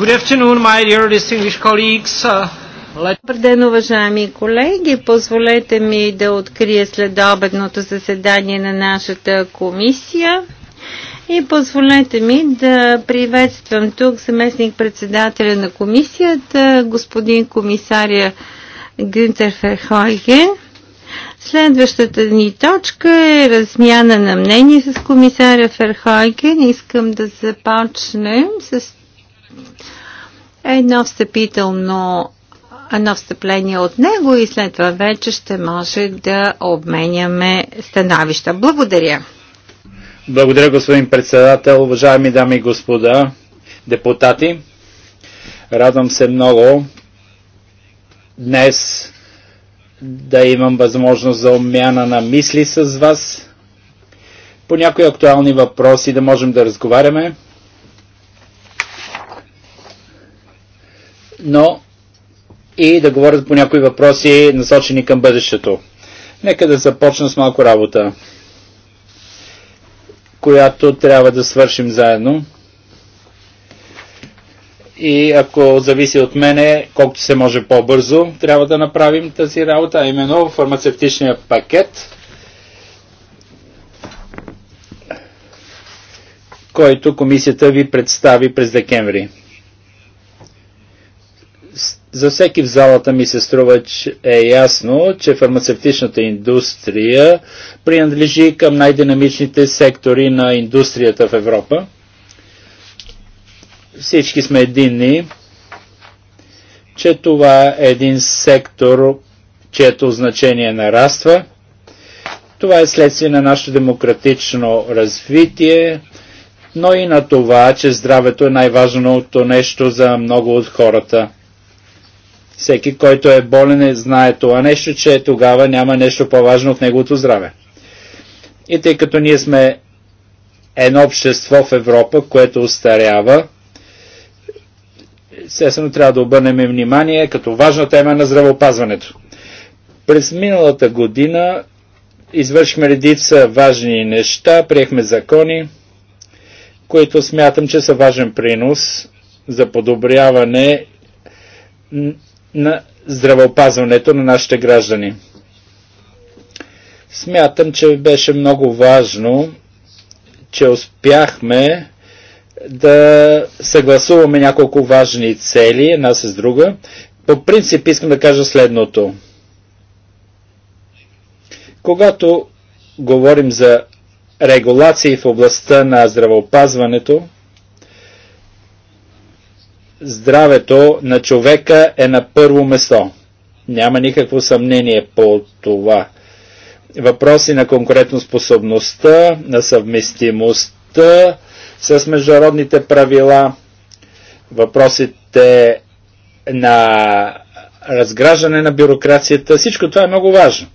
Good afternoon, my dear distinguished colleagues. Uh, Добър ден, уважаеми колеги! Позволете ми да открия следобедното заседание на нашата комисия и позволете ми да приветствам тук заместник председателя на комисията, господин комисария Гюнтер Ферхойген. Следващата ни точка е размяна на мнение с комисаря Ферхойген. Искам да започнем с едно встъпително едно встъпление от него и след това вече ще може да обменяме становища. Благодаря. Благодаря, господин председател, уважаеми дами и господа депутати. Радвам се много днес да имам възможност за обмяна на мисли с вас по някои актуални въпроси да можем да разговаряме. но и да говорят по някои въпроси, насочени към бъдещето. Нека да започна с малко работа, която трябва да свършим заедно. И ако зависи от мене, колкото се може по-бързо, трябва да направим тази работа, а именно фармацевтичния пакет, който комисията ви представи през декември. За всеки в залата ми се струва, че е ясно, че фармацевтичната индустрия принадлежи към най-динамичните сектори на индустрията в Европа. Всички сме единни, че това е един сектор, чието значение нараства. Това е следствие на нашето демократично развитие, но и на това, че здравето е най-важното нещо за много от хората. Всеки, който е болен, знае това нещо, че тогава няма нещо по-важно от неговото здраве. И тъй като ние сме едно общество в Европа, което устарява, естествено трябва да обърнем внимание като важна тема на здравеопазването. През миналата година извършихме редица важни неща, приехме закони, които смятам, че са важен принос за подобряване на здравеопазването на нашите граждани. Смятам, че беше много важно, че успяхме да съгласуваме няколко важни цели една с друга. По принцип искам да кажа следното. Когато говорим за регулации в областта на здравеопазването, здравето на човека е на първо место. Няма никакво съмнение по това. Въпроси на способността, на съвместимостта с международните правила, въпросите на разграждане на бюрокрацията, всичко това е много важно.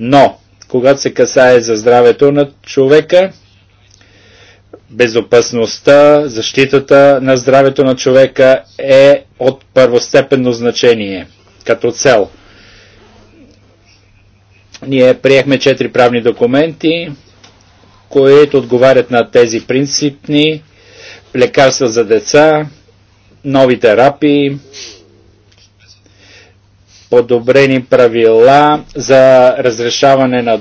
Но, когато се касае за здравето на човека, безопасността, защитата на здравето на човека е от първостепенно значение като цел. Ние приехме четири правни документи, които отговарят на тези принципни лекарства за деца, нови терапии, подобрени правила за разрешаване на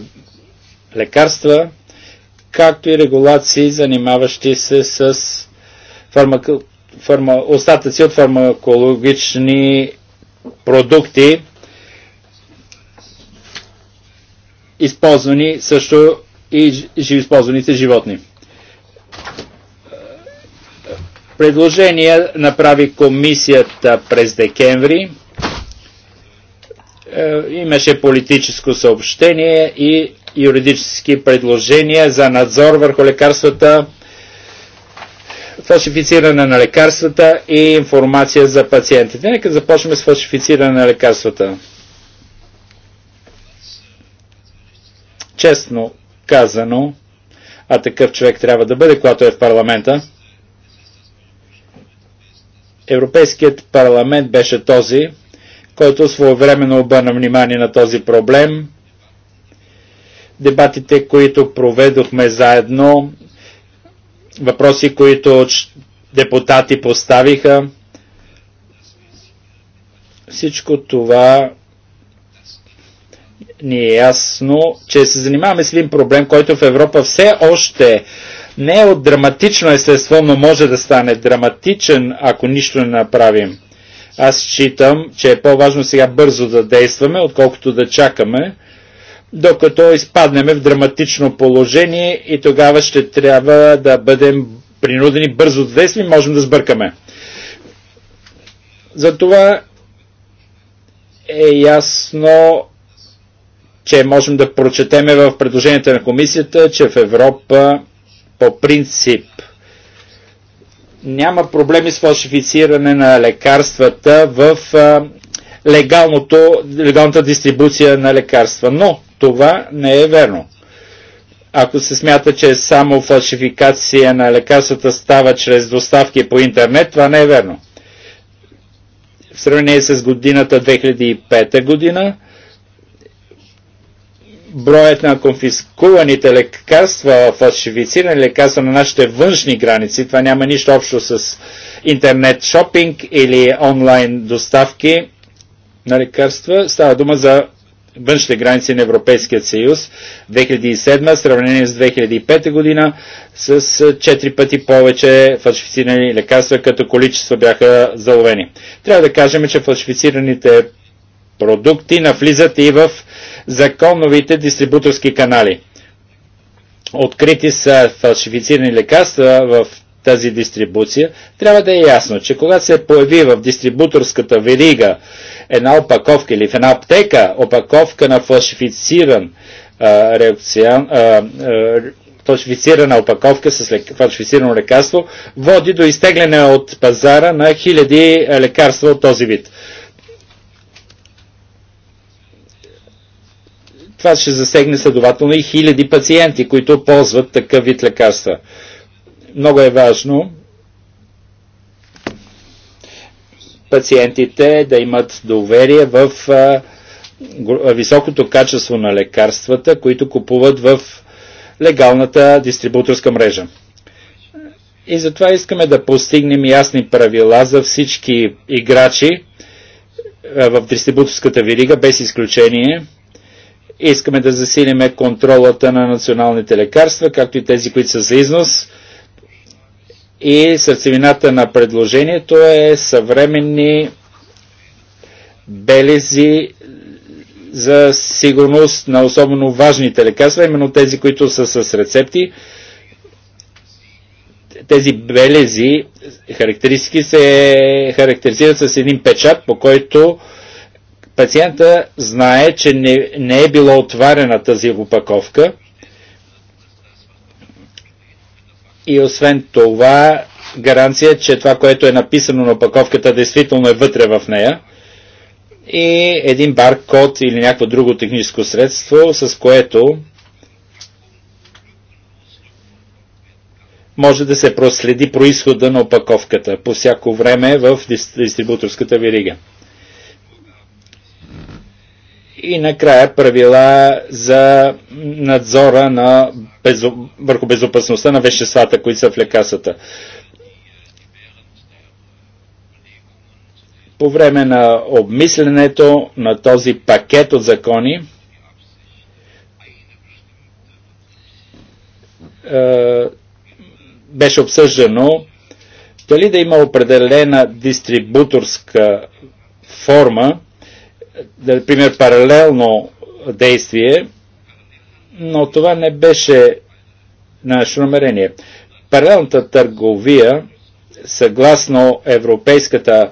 лекарства, както и регулации, занимаващи се с фармако... фарма... остатъци от фармакологични продукти, използвани също и използваните животни. Предложение направи комисията през декември. Е, имаше политическо съобщение и юридически предложения за надзор върху лекарствата, фалшифициране на лекарствата и информация за пациентите. Нека започнем с фалшифициране на лекарствата. Честно казано, а такъв човек трябва да бъде, когато е в парламента, Европейският парламент беше този, който своевременно обърна внимание на този проблем дебатите, които проведохме заедно, въпроси, които депутати поставиха. Всичко това ни е ясно, че се занимаваме с един проблем, който в Европа все още не е от драматично естество, но може да стане драматичен, ако нищо не направим. Аз считам, че е по-важно сега бързо да действаме, отколкото да чакаме докато изпаднеме в драматично положение и тогава ще трябва да бъдем принудени бързо да действаме, можем да сбъркаме. Затова е ясно, че можем да прочетеме в предложенията на комисията, че в Европа по принцип няма проблеми с фалшифициране на лекарствата в легалното, легалната дистрибуция на лекарства. Но това не е верно. Ако се смята, че само фалшификация на лекарствата става чрез доставки по интернет, това не е верно. В сравнение с годината 2005 година, броят на конфискуваните лекарства, фалшифицирани лекарства на нашите външни граници, това няма нищо общо с интернет шопинг или онлайн доставки на лекарства, става дума за външните граници на Европейския съюз 2007 в сравнение с 2005 година с 4 пъти повече фалшифицирани лекарства като количество бяха заловени. Трябва да кажем, че фалшифицираните продукти навлизат и в законовите дистрибуторски канали. Открити са фалшифицирани лекарства в тази дистрибуция, трябва да е ясно, че когато се появи в дистрибуторската верига една опаковка или в една аптека опаковка на фалшифициран реакциан, фалшифицирана опаковка с лек... фалшифицирано лекарство, води до изтегляне от пазара на хиляди лекарства от този вид. Това ще засегне следователно и хиляди пациенти, които ползват такъв вид лекарства много е важно пациентите да имат доверие в високото качество на лекарствата, които купуват в легалната дистрибуторска мрежа. И затова искаме да постигнем ясни правила за всички играчи в дистрибуторската верига, без изключение. Искаме да засилиме контролата на националните лекарства, както и тези, които са за износ. И сърцевината на предложението е съвременни белези за сигурност на особено важните лекарства, именно тези, които са с рецепти. Тези белези, характеристики се характеризират с един печат, по който пациента знае, че не, не е била отварена тази опаковка и освен това гаранция, че това, което е написано на опаковката, действително е вътре в нея и един баркод или някакво друго техническо средство, с което може да се проследи происхода на опаковката по всяко време в дистрибуторската верига. И накрая правила за надзора на безо... върху безопасността на веществата, които са в лекасата. По време на обмисленето на този пакет от закони, е, беше обсъждано дали да има определена дистрибуторска форма, например, паралелно действие, но това не беше нашето намерение. Паралелната търговия, съгласно Европейската,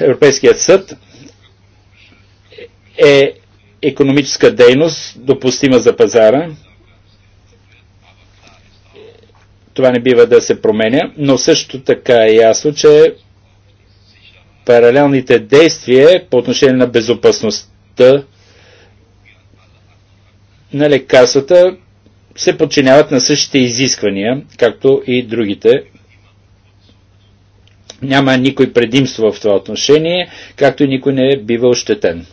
Европейският съд, е економическа дейност, допустима за пазара. Това не бива да се променя, но също така е ясно, че паралелните действия по отношение на безопасността на лекарствата се подчиняват на същите изисквания, както и другите. Няма никой предимство в това отношение, както и никой не е бива ощетен.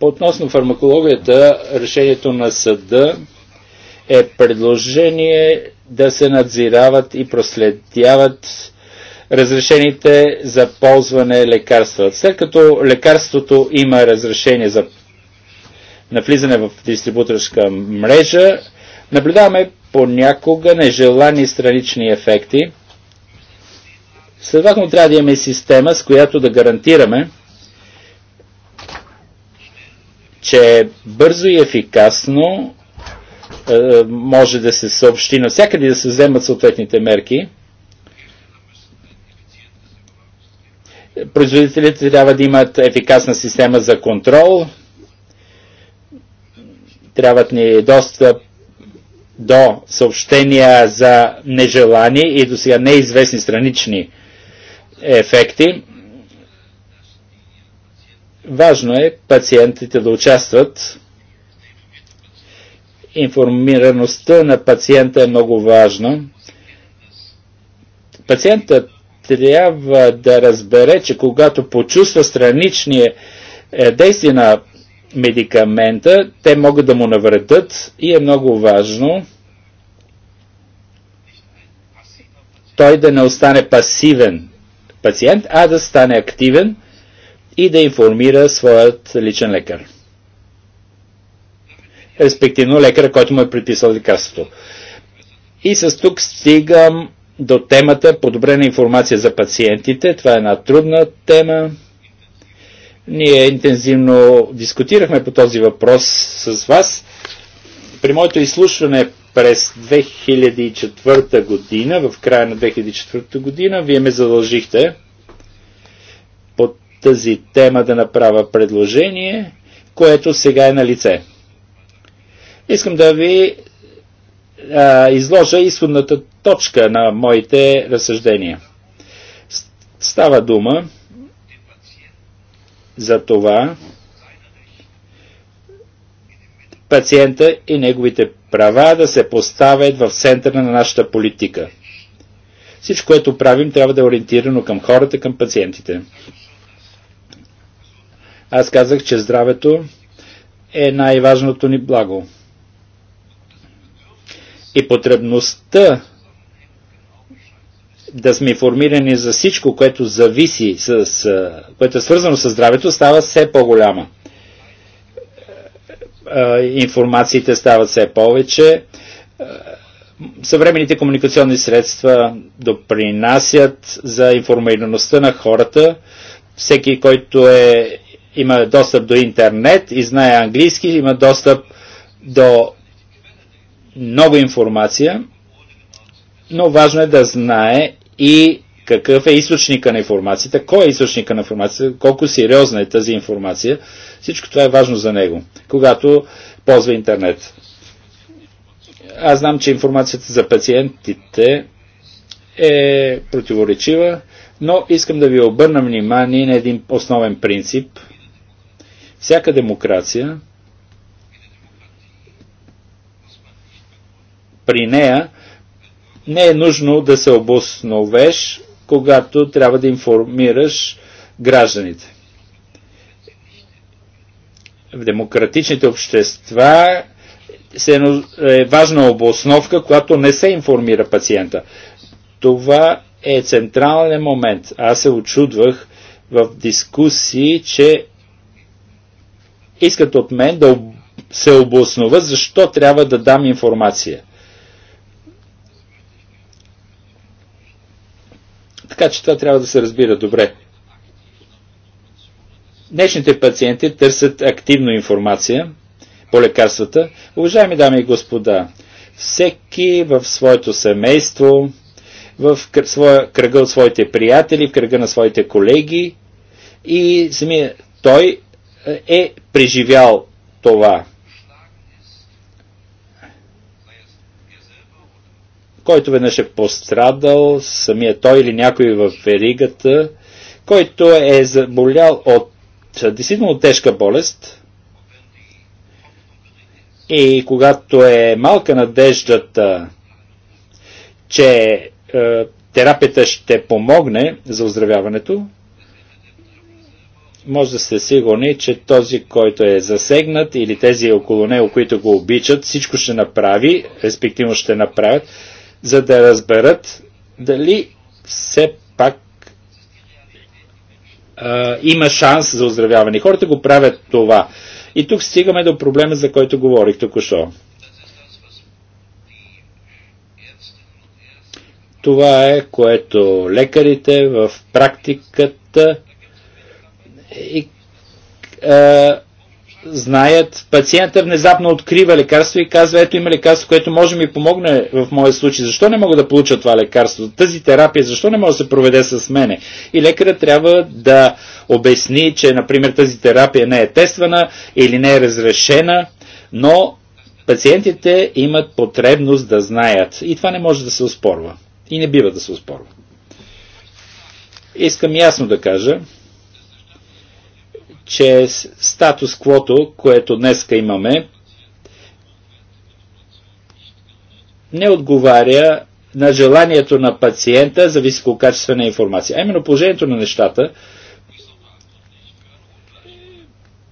По относно фармакологията, решението на съда е предложение да се надзирават и проследяват разрешените за ползване лекарства. След като лекарството има разрешение за навлизане в дистрибуторска мрежа, наблюдаваме понякога нежелани странични ефекти. Следователно трябва да имаме система, с която да гарантираме, че бързо и ефикасно е, може да се съобщи навсякъде да се вземат съответните мерки. Производителите трябва да имат ефикасна система за контрол. Трябват ни доста до съобщения за нежелани и до сега неизвестни странични ефекти. Важно е пациентите да участват информираността на пациента е много важна. Пациента трябва да разбере, че когато почувства странични е, действия на медикамента, те могат да му навредят и е много важно той да не остане пасивен пациент, а да стане активен и да информира своят личен лекар респективно лекаря, който му е приписал лекарството. И с тук стигам до темата подобрена информация за пациентите. Това е една трудна тема. Ние интензивно дискутирахме по този въпрос с вас. При моето изслушване през 2004 година, в края на 2004 година, вие ме задължихте по тази тема да направя предложение, което сега е на лице. Искам да ви а, изложа изходната точка на моите разсъждения. Става дума за това пациента и неговите права да се поставят в центъра на нашата политика. Всичко, което правим, трябва да е ориентирано към хората, към пациентите. Аз казах, че здравето е най-важното ни благо и потребността да сме информирани за всичко, което зависи, с, което е свързано с здравето, става все по-голяма. Информациите стават все повече. Съвременните комуникационни средства допринасят за информираността на хората. Всеки, който е, има достъп до интернет и знае английски, има достъп до много информация, но важно е да знае и какъв е източника на информацията, кой е източника на информацията, колко сериозна е тази информация. Всичко това е важно за него, когато ползва интернет. Аз знам, че информацията за пациентите е противоречива, но искам да ви обърна внимание на един основен принцип. Всяка демокрация при нея, не е нужно да се обосновеш, когато трябва да информираш гражданите. В демократичните общества се е важна обосновка, която не се информира пациента. Това е централен момент. Аз се очудвах в дискусии, че искат от мен да се обоснова защо трябва да дам информация. Така че това трябва да се разбира добре. Днешните пациенти търсят активно информация по лекарствата. Уважаеми дами и господа, всеки в своето семейство, в своя, кръга от своите приятели, в кръга на своите колеги и самия той е, е преживял това. който веднъж е пострадал, самия той или някой в веригата, който е заболял от действително тежка болест и когато е малка надеждата, че е, терапията ще помогне за оздравяването, може да сте сигурни, че този, който е засегнат или тези около него, които го обичат, всичко ще направи, респективно ще направят, за да разберат дали все пак а, има шанс за оздравяване. Хората го правят това. И тук стигаме до проблема, за който говорих току-що. Това е, което лекарите в практиката и а, знаят, пациента внезапно открива лекарство и казва, ето има лекарство, което може ми помогне в моя случай. Защо не мога да получа това лекарство? Тази терапия, защо не може да се проведе с мене? И лекарът трябва да обясни, че, например, тази терапия не е тествана или не е разрешена, но пациентите имат потребност да знаят. И това не може да се оспорва. И не бива да се успорва. Искам ясно да кажа, че статус-квото, което днеска имаме, не отговаря на желанието на пациента за висококачествена информация. А именно положението на нещата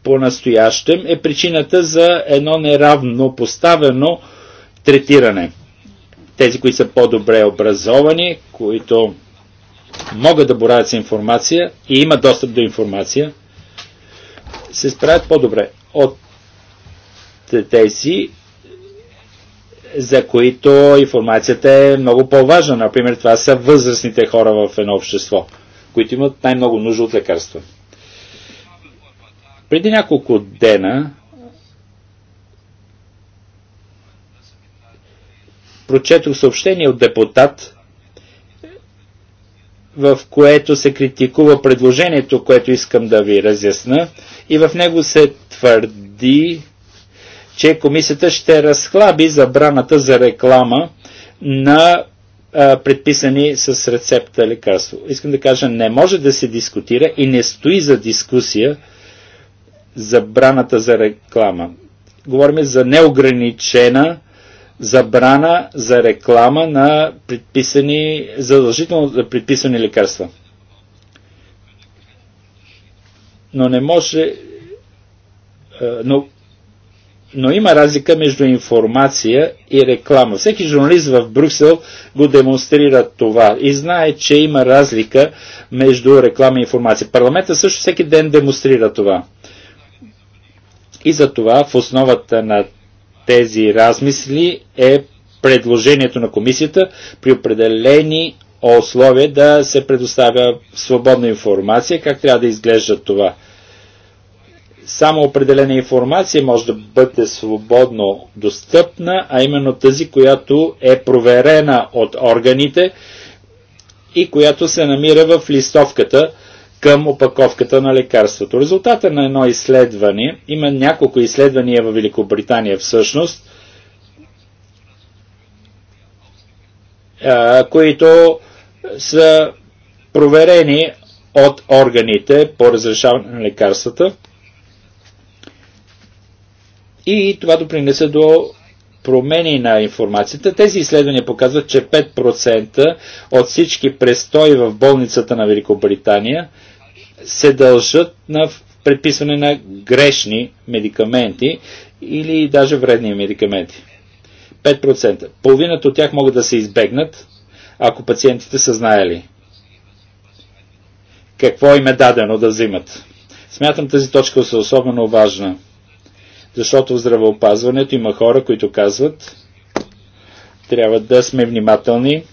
по-настоящем е причината за едно неравно поставено третиране. Тези, които са по-добре образовани, които могат да боравят с информация и имат достъп до информация – се справят по-добре от тези, за които информацията е много по-важна. Например, това са възрастните хора в едно общество, които имат най-много нужда от лекарства. Преди няколко дена прочетох съобщение от депутат, в което се критикува предложението, което искам да ви разясна и в него се твърди, че комисията ще разхлаби забраната за реклама на а, предписани с рецепта лекарство. Искам да кажа, не може да се дискутира и не стои за дискусия забраната за реклама. Говорим за неограничена забрана за реклама на предписани, задължително предписани лекарства. но не може. Е, но, но има разлика между информация и реклама. Всеки журналист в Брюксел го демонстрира това и знае, че има разлика между реклама и информация. Парламента също всеки ден демонстрира това. И за това в основата на тези размисли е предложението на комисията при определени условие да се предоставя свободна информация, как трябва да изглежда това. Само определена информация може да бъде свободно достъпна, а именно тази, която е проверена от органите и която се намира в листовката към опаковката на лекарството. Резултата на едно изследване, има няколко изследвания в Великобритания всъщност – които са проверени от органите по разрешаване на лекарствата и това допринесе до промени на информацията. Тези изследвания показват, че 5% от всички престои в болницата на Великобритания се дължат на предписване на грешни медикаменти или даже вредни медикаменти. 5%. Половината от тях могат да се избегнат, ако пациентите са знаели какво им е дадено да взимат. Смятам тази точка са е особено важна, защото в здравеопазването има хора, които казват, трябва да сме внимателни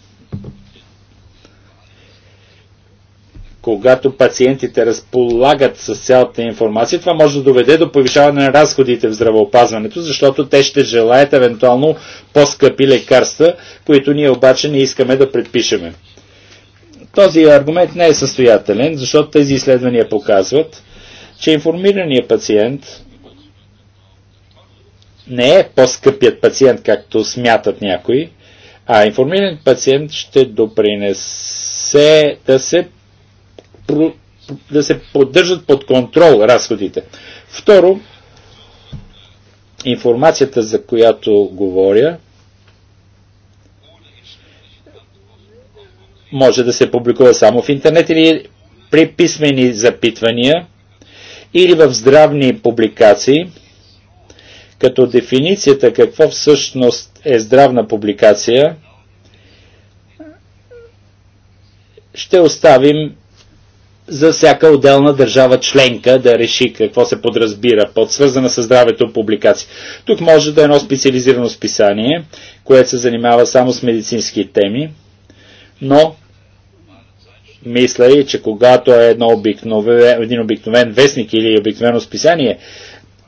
Когато пациентите разполагат с цялата информация, това може да доведе до повишаване на разходите в здравеопазването, защото те ще желаят евентуално по-скъпи лекарства, които ние обаче не искаме да предпишеме. Този аргумент не е състоятелен, защото тези изследвания показват, че информираният пациент не е по-скъпият пациент, както смятат някои, а информираният пациент ще допринесе да се да се поддържат под контрол разходите. Второ, информацията, за която говоря, може да се публикува само в интернет или при писмени запитвания или в здравни публикации, като дефиницията какво всъщност е здравна публикация, ще оставим за всяка отделна държава членка да реши какво се подразбира под свързана с здравето публикация. Тук може да е едно специализирано списание, което се занимава само с медицински теми, но мисля и, че когато е едно обикновен, един обикновен вестник или обикновено списание,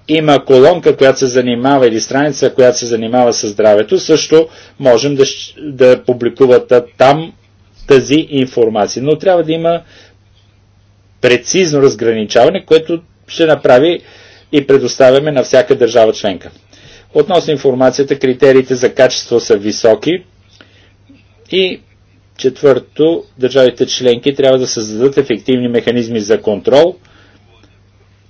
има колонка, която се занимава или страница, която се занимава с здравето, също можем да, да публикуват там тази информация. Но трябва да има прецизно разграничаване, което ще направи и предоставяме на всяка държава членка. Относно информацията, критериите за качество са високи и четвърто, държавите членки трябва да създадат ефективни механизми за контрол,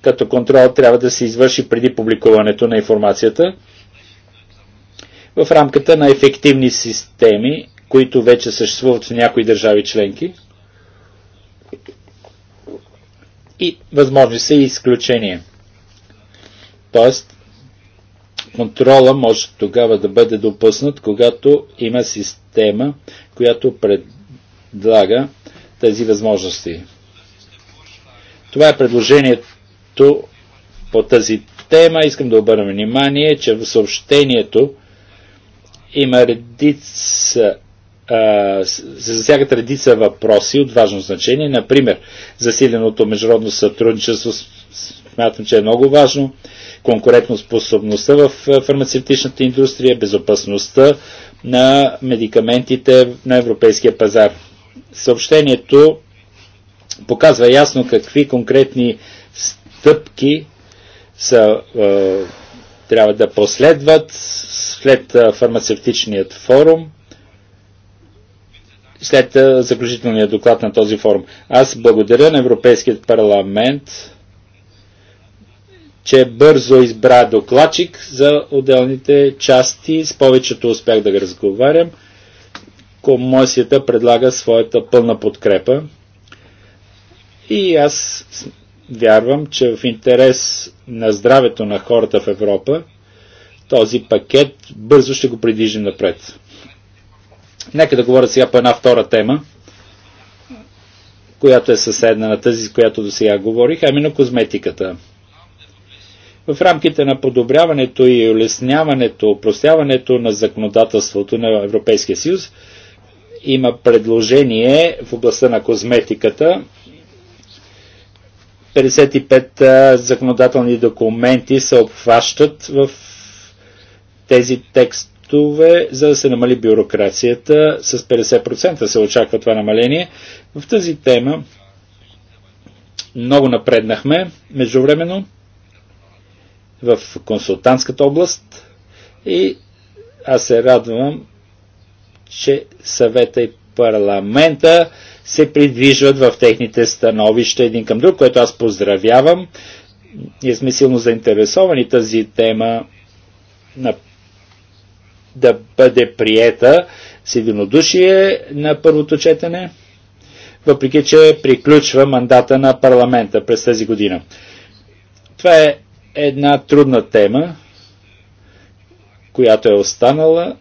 като контрол трябва да се извърши преди публикуването на информацията в рамката на ефективни системи, които вече съществуват в някои държави членки – и възможни са и изключения. Тоест, контрола може тогава да бъде допуснат, когато има система, която предлага тези възможности. Това е предложението по тази тема. Искам да обърна внимание, че в съобщението има редица се засягат редица въпроси от важно значение. Например, засиленото международно сътрудничество смятам, че е много важно, конкурентоспособността в фармацевтичната индустрия, безопасността на медикаментите на европейския пазар. Съобщението показва ясно какви конкретни стъпки са, е, трябва да последват след фармацевтичният форум след заключителния доклад на този форум. Аз благодаря на Европейският парламент, че бързо избра докладчик за отделните части. С повечето успях да разговарям. Комисията предлага своята пълна подкрепа. И аз вярвам, че в интерес на здравето на хората в Европа, този пакет бързо ще го придвижим напред. Нека да говоря сега по една втора тема, която е съседна на тази, с която до сега говорих, а именно козметиката. В рамките на подобряването и улесняването, упростяването на законодателството на Европейския съюз, има предложение в областта на козметиката. 55 законодателни документи се обхващат в тези текст, пунктове, за да се намали бюрокрацията. С 50% се очаква това намаление. В тази тема много напреднахме междувременно в консултантската област и аз се радвам, че съвета и парламента се придвижват в техните становища един към друг, което аз поздравявам. Ние сме силно заинтересовани тази тема на да бъде приета с единодушие на първото четене, въпреки че приключва мандата на парламента през тази година. Това е една трудна тема, която е останала,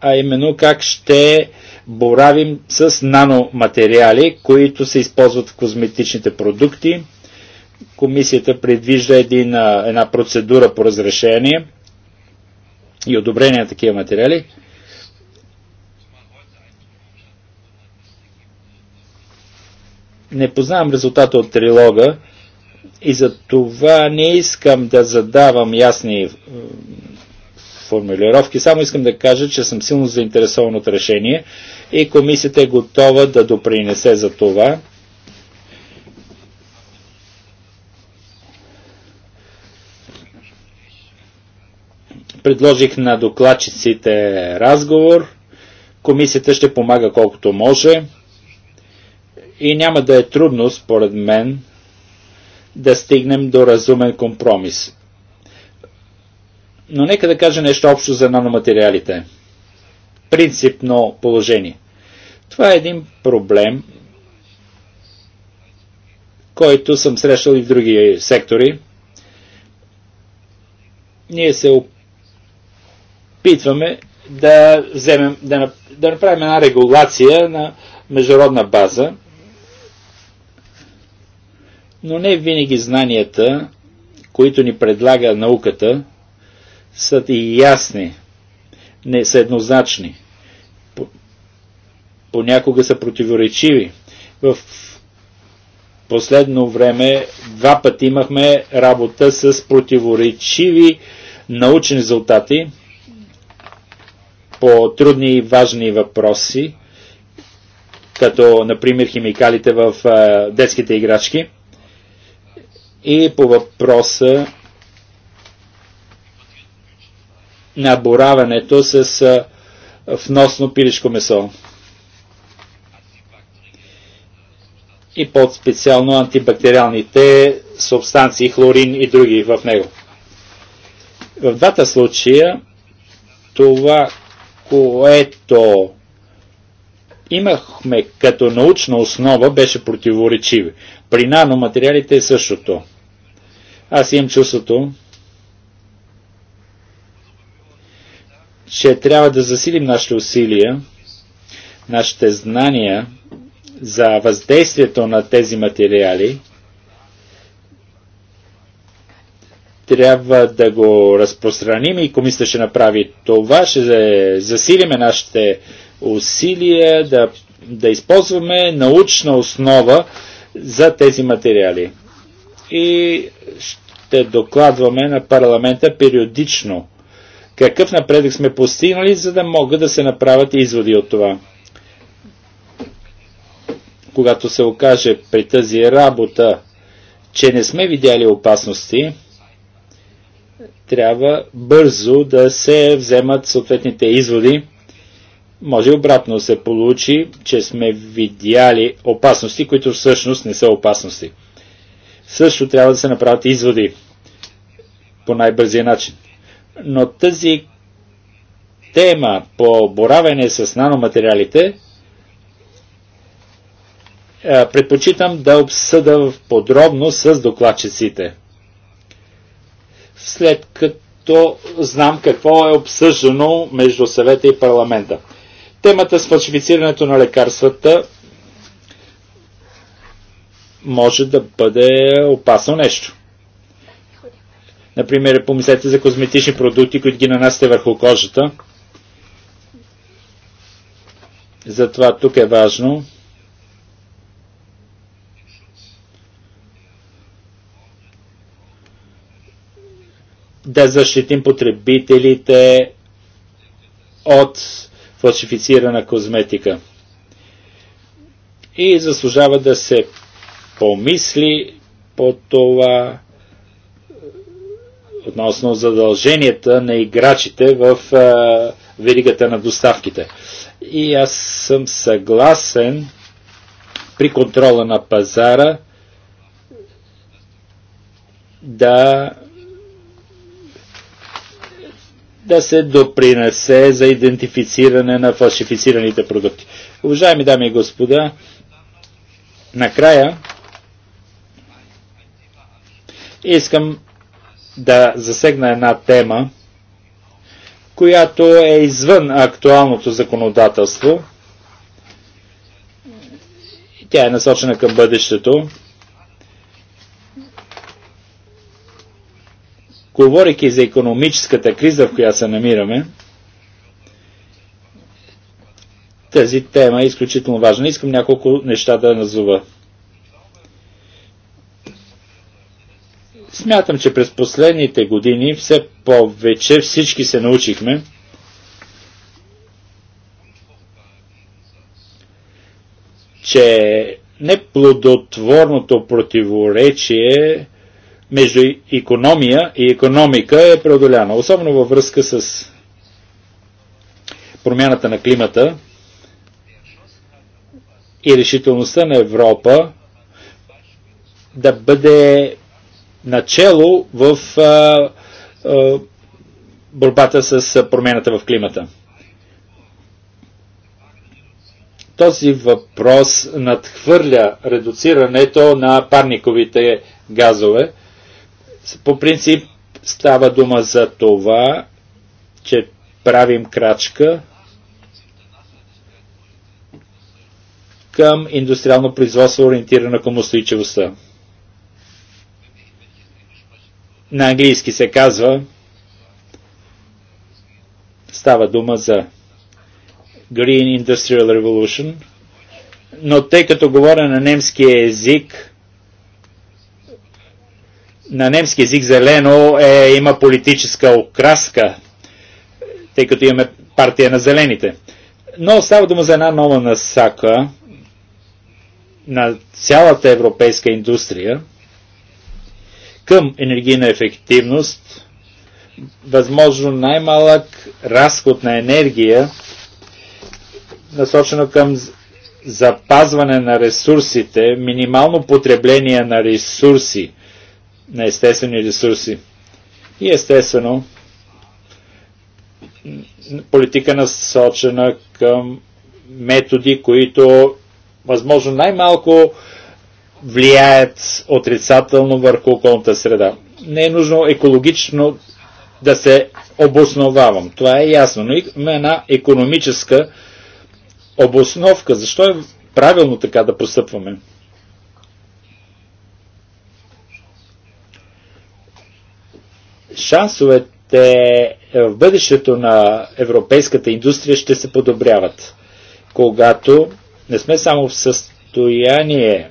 а именно как ще боравим с наноматериали, които се използват в козметичните продукти. Комисията предвижда един, една процедура по разрешение и одобрение на такива материали. Не познавам резултата от трилога и за това не искам да задавам ясни формулировки. Само искам да кажа, че съм силно заинтересован от решение и комисията е готова да допринесе за това Предложих на докладчиците разговор. Комисията ще помага колкото може. И няма да е трудно, според мен, да стигнем до разумен компромис. Но нека да кажа нещо общо за наноматериалите. Принципно положение. Това е един проблем, който съм срещал и в други сектори. Ние се опитваме да, вземем, да, да направим една регулация на международна база, но не винаги знанията, които ни предлага науката, са и ясни, не са еднозначни. Понякога са противоречиви. В последно време два пъти имахме работа с противоречиви научни резултати – по трудни и важни въпроси, като например химикалите в детските играчки и по въпроса на бораването с вносно пилешко месо. И по-специално антибактериалните субстанции, хлорин и други в него. В двата случая това, което имахме като научна основа, беше противоречиви. При наноматериалите е същото. Аз имам чувството, че трябва да засилим нашите усилия, нашите знания за въздействието на тези материали – трябва да го разпространим и комисията ще направи това. Ще засилиме нашите усилия да, да използваме научна основа за тези материали. И ще докладваме на парламента периодично какъв напредък сме постигнали, за да могат да се направят изводи от това. Когато се окаже при тази работа, че не сме видяли опасности, трябва бързо да се вземат съответните изводи. Може обратно се получи, че сме видяли опасности, които всъщност не са опасности. Също трябва да се направят изводи по най-бързия начин. Но тази тема по боравене с наноматериалите предпочитам да обсъда подробно с докладчиците след като знам какво е обсъждано между съвета и парламента. Темата с фалшифицирането на лекарствата може да бъде опасно нещо. Например, помислете за козметични продукти, които ги нанасяте върху кожата. Затова тук е важно да защитим потребителите от фалшифицирана козметика. И заслужава да се помисли по това е, относно задълженията на играчите в а, е, веригата на доставките. И аз съм съгласен при контрола на пазара да да се допринесе за идентифициране на фалшифицираните продукти. Уважаеми дами и господа, накрая искам да засегна една тема, която е извън актуалното законодателство. Тя е насочена към бъдещето. Говорейки за економическата криза, в която се намираме, тази тема е изключително важна. Искам няколко неща да назова. Смятам, че през последните години все повече всички се научихме, че неплодотворното противоречие между економия и економика е преодоляна. Особено във връзка с промяната на климата и решителността на Европа да бъде начало в а, а, борбата с промената в климата. Този въпрос надхвърля редуцирането на парниковите газове – по принцип става дума за това, че правим крачка към индустриално производство, ориентирано към устойчивостта. На английски се казва става дума за Green Industrial Revolution, но тъй като говоря на немски език, на немски език зелено е, има политическа окраска, тъй като имаме партия на зелените. Но става дума за една нова насака на цялата европейска индустрия към енергийна ефективност, възможно най-малък разход на енергия, насочено към запазване на ресурсите, минимално потребление на ресурси – на естествени ресурси. И естествено, политика насочена към методи, които възможно най-малко влияят отрицателно върху околната среда. Не е нужно екологично да се обосновавам. Това е ясно. Но има една економическа обосновка. Защо е правилно така да постъпваме? шансовете е, в бъдещето на европейската индустрия ще се подобряват, когато не сме само в състояние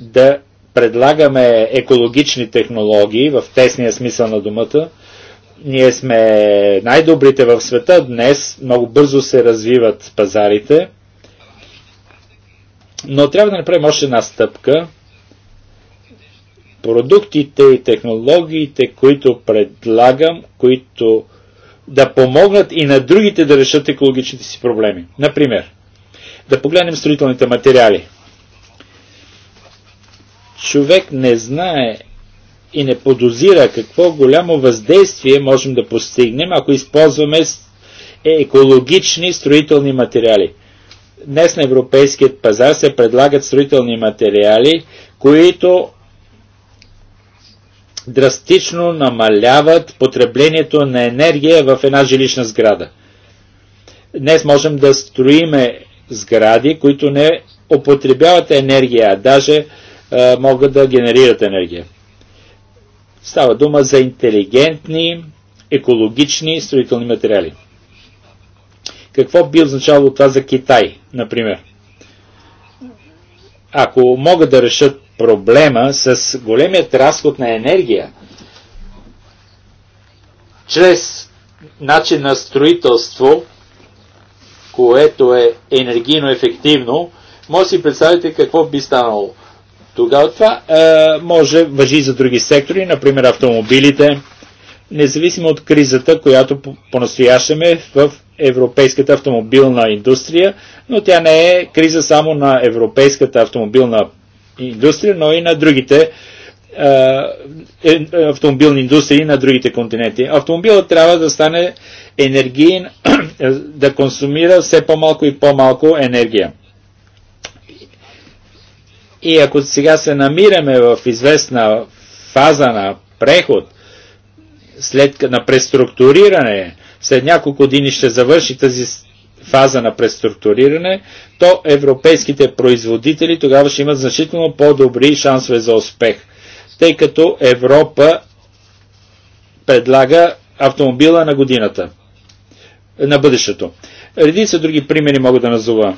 да предлагаме екологични технологии в тесния смисъл на думата. Ние сме най-добрите в света. Днес много бързо се развиват пазарите. Но трябва да направим още една стъпка – продуктите и технологиите, които предлагам, които да помогнат и на другите да решат екологичните си проблеми. Например, да погледнем строителните материали. Човек не знае и не подозира какво голямо въздействие можем да постигнем, ако използваме е екологични строителни материали. Днес на европейският пазар се предлагат строителни материали, които драстично намаляват потреблението на енергия в една жилищна сграда. Днес можем да строиме сгради, които не употребяват енергия, а даже а, могат да генерират енергия. Става дума за интелигентни, екологични строителни материали. Какво би означало това за Китай, например? Ако могат да решат проблема с големият разход на енергия чрез начин на строителство, което е енергийно ефективно, може да си представите какво би станало. Тогава това е, може въжи за други сектори, например автомобилите, независимо от кризата, която понастоящаме е в европейската автомобилна индустрия, но тя не е криза само на европейската автомобилна индустрия, но и на другите е, е, автомобилни индустрии на другите континенти. Автомобилът трябва да стане енергиен, да консумира все по-малко и по-малко енергия. И ако сега се намираме в известна фаза на преход, след на преструктуриране, след няколко години ще завърши тази фаза на преструктуриране, то европейските производители тогава ще имат значително по-добри шансове за успех, тъй като Европа предлага автомобила на годината, на бъдещето. Редица други примери мога да назова.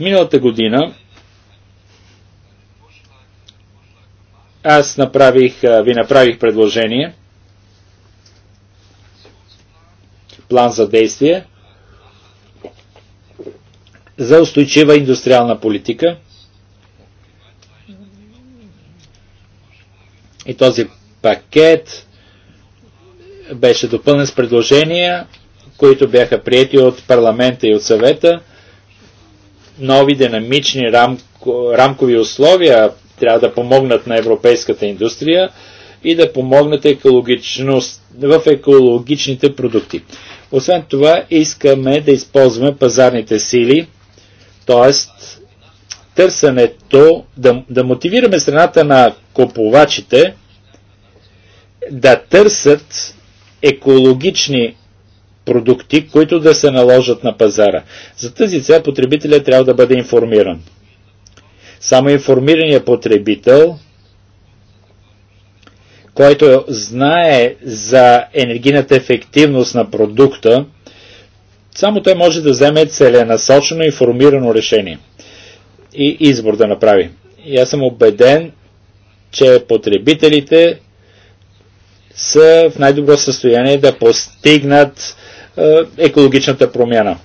Миналата година аз направих, ви направих предложение, план за действие, за устойчива индустриална политика. И този пакет беше допълнен с предложения, които бяха прияти от парламента и от съвета. Нови динамични рамко, рамкови условия трябва да помогнат на европейската индустрия и да помогнат екологичност, в екологичните продукти. Освен това, искаме да използваме пазарните сили Тоест, търсенето, да, да мотивираме страната на купувачите да търсят екологични продукти, които да се наложат на пазара. За тази цел потребителя трябва да бъде информиран. Само информираният потребител, който знае за енергийната ефективност на продукта, само той може да вземе целенасочено и формирано решение и избор да направи. И аз съм убеден, че потребителите са в най-добро състояние да постигнат е, екологичната промяна.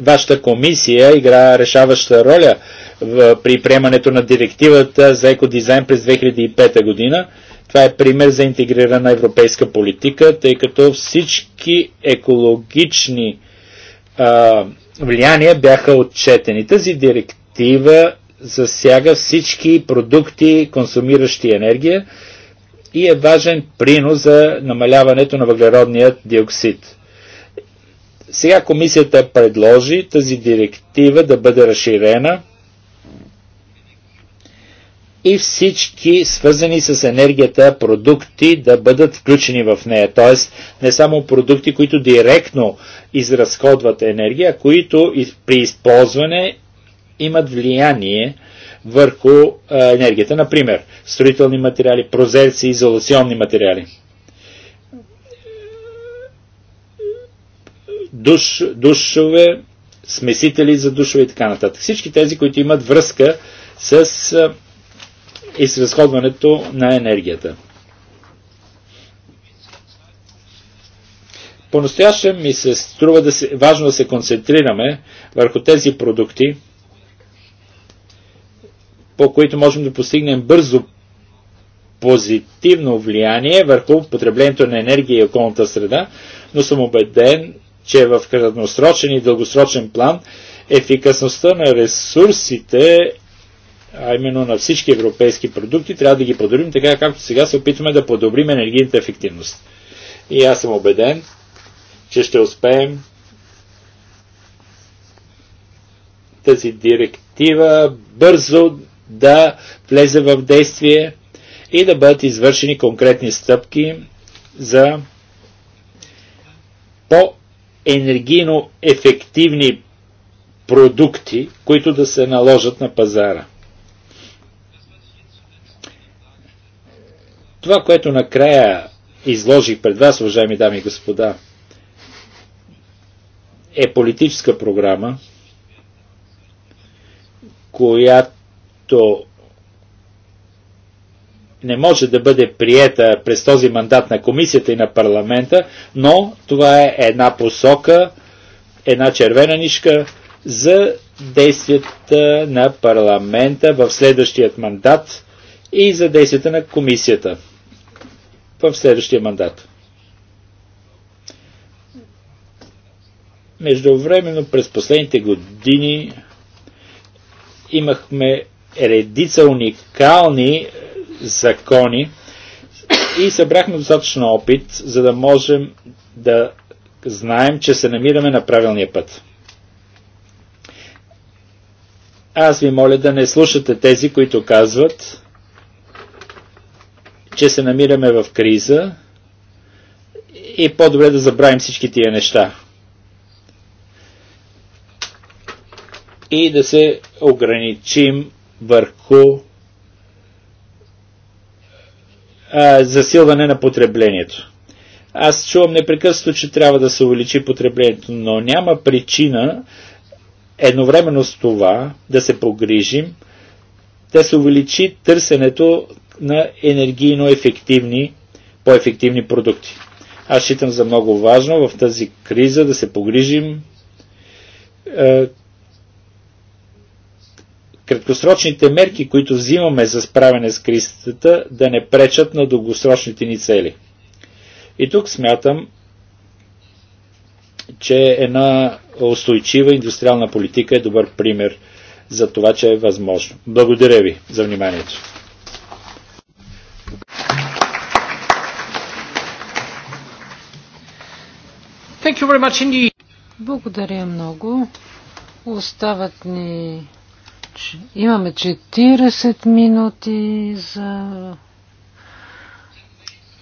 Вашата комисия игра решаваща роля в, е, при приемането на директивата за екодизайн през 2005 година. Това е пример за интегрирана европейска политика, тъй като всички екологични а, влияния бяха отчетени. Тази директива засяга всички продукти, консумиращи енергия и е важен принос за намаляването на въглеродния диоксид. Сега комисията предложи тази директива да бъде разширена и всички свързани с енергията продукти да бъдат включени в нея. Т.е. не само продукти, които директно изразходват енергия, които при използване имат влияние върху енергията. Например, строителни материали, прозерци, изолационни материали. Душ, душове, смесители за душове и така нататък. Всички тези, които имат връзка с а, и с разходването на енергията. По-настоящем ми се струва да се, важно да се концентрираме върху тези продукти, по които можем да постигнем бързо позитивно влияние върху потреблението на енергия и околната среда, но съм убеден, че в краткосрочен и дългосрочен план ефикасността на ресурсите а именно на всички европейски продукти, трябва да ги подобрим така, както сега се опитваме да подобрим енергийната ефективност. И аз съм убеден, че ще успеем тази директива бързо да влезе в действие и да бъдат извършени конкретни стъпки за по-енергийно ефективни продукти, които да се наложат на пазара. Това, което накрая изложих пред вас, уважаеми дами и господа, е политическа програма, която не може да бъде приета през този мандат на комисията и на парламента, но това е една посока, една червена нишка за действията на парламента в следващият мандат и за действията на комисията в следващия мандат. Междувременно през последните години имахме редица уникални закони и събрахме достатъчно опит, за да можем да знаем, че се намираме на правилния път. Аз ви моля да не слушате тези, които казват, че се намираме в криза и по-добре да забравим всички тия неща. И да се ограничим върху а, засилване на потреблението. Аз чувам непрекъснато, че трябва да се увеличи потреблението, но няма причина едновременно с това да се погрижим да се увеличи търсенето на енергийно ефективни, по-ефективни продукти. Аз считам за много важно в тази криза да се погрижим е, краткосрочните мерки, които взимаме за справяне с кризата, да не пречат на дългосрочните ни цели. И тук смятам, че една устойчива индустриална политика е добър пример за това, че е възможно. Благодаря ви за вниманието. Thank you very much indeed. Благодаря много. Остават ни... Имаме 40 минути за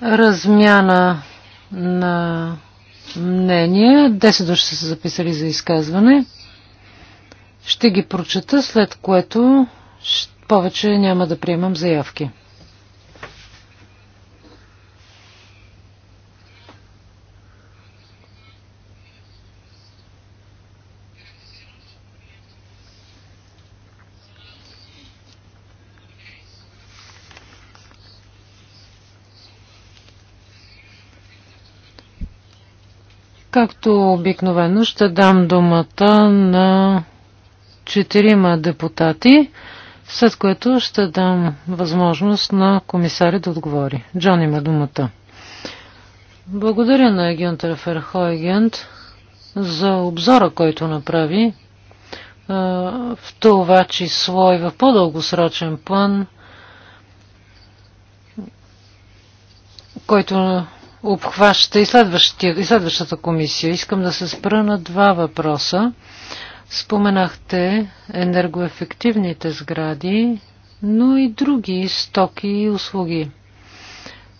размяна на мнения. 10 души са се записали за изказване. Ще ги прочета, след което повече няма да приемам заявки. Както обикновено ще дам думата на четирима депутати, след което ще дам възможност на комисаря да отговори. Джон има думата. Благодаря на агентър Ферхойгент за обзора, който направи в това число и в по-дългосрочен план, който обхваща и, и следващата комисия. Искам да се спра на два въпроса. Споменахте енергоефективните сгради, но и други стоки и услуги.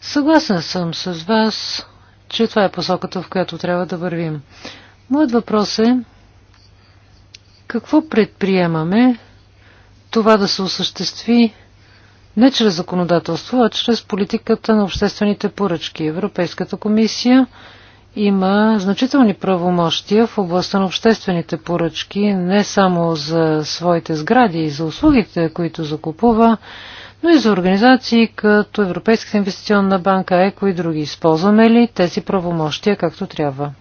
Съгласен съм с вас, че това е посоката, в която трябва да вървим. Моят въпрос е какво предприемаме това да се осъществи не чрез законодателство, а чрез политиката на обществените поръчки. Европейската комисия има значителни правомощия в областта на обществените поръчки, не само за своите сгради и за услугите, които закупува, но и за организации като Европейската инвестиционна банка, ЕКО и други. Използваме ли тези правомощия както трябва?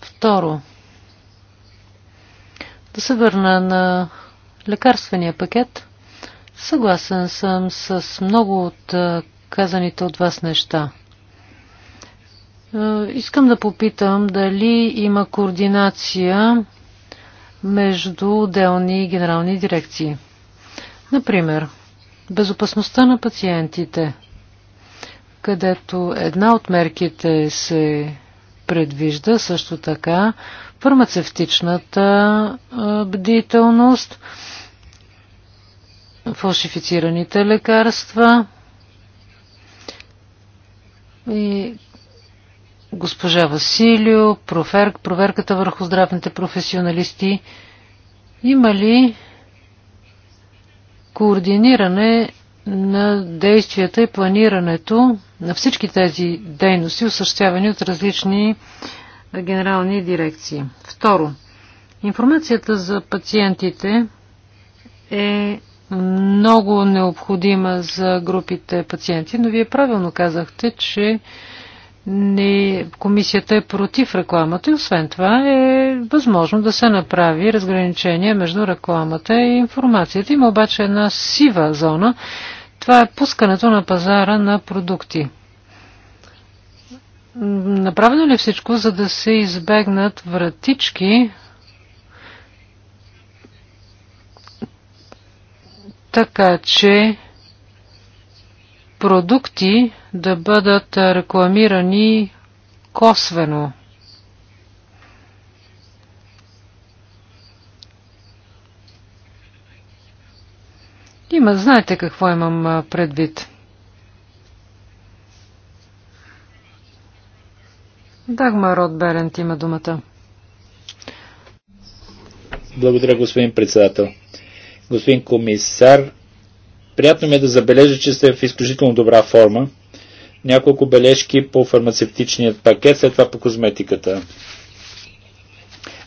Второ, да се върна на лекарствения пакет. Съгласен съм с много от казаните от вас неща. Искам да попитам дали има координация между отделни генерални дирекции. Например, безопасността на пациентите, където една от мерките се предвижда също така фармацевтичната бдителност, фалшифицираните лекарства и госпожа Василио, профер, проверката върху здравните професионалисти. Има ли координиране на действията и планирането на всички тези дейности, осъществявани от различни генерални дирекции. Второ, информацията за пациентите е много необходима за групите пациенти, но вие правилно казахте, че не, комисията е против рекламата и освен това е възможно да се направи разграничение между рекламата и информацията. Има обаче една сива зона. Това е пускането на пазара на продукти. Направено ли е всичко, за да се избегнат вратички така че продукти да бъдат рекламирани косвено. Има, знаете какво имам предвид. Дагма Род Берент има думата. Благодаря, господин председател господин комисар. Приятно ми е да забележа, че сте в изключително добра форма. Няколко бележки по фармацевтичният пакет, след това по козметиката.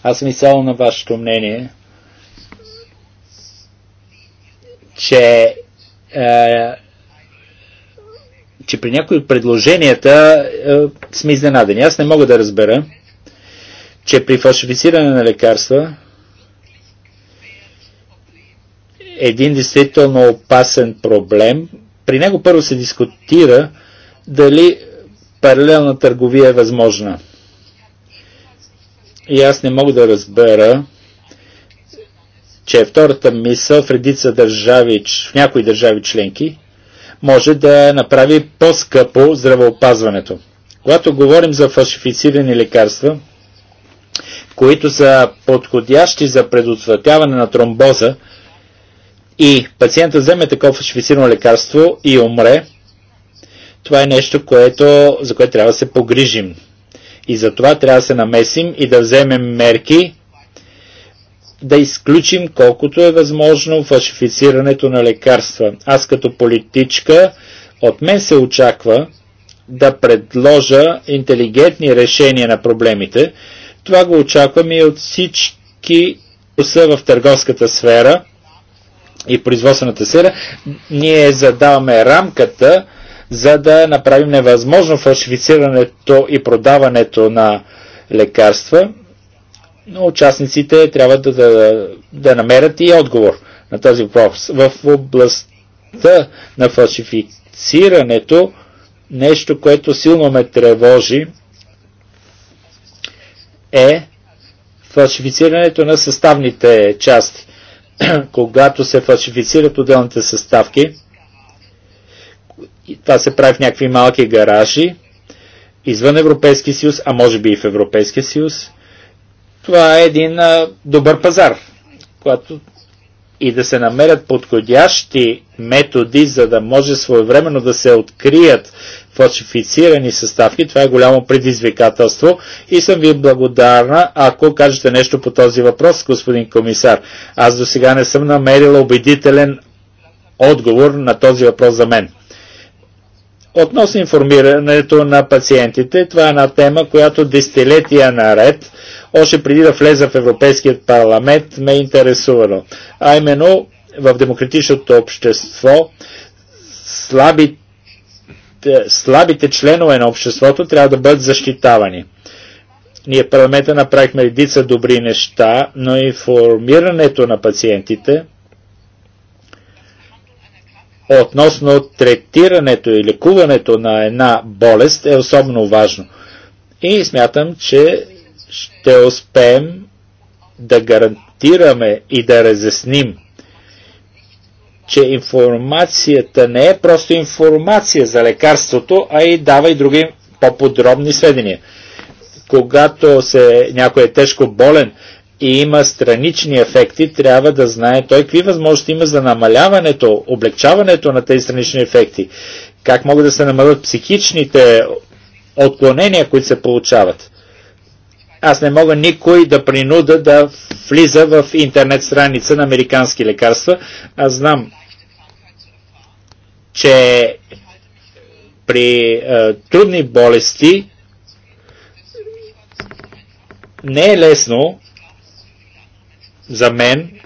Аз съм изцяло на вашето мнение, че, е, че при някои от предложенията е, сме изненадени. Аз не мога да разбера, че при фалшифициране на лекарства един действително опасен проблем. При него първо се дискутира дали паралелна търговия е възможна. И аз не мога да разбера, че втората мисъл в редица държави, в някои държави членки, може да направи по-скъпо здравеопазването. Когато говорим за фалшифицирани лекарства, които са подходящи за предотвратяване на тромбоза, и пациента вземе такова фалшифицирано лекарство и умре, това е нещо, което, за което трябва да се погрижим. И за това трябва да се намесим и да вземем мерки, да изключим колкото е възможно фалшифицирането на лекарства. Аз като политичка от мен се очаква да предложа интелигентни решения на проблемите. Това го очаквам и от всички са в търговската сфера – и производствената сфера, ние задаваме рамката, за да направим невъзможно фалшифицирането и продаването на лекарства, но участниците трябва да, да, да намерят и отговор на този въпрос. В областта на фалшифицирането, нещо, което силно ме тревожи, е фалшифицирането на съставните части. когато се фалшифицират отделните съставки, това се прави в някакви малки гаражи, извън Европейския съюз, а може би и в Европейския съюз, това е един а, добър пазар, когато и да се намерят подходящи методи, за да може своевременно да се открият фалшифицирани съставки. Това е голямо предизвикателство и съм ви благодарна, ако кажете нещо по този въпрос, господин комисар. Аз до сега не съм намерила убедителен отговор на този въпрос за мен. Относно информирането на пациентите, това е една тема, която десетилетия наред, още преди да влеза в Европейският парламент, ме е интересувало. А именно в демократичното общество слабите слабите членове на обществото трябва да бъдат защитавани. Ние в парламента направихме редица добри неща, но информирането на пациентите относно третирането и лекуването на една болест е особено важно. И смятам, че ще успеем да гарантираме и да разясним че информацията не е просто информация за лекарството, а и дава и други по-подробни сведения. Когато се, някой е тежко болен и има странични ефекти, трябва да знае той какви възможности има за намаляването, облегчаването на тези странични ефекти, как могат да се намалят психичните отклонения, които се получават. Аз не мога никой да принуда да влиза в интернет страница на американски лекарства. Аз знам че при е, трудни болести не е лесно за мен,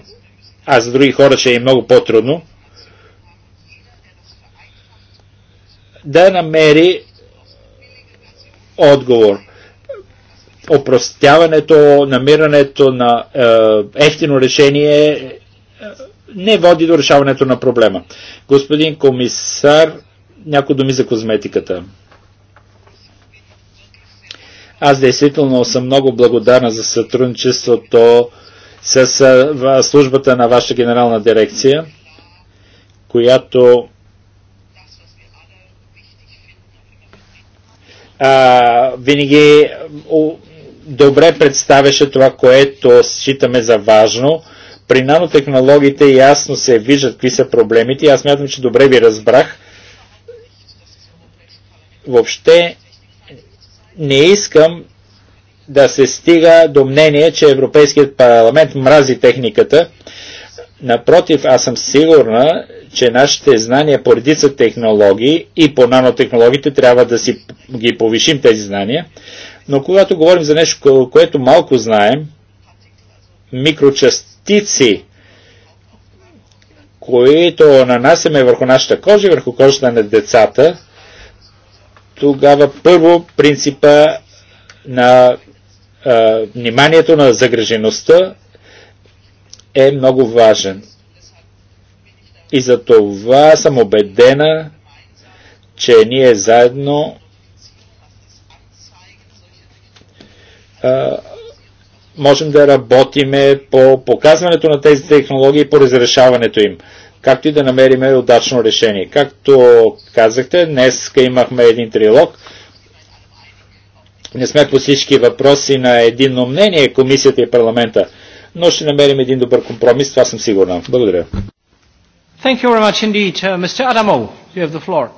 а за други хора ще е много по-трудно, да намери отговор. Опростяването, намирането на е, ефтино решение е, не води до решаването на проблема. Господин комисар, някои думи за козметиката. Аз действително съм много благодарна за сътрудничеството с службата на ваша генерална дирекция, която а, винаги добре представяше това, което считаме за важно – при нанотехнологиите ясно се виждат какви са проблемите. Аз мятам, че добре ви разбрах. Въобще не искам да се стига до мнение, че Европейският парламент мрази техниката. Напротив, аз съм сигурна, че нашите знания по редица технологии и по нанотехнологиите трябва да си ги повишим тези знания. Но когато говорим за нещо, което малко знаем, микрочаст частици, които нанасяме върху нашата кожа и върху кожата на децата, тогава първо принципа на а, вниманието на загрежеността е много важен. И за това съм убедена, че ние заедно можем да работиме по показването на тези технологии и по разрешаването им, както и да намериме удачно решение. Както казахте, днес имахме един трилог. Не сме по всички въпроси на единно мнение, комисията и парламента, но ще намерим един добър компромис, това съм сигурна. Благодаря. Thank you very much indeed, uh, Mr. Adamo. You have the floor.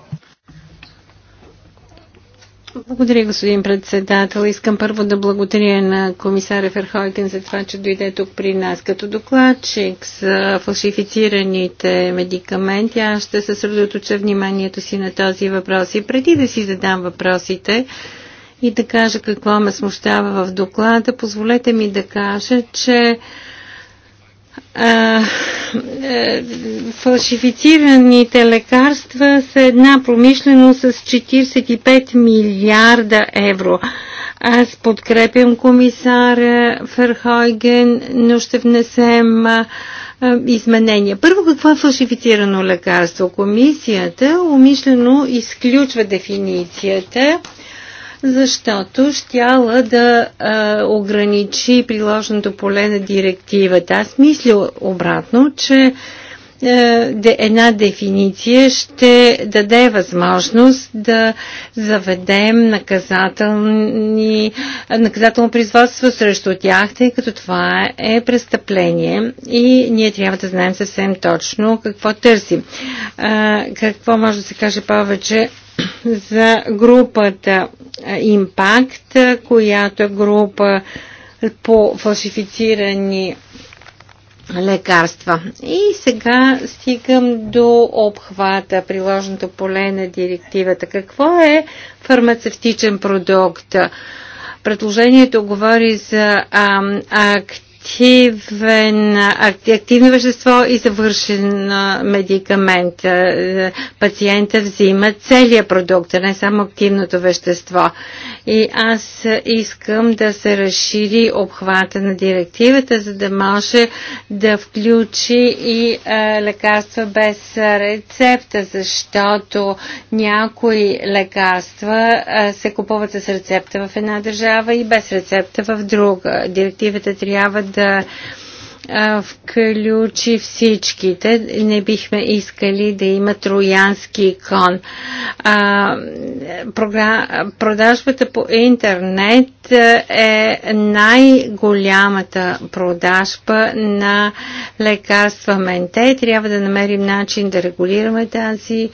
Благодаря, господин председател. Искам първо да благодаря на комисаря Ферхойген за това, че дойде тук при нас като докладчик за фалшифицираните медикаменти. Аз ще съсредоточа вниманието си на този въпрос. И преди да си задам въпросите и да кажа какво ме смущава в доклада, позволете ми да кажа, че а, е, фалшифицираните лекарства са една промишленост с 45 милиарда евро. Аз подкрепям комисаря Ферхойген, но ще внесем а, изменения. Първо, какво е фалшифицирано лекарство? Комисията умишлено изключва дефиницията защото щяла да а, ограничи приложното поле на директивата. Аз мисля обратно, че една дефиниция ще даде възможност да заведем наказателни, наказателно производство срещу тях, тъй като това е престъпление и ние трябва да знаем съвсем точно какво търсим. Какво може да се каже повече за групата Импакт, която е група по фалшифицирани лекарства. И сега стигам до обхвата, приложното поле на директивата. Какво е фармацевтичен продукт? Предложението говори за а, акт активен, активно вещество и завършен медикамент. Е, пациента взима целия продукт, а не само активното вещество. И аз искам да се разшири обхвата на директивата, за да може да включи и е, лекарства без рецепта, защото някои лекарства е, се купуват с рецепта в една държава и без рецепта в друга. Директивата трябва да да включи всичките. Не бихме искали да има троянски кон. А, продажбата по интернет е най-голямата продажба на лекарства менте. Трябва да намерим начин да регулираме тази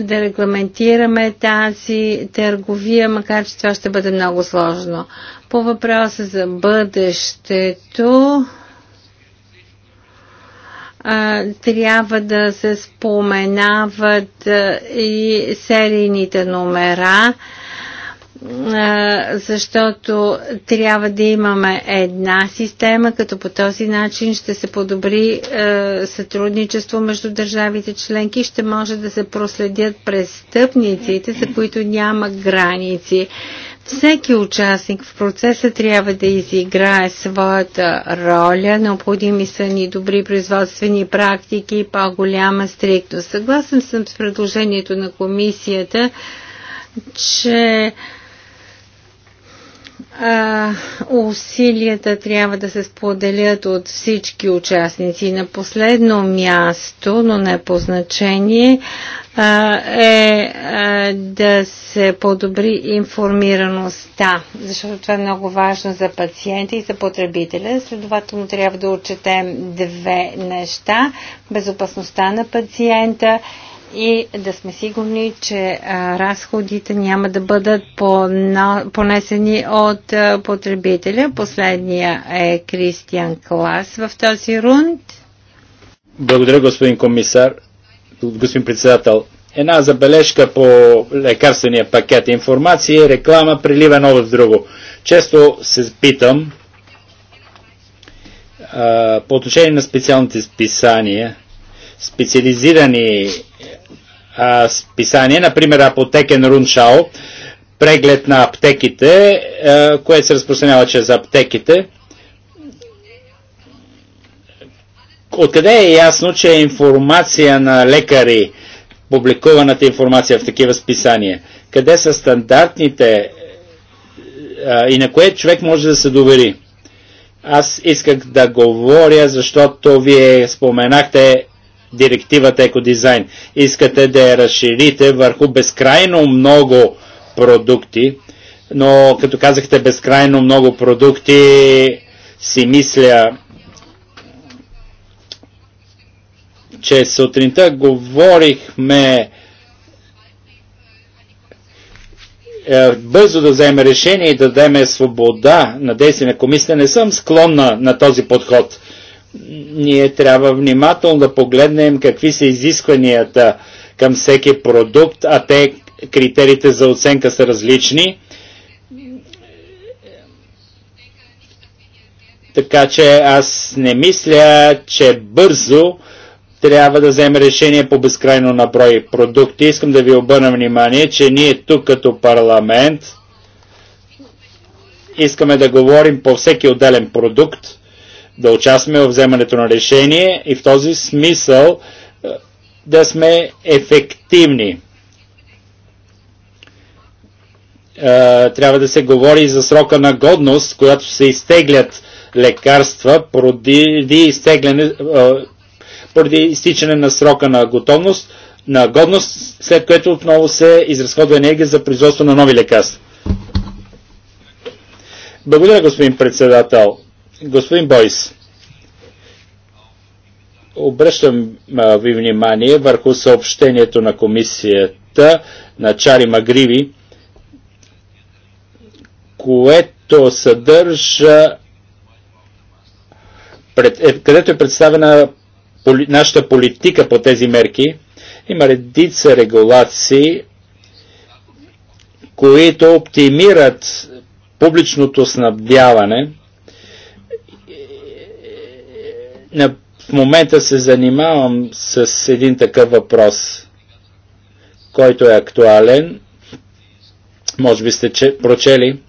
да регламентираме тази търговия, макар че това ще бъде много сложно. По въпроса за бъдещето, трябва да се споменават и серийните номера защото трябва да имаме една система, като по този начин ще се подобри сътрудничество между държавите членки, ще може да се проследят престъпниците, за които няма граници. Всеки участник в процеса трябва да изиграе своята роля, необходими са ни добри производствени практики и по-голяма стриктност. Съгласен съм с предложението на комисията, че а, усилията трябва да се споделят от всички участници. На последно място, но не по значение, а, е а, да се подобри информираността, защото това е много важно за пациента и за потребителя. Следователно трябва да отчетем две неща. Безопасността на пациента и да сме сигурни, че разходите няма да бъдат понесени от потребителя. Последния е Кристиан Клас в този рунд. Благодаря, господин комисар, господин председател. Една забележка по лекарствения пакет. Информация и реклама прилива едно в друго. Често се питам по отношение на специалните списания – специализирани а, списания, например Апотекен Руншао, преглед на аптеките, а, което се разпространява чрез аптеките. Откъде е ясно, че е информация на лекари, публикуваната информация в такива списания? Къде са стандартните а, и на кое човек може да се довери? Аз исках да говоря, защото вие споменахте директивата екодизайн. Искате да я разширите върху безкрайно много продукти, но като казахте безкрайно много продукти, си мисля, че сутринта говорихме е, бързо да вземе решение и да дадеме свобода на действие на комисията. Не съм склонна на този подход ние трябва внимателно да погледнем какви са изискванията към всеки продукт, а те критериите за оценка са различни. Така че аз не мисля, че бързо трябва да вземе решение по безкрайно наброй продукти. Искам да ви обърна внимание, че ние тук като парламент искаме да говорим по всеки отделен продукт да участваме в вземането на решение и в този смисъл е, да сме ефективни. Е, трябва да се говори за срока на годност, която се изтеглят лекарства поради, изтегляне, е, поради изтичане на срока на готовност, на годност, след което отново се изразходва енергия за производство на нови лекарства. Благодаря, господин председател. Господин Бойс, обръщам ви внимание върху съобщението на комисията на Чари Магриви, което съдържа пред, е, където е представена поли, нашата политика по тези мерки. Има редица регулации, които оптимират публичното снабдяване – в момента се занимавам с един такъв въпрос, който е актуален. Може би сте че, прочели,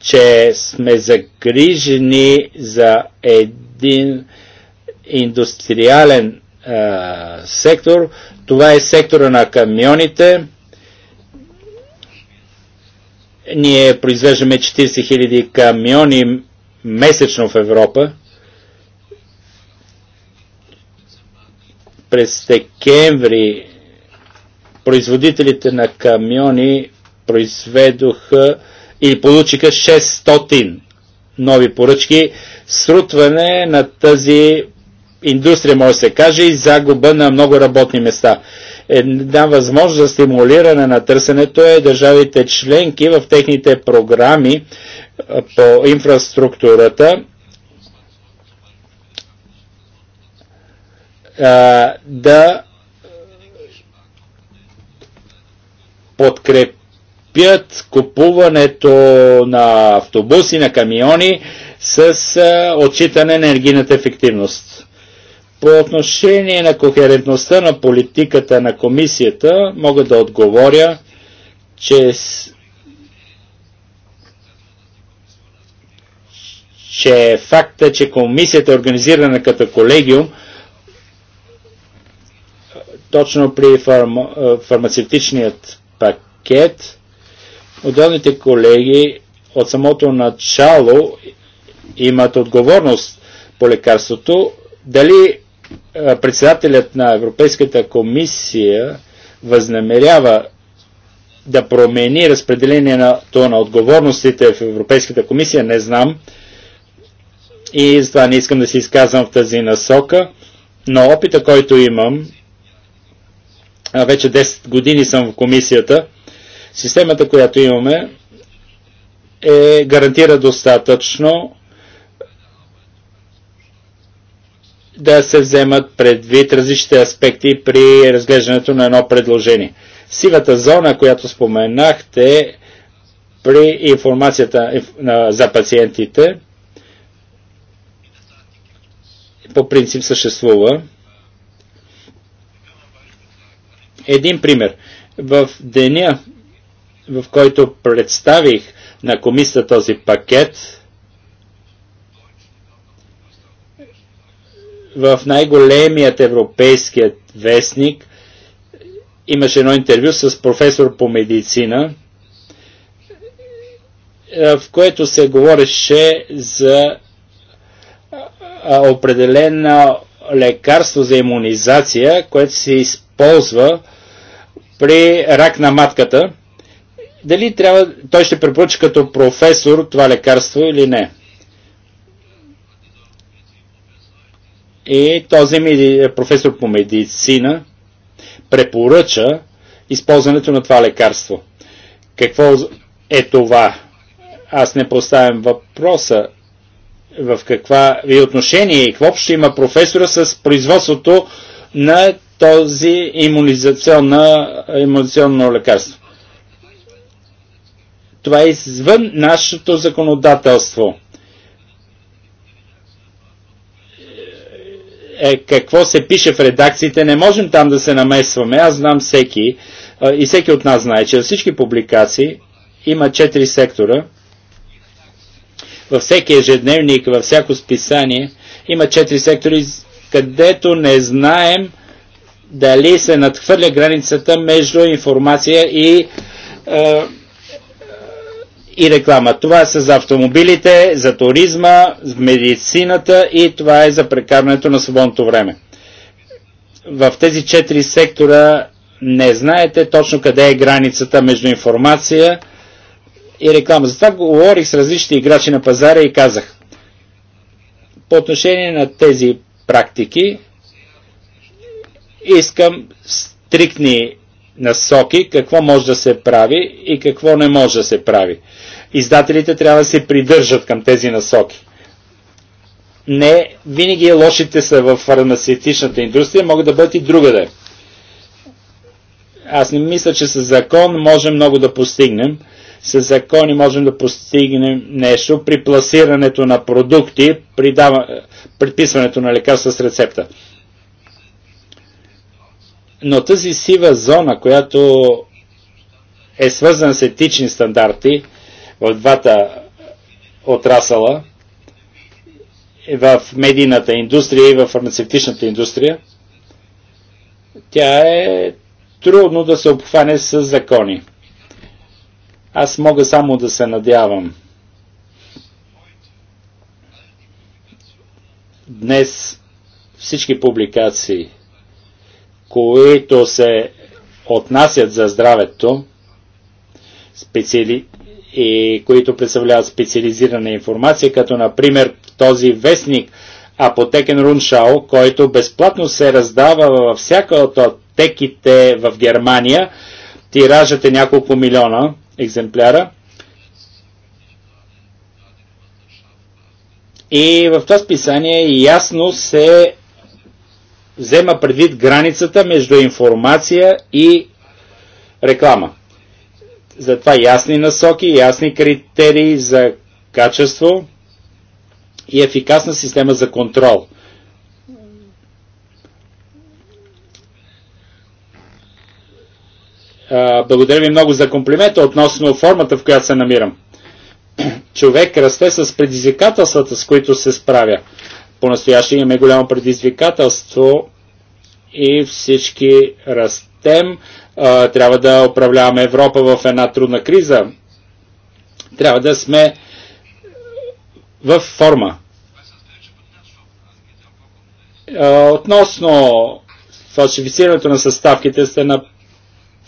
че сме загрижени за един индустриален а, сектор. Това е сектора на камионите. Ние произвеждаме 40 000 камиони месечно в Европа. През декември производителите на камиони произведоха или получиха 600 нови поръчки, срутване на тази индустрия, може да се каже, и загуба на много работни места. Една възможност за стимулиране на търсенето е държавите членки в техните програми по инфраструктурата да подкрепят купуването на автобуси, на камиони с отчитане на енергийната ефективност. По отношение на кохерентността на политиката на комисията, мога да отговоря, че че факта, че комисията е организирана като колегиум, точно при фарма, е, фармацевтичният пакет, отделните колеги от самото начало имат отговорност по лекарството. Дали е, председателят на Европейската комисия възнамерява да промени разпределението на отговорностите в Европейската комисия, не знам и затова не искам да се изказвам в тази насока, но опита, който имам, вече 10 години съм в комисията, системата, която имаме, е, гарантира достатъчно да се вземат предвид различните аспекти при разглеждането на едно предложение. Сивата зона, която споменахте при информацията за пациентите, по принцип съществува. Един пример. В деня, в който представих на комисията този пакет, в най-големият европейският вестник имаше едно интервю с професор по медицина, в което се говореше за определено лекарство за иммунизация, което се използва при рак на матката. Дали трябва, той ще препоръча като професор това лекарство или не? И този ми професор по медицина препоръча използването на това лекарство. Какво е това? Аз не поставям въпроса в каква ви отношение и какво ще има професора с производството на този иммунизационно лекарство. Това е извън нашето законодателство. Е, какво се пише в редакциите, не можем там да се намесваме. Аз знам всеки и всеки от нас знае, че всички публикации има четири сектора – във всеки ежедневник, във всяко списание, има четири сектори, където не знаем дали се надхвърля границата между информация и, е, и реклама. Това са за автомобилите, за туризма, за медицината и това е за прекарването на свободното време. В тези четири сектора не знаете точно къде е границата между информация, и реклама. Затова говорих с различни играчи на пазара и казах, по отношение на тези практики, искам стриктни насоки, какво може да се прави и какво не може да се прави. Издателите трябва да се придържат към тези насоки. Не винаги лошите са в фармацевтичната индустрия, могат да бъдат и другаде. Аз не мисля, че с закон може много да постигнем, с закони можем да постигнем нещо при пласирането на продукти, при дава, предписването на лекарства с рецепта. Но тази сива зона, която е свързана с етични стандарти в двата отрасъла, в медийната индустрия и в фармацевтичната индустрия, тя е трудно да се обхване с закони. Аз мога само да се надявам. Днес всички публикации, които се отнасят за здравето, специали... и които представляват специализирана информация, като например този вестник Апотекен Руншао, който безплатно се раздава във всяка от аптеките в Германия, тиражът е няколко милиона, екземпляра. И в това списание ясно се взема предвид границата между информация и реклама. Затова ясни насоки, ясни критерии за качество и ефикасна система за контрол – Благодаря ви много за комплимента относно формата, в която се намирам. Човек расте с предизвикателствата, с които се справя. По-настояще имаме голямо предизвикателство и всички растем. Трябва да управляваме Европа в една трудна криза. Трябва да сме в форма. Относно фалшифицирането на съставките сте на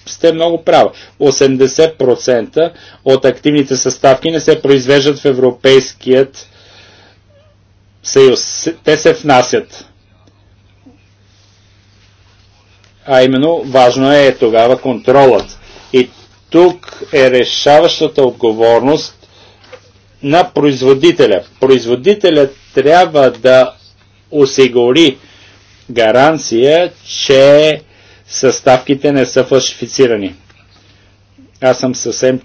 сте много права. 80% от активните съставки не се произвеждат в Европейският съюз. Те се внасят. А именно важно е тогава контролът. И тук е решаващата отговорност на производителя. Производителят трябва да осигури гаранция, че съставките не са фалшифицирани. Аз съм съвсем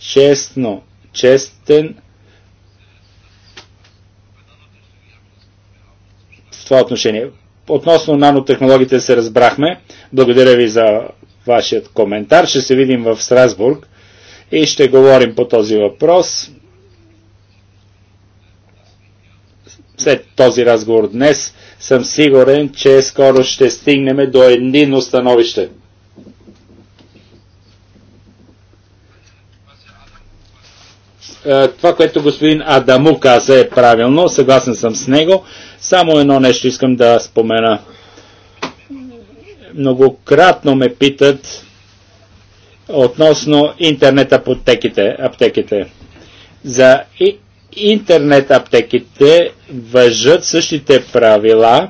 честно, честен в това отношение. Относно нанотехнологите се разбрахме. Благодаря ви за вашият коментар. Ще се видим в Страсбург и ще говорим по този въпрос. след този разговор днес съм сигурен, че скоро ще стигнем до единно становище. Е, това, което господин Адаму каза е правилно, съгласен съм с него. Само едно нещо искам да спомена. Многократно ме питат относно интернет аптеките. За и интернет аптеките въжат същите правила,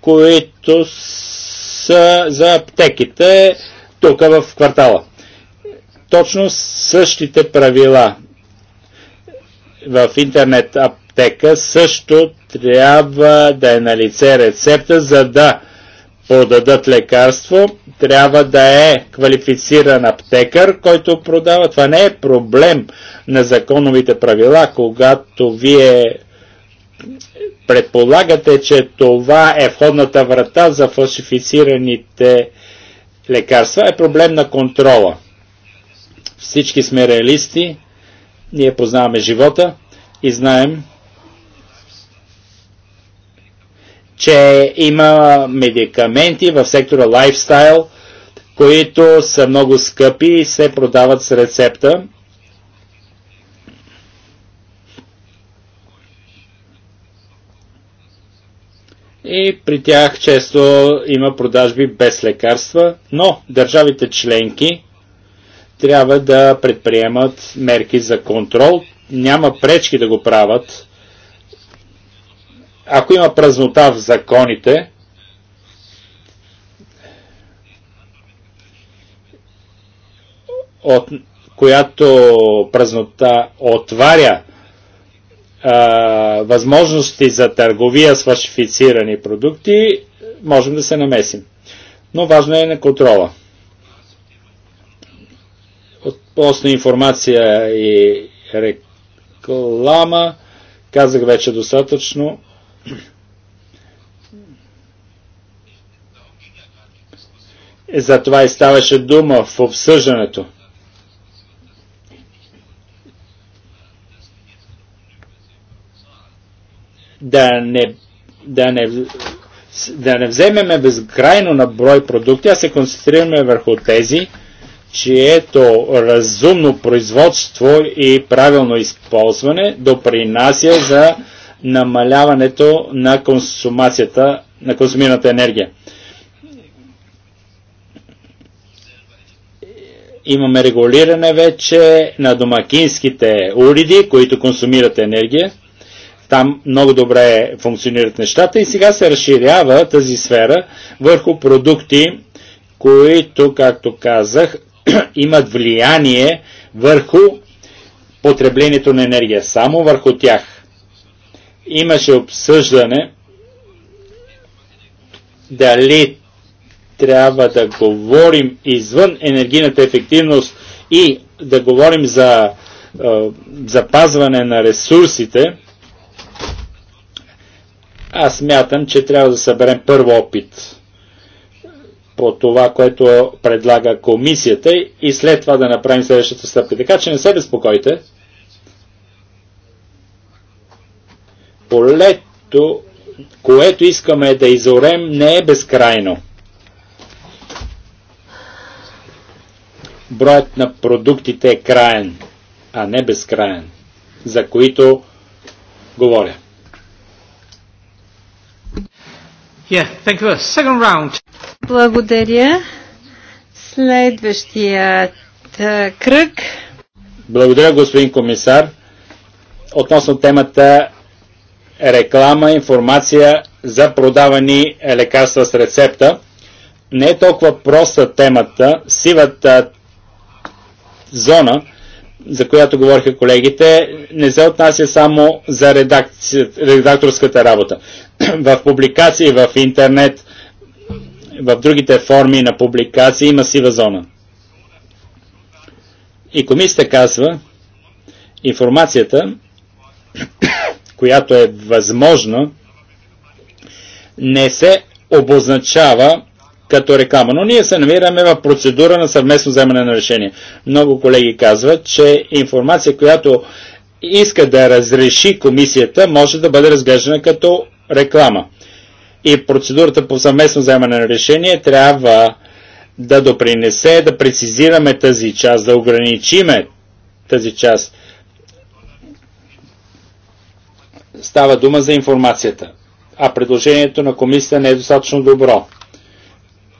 които са за аптеките тук в квартала. Точно същите правила в интернет аптека също трябва да е на лице рецепта, за да подадат лекарство, трябва да е квалифициран аптекар, който продава. Това не е проблем на законовите правила, когато вие предполагате, че това е входната врата за фалшифицираните лекарства, е проблем на контрола. Всички сме реалисти, ние познаваме живота и знаем, че има медикаменти в сектора лайфстайл, които са много скъпи и се продават с рецепта. И при тях често има продажби без лекарства, но държавите членки трябва да предприемат мерки за контрол. Няма пречки да го правят, ако има празнота в законите, от която празнота отваря а, възможности за търговия с фалшифицирани продукти, можем да се намесим. Но важно е на контрола. Относно информация и реклама, казах вече достатъчно. Е, за това и ставаше дума в обсъждането. Да не, да не, да не вземеме безкрайно на брой продукти, а се концентрираме върху тези, чието разумно производство и правилно използване допринася за намаляването на консумацията, на консумираната енергия. Имаме регулиране вече на домакинските уреди, които консумират енергия. Там много добре функционират нещата и сега се разширява тази сфера върху продукти, които, както казах, имат влияние върху потреблението на енергия. Само върху тях имаше обсъждане дали трябва да говорим извън енергийната ефективност и да говорим за е, запазване на ресурсите, аз мятам, че трябва да съберем първо опит по това, което предлага комисията и след това да направим следващата стъпка. Така че не се безпокойте. полето, което искаме да изорем, не е безкрайно. Броят на продуктите е краен, а не безкраен, за които говоря. Yeah, thank you. Second round. Благодаря. Следващият кръг. Благодаря, господин комисар. Относно темата реклама, информация за продавани лекарства с рецепта. Не е толкова проста темата. Сивата зона, за която говориха колегите, не се отнася само за редакторската работа. в публикации, в интернет, в другите форми на публикации има сива зона. И комисията казва, информацията която е възможна, не се обозначава като реклама. Но ние се намираме в процедура на съвместно вземане на решение. Много колеги казват, че информация, която иска да разреши комисията, може да бъде разглеждана като реклама. И процедурата по съвместно вземане на решение трябва да допринесе, да прецизираме тази част, да ограничиме тази част. Става дума за информацията. А предложението на комисията не е достатъчно добро.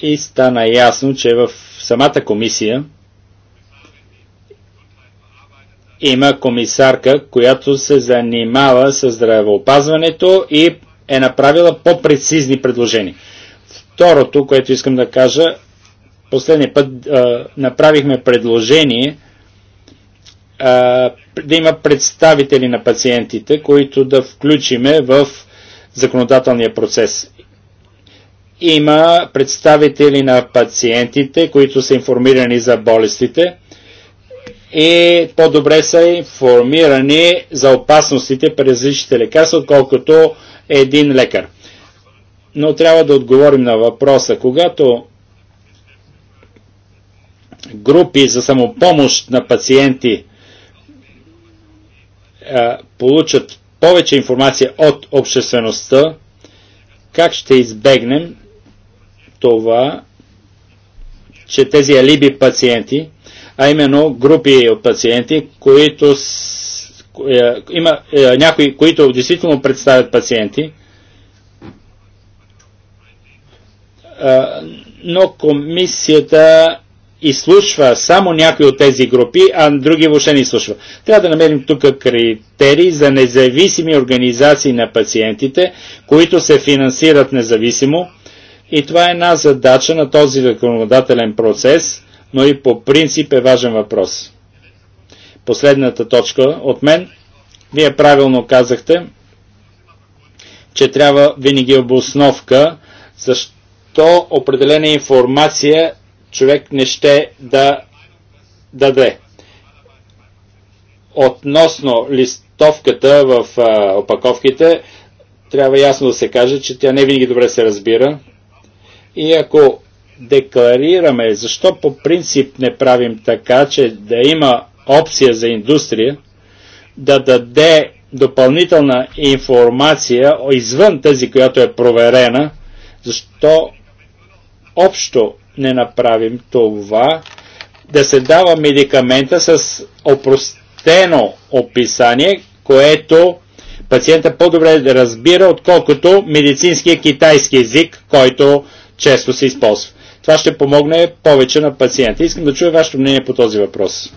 И стана ясно, че в самата комисия има комисарка, която се занимава с здравеопазването и е направила по-прецизни предложения. Второто, което искам да кажа, последния път а, направихме предложение да има представители на пациентите, които да включиме в законодателния процес. Има представители на пациентите, които са информирани за болестите и по-добре са информирани за опасностите при различните лекарства, отколкото един лекар. Но трябва да отговорим на въпроса. Когато групи за самопомощ на пациенти – е, получат повече информация от обществеността, как ще избегнем това, че тези алиби пациенти, а именно групи от пациенти, които с, е, има е, някои, които действително представят пациенти, е, но комисията изслушва само някои от тези групи, а други въобще не изслушва. Трябва да намерим тук критерии за независими организации на пациентите, които се финансират независимо. И това е една задача на този законодателен процес, но и по принцип е важен въпрос. Последната точка от мен. Вие правилно казахте, че трябва винаги обосновка, защо определена информация човек не ще да даде. Относно листовката в а, опаковките, трябва ясно да се каже, че тя не винаги добре се разбира. И ако декларираме, защо по принцип не правим така, че да има опция за индустрия да даде допълнителна информация извън тази, която е проверена, защо общо не направим това, да се дава медикамента с опростено описание, което пациента по-добре да разбира, отколкото медицинския китайски език, който често се използва. Това ще помогне повече на пациента. Искам да чуя вашето мнение по този въпрос.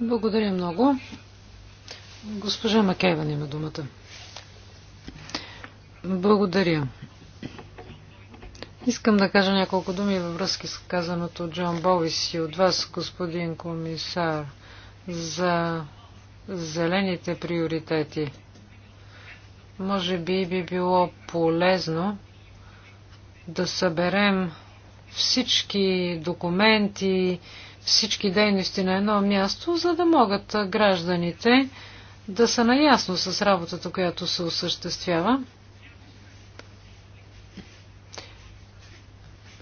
Благодаря много. Госпожа Макева има думата. Благодаря. Искам да кажа няколко думи във връзки с казаното от Джон Болис и от вас, господин комисар, за зелените приоритети. Може би би било полезно да съберем всички документи, всички дейности на едно място, за да могат гражданите да са наясно с работата, която се осъществява.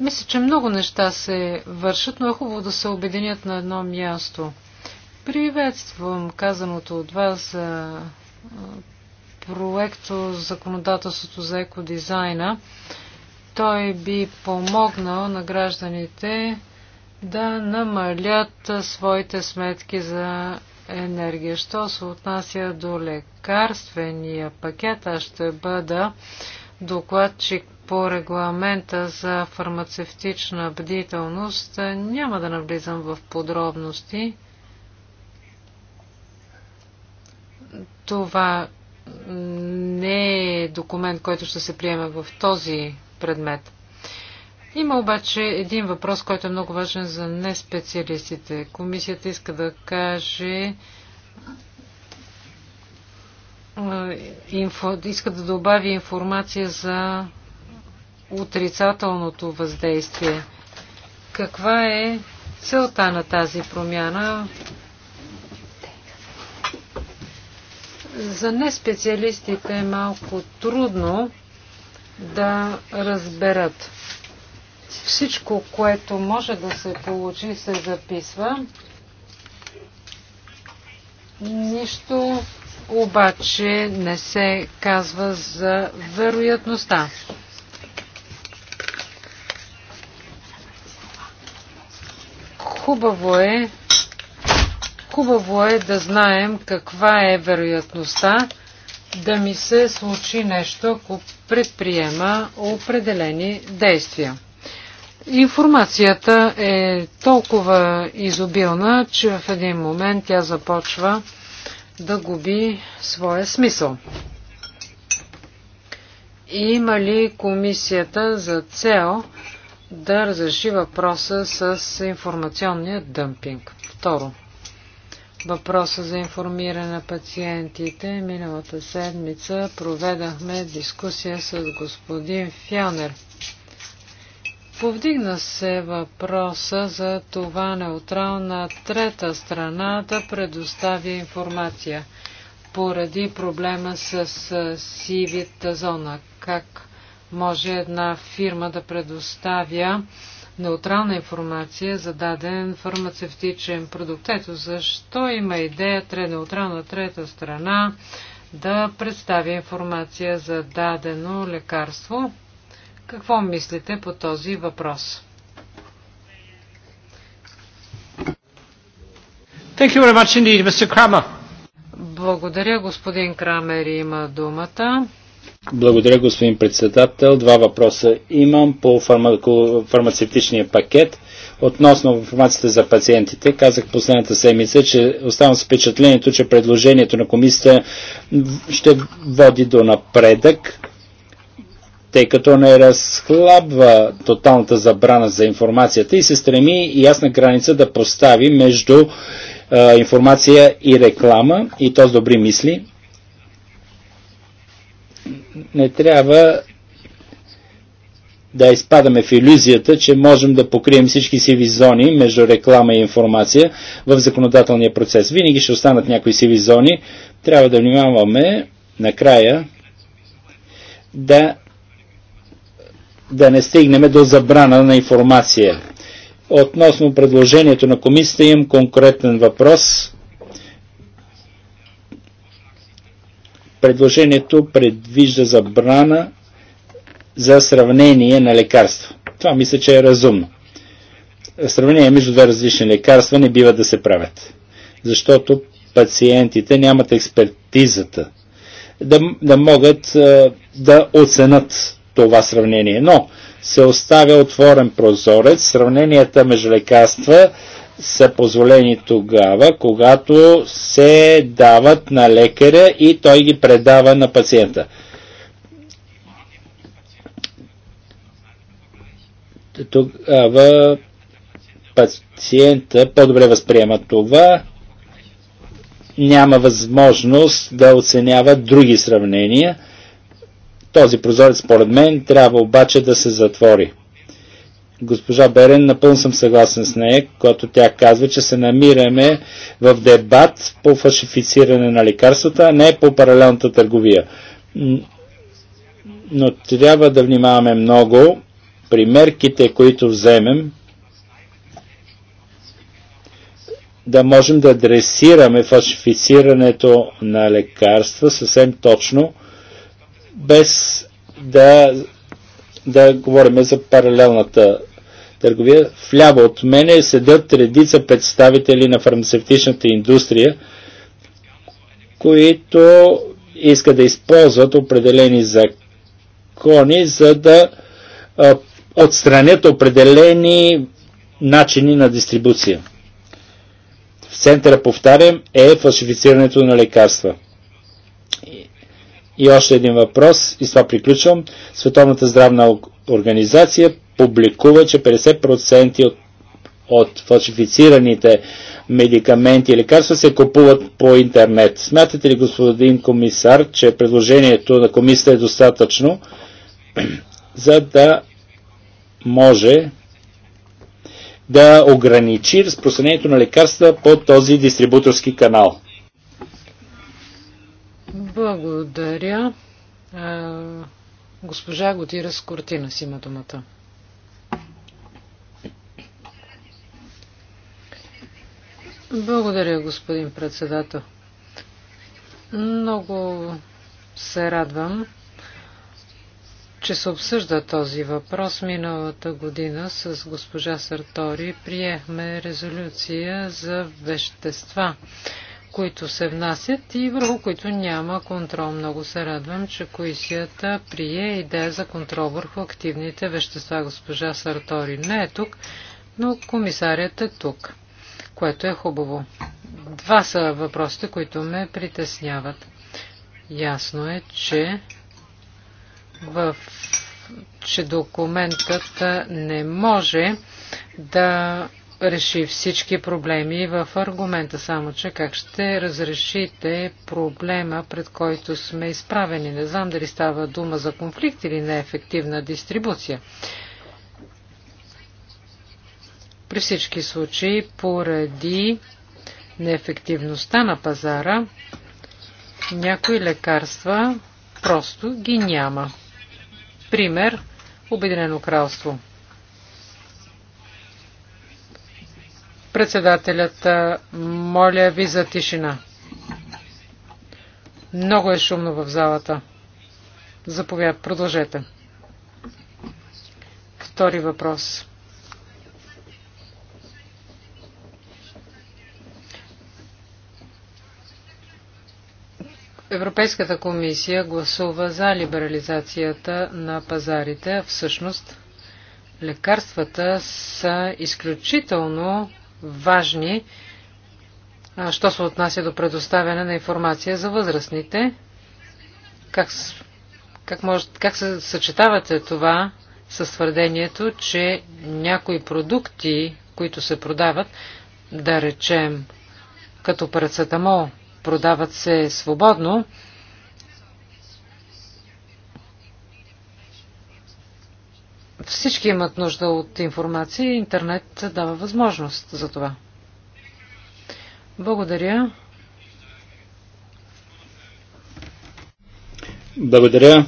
Мисля, че много неща се вършат, но е хубаво да се обединят на едно място. Приветствам казаното от вас за проекто законодателството за екодизайна. Той би помогнал на гражданите да намалят своите сметки за енергия. Що се отнася до лекарствения пакет, аз ще бъда докладчик по регламента за фармацевтична бдителност няма да навлизам в подробности. Това не е документ, който ще се приеме в този предмет. Има обаче един въпрос, който е много важен за неспециалистите. Комисията иска да каже, инфо, иска да добави информация за отрицателното въздействие. Каква е целта на тази промяна? За неспециалистите е малко трудно да разберат. Всичко, което може да се получи, се записва. Нищо обаче не се казва за вероятността. Хубаво е, хубаво е да знаем каква е вероятността да ми се случи нещо, ако предприема определени действия. Информацията е толкова изобилна, че в един момент тя започва да губи своя смисъл. Има ли комисията за цел да разреши въпроса с информационния дъмпинг. Второ, въпроса за информиране на пациентите. Миналата седмица проведахме дискусия с господин Фионер. Повдигна се въпроса за това неутрална трета страна да предоставя информация поради проблема с сивита зона. Как може една фирма да предоставя неутрална информация за даден фармацевтичен продукт. Ето защо има идея трет, неутрална трета страна да представи информация за дадено лекарство. Какво мислите по този въпрос? Thank you very much indeed, Mr. Kramer. Благодаря, господин Крамер има думата. Благодаря, господин председател. Два въпроса имам по фармако... фармацевтичния пакет. Относно информацията за пациентите, казах последната седмица, че оставам с впечатлението, че предложението на комисията ще води до напредък, тъй като не разхлабва тоталната забрана за информацията и се стреми ясна граница да постави между е, информация и реклама, и то с добри мисли, не трябва да изпадаме в иллюзията, че можем да покрием всички сиви зони между реклама и информация в законодателния процес. Винаги ще останат някои сиви зони. Трябва да внимаваме накрая да, да не стигнем до забрана на информация. Относно предложението на комисията имам конкретен въпрос Предложението предвижда забрана за сравнение на лекарства. Това мисля, че е разумно. Сравнение между две различни лекарства не бива да се правят, защото пациентите нямат експертизата да, да могат да оценят това сравнение. Но се оставя отворен прозорец, сравненията между лекарства са позволени тогава, когато се дават на лекаря и той ги предава на пациента. Тогава пациента по-добре възприема това, няма възможност да оценява други сравнения. Този прозорец, според мен, трябва обаче да се затвори госпожа Берен, напълно съм съгласен с нея, когато тя казва, че се намираме в дебат по фалшифициране на лекарствата, а не по паралелната търговия. Но трябва да внимаваме много при мерките, които вземем, да можем да адресираме фалшифицирането на лекарства съвсем точно, без да да говорим за паралелната търговия. Вляво от мене седят редица представители на фармацевтичната индустрия, които искат да използват определени закони, за да а, отстранят определени начини на дистрибуция. В центъра, повтарям, е фалшифицирането на лекарства. И, и още един въпрос, и с това приключвам. Световната здравна организация публикува, че 50% от, от фалшифицираните медикаменти и лекарства се купуват по интернет. Смятате ли, господин комисар, че предложението на комисията е достатъчно, за да може да ограничи разпространението на лекарства по този дистрибуторски канал? Благодаря. Госпожа с картина си има думата. Благодаря, господин председател. Много се радвам, че се обсъжда този въпрос. Миналата година с госпожа Сартори приехме резолюция за вещества, които се внасят и върху които няма контрол. Много се радвам, че комисията прие идея за контрол върху активните вещества. Госпожа Сартори не е тук, но комисарят е тук, което е хубаво. Два са въпросите, които ме притесняват. Ясно е, че в че документът не може да реши всички проблеми в аргумента, само че как ще разрешите проблема, пред който сме изправени. Не знам дали става дума за конфликт или неефективна дистрибуция. При всички случаи, поради неефективността на пазара, някои лекарства просто ги няма. Пример – Обединено кралство. Председателят, моля ви за тишина. Много е шумно в залата. Заповяд, продължете. Втори въпрос. Европейската комисия гласува за либерализацията на пазарите. Всъщност, лекарствата са изключително важни, що се отнася до предоставяне на информация за възрастните. Как, как, може, как се съчетавате това с твърдението, че някои продукти, които се продават, да речем като парацетамол, продават се свободно, Всички имат нужда от информация и интернет дава възможност за това. Благодаря. Благодаря.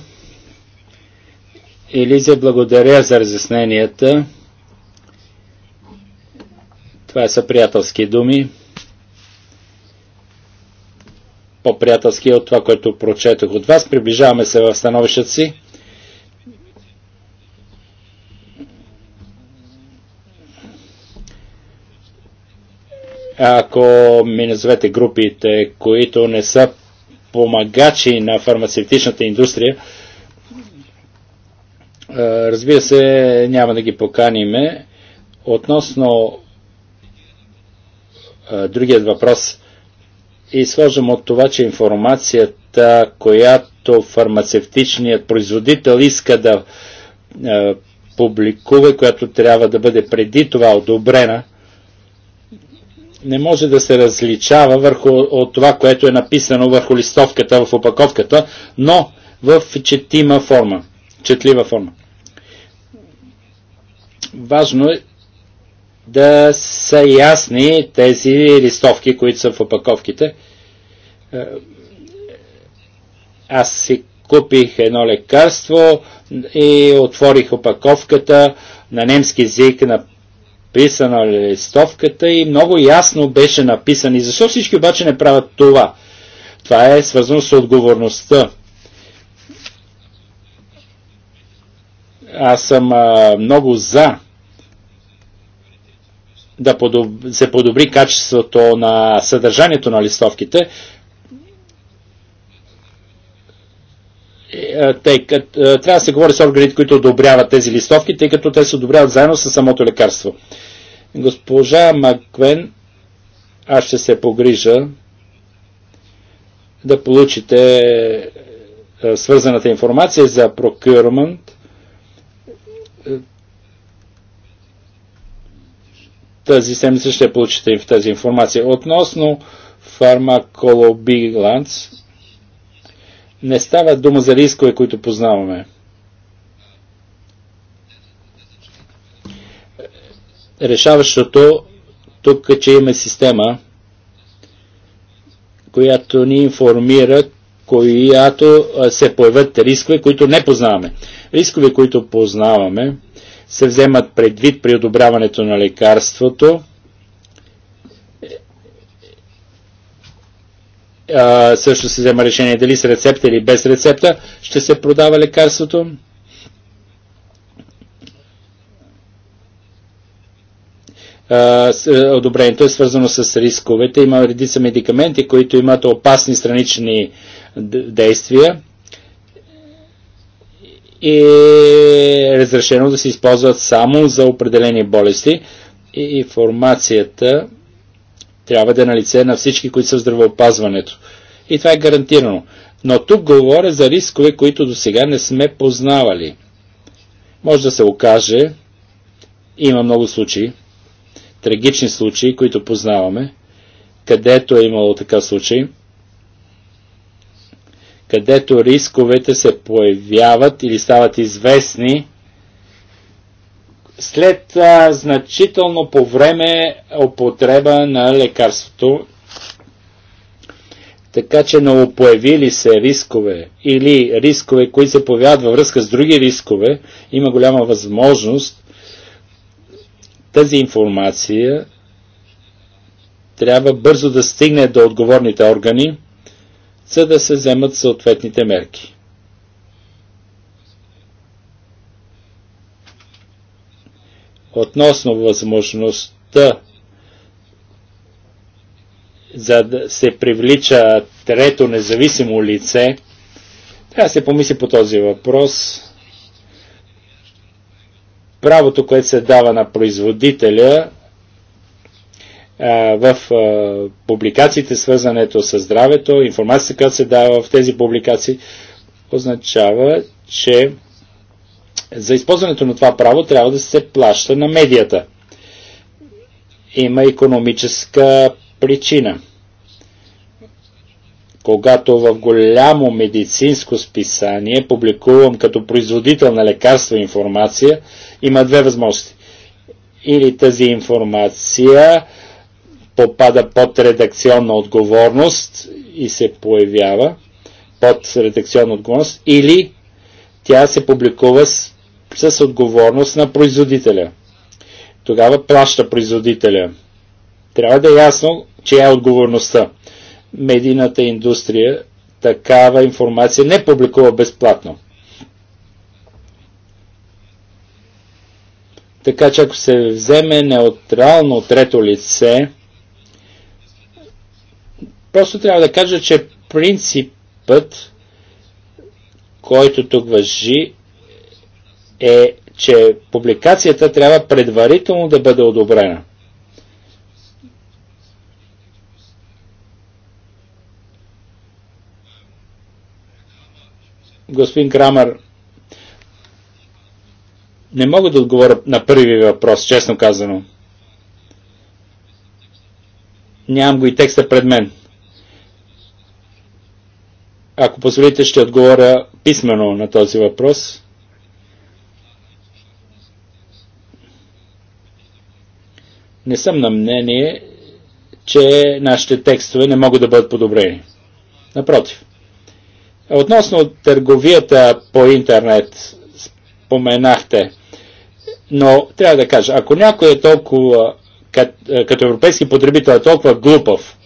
Елиза, благодаря за разясненията. Това са приятелски думи. По-приятелски е от това, което прочетох от вас. Приближаваме се в становищата си. Ако ми назовете групите, които не са помагачи на фармацевтичната индустрия, разбира се, няма да ги поканиме. Относно другият въпрос, изхождам от това, че информацията, която фармацевтичният производител иска да публикува, която трябва да бъде преди това одобрена, не може да се различава върху, от това, което е написано върху листовката в опаковката, но в четима форма, четлива форма. Важно е да са ясни тези листовки, които са в опаковките. Е, аз си купих едно лекарство и отворих опаковката на немски език, на писана листовката и много ясно беше написан. И защо всички обаче не правят това? Това е свързано с отговорността. Аз съм а, много за да подоб... се подобри качеството на съдържанието на листовките, Е, е, тъй като, е, трябва да се говори с органите, които одобряват тези листовки, тъй като те се одобряват заедно с самото лекарство. Госпожа Маквен, аз ще се погрижа да получите свързаната информация за procurement. Тази седмица ще получите в тази информация. Относно фармаколобиланс, не става дума за рискове, които познаваме. Решаващото тук е, че има система, която ни информира, която се появят рискове, които не познаваме. Рискове, които познаваме, се вземат предвид при одобряването на лекарството а, също се взема решение дали с рецепта или без рецепта ще се продава лекарството. Е, одобрението е свързано с рисковете. Има редица медикаменти, които имат опасни странични действия и е разрешено да се използват само за определени болести и информацията трябва да е на лице на всички, които са в здравеопазването. И това е гарантирано. Но тук говоря за рискове, които до сега не сме познавали. Може да се окаже, има много случаи, трагични случаи, които познаваме, където е имало така случай. където рисковете се появяват или стават известни – след а, значително по време употреба на лекарството, така че новопоявили се рискове или рискове, които се появяват във връзка с други рискове, има голяма възможност тази информация трябва бързо да стигне до отговорните органи, за да се вземат съответните мерки. относно възможността за да се привлича трето независимо лице, трябва да се помисли по този въпрос. Правото, което се дава на производителя в публикациите, свързането с здравето, информацията, която се дава в тези публикации, означава, че за използването на това право трябва да се плаща на медията. Има економическа причина. Когато в голямо медицинско списание публикувам като производител на лекарства информация, има две възможности. Или тази информация попада под редакционна отговорност и се появява под редакционна отговорност, или тя се публикува с с отговорност на производителя. Тогава плаща производителя. Трябва да е ясно, чия е отговорността. Медийната индустрия такава информация не публикува безплатно. Така че ако се вземе неутрално трето лице, просто трябва да кажа, че принципът, който тук въжи, е, че публикацията трябва предварително да бъде одобрена. Господин Крамер, не мога да отговоря на първи въпрос, честно казано. Нямам го и текста пред мен. Ако позволите, ще отговоря писменно на този въпрос. не съм на мнение, че нашите текстове не могат да бъдат подобрени. Напротив. Относно търговията по интернет, споменахте, но трябва да кажа, ако някой е толкова, като европейски потребител е толкова глупав,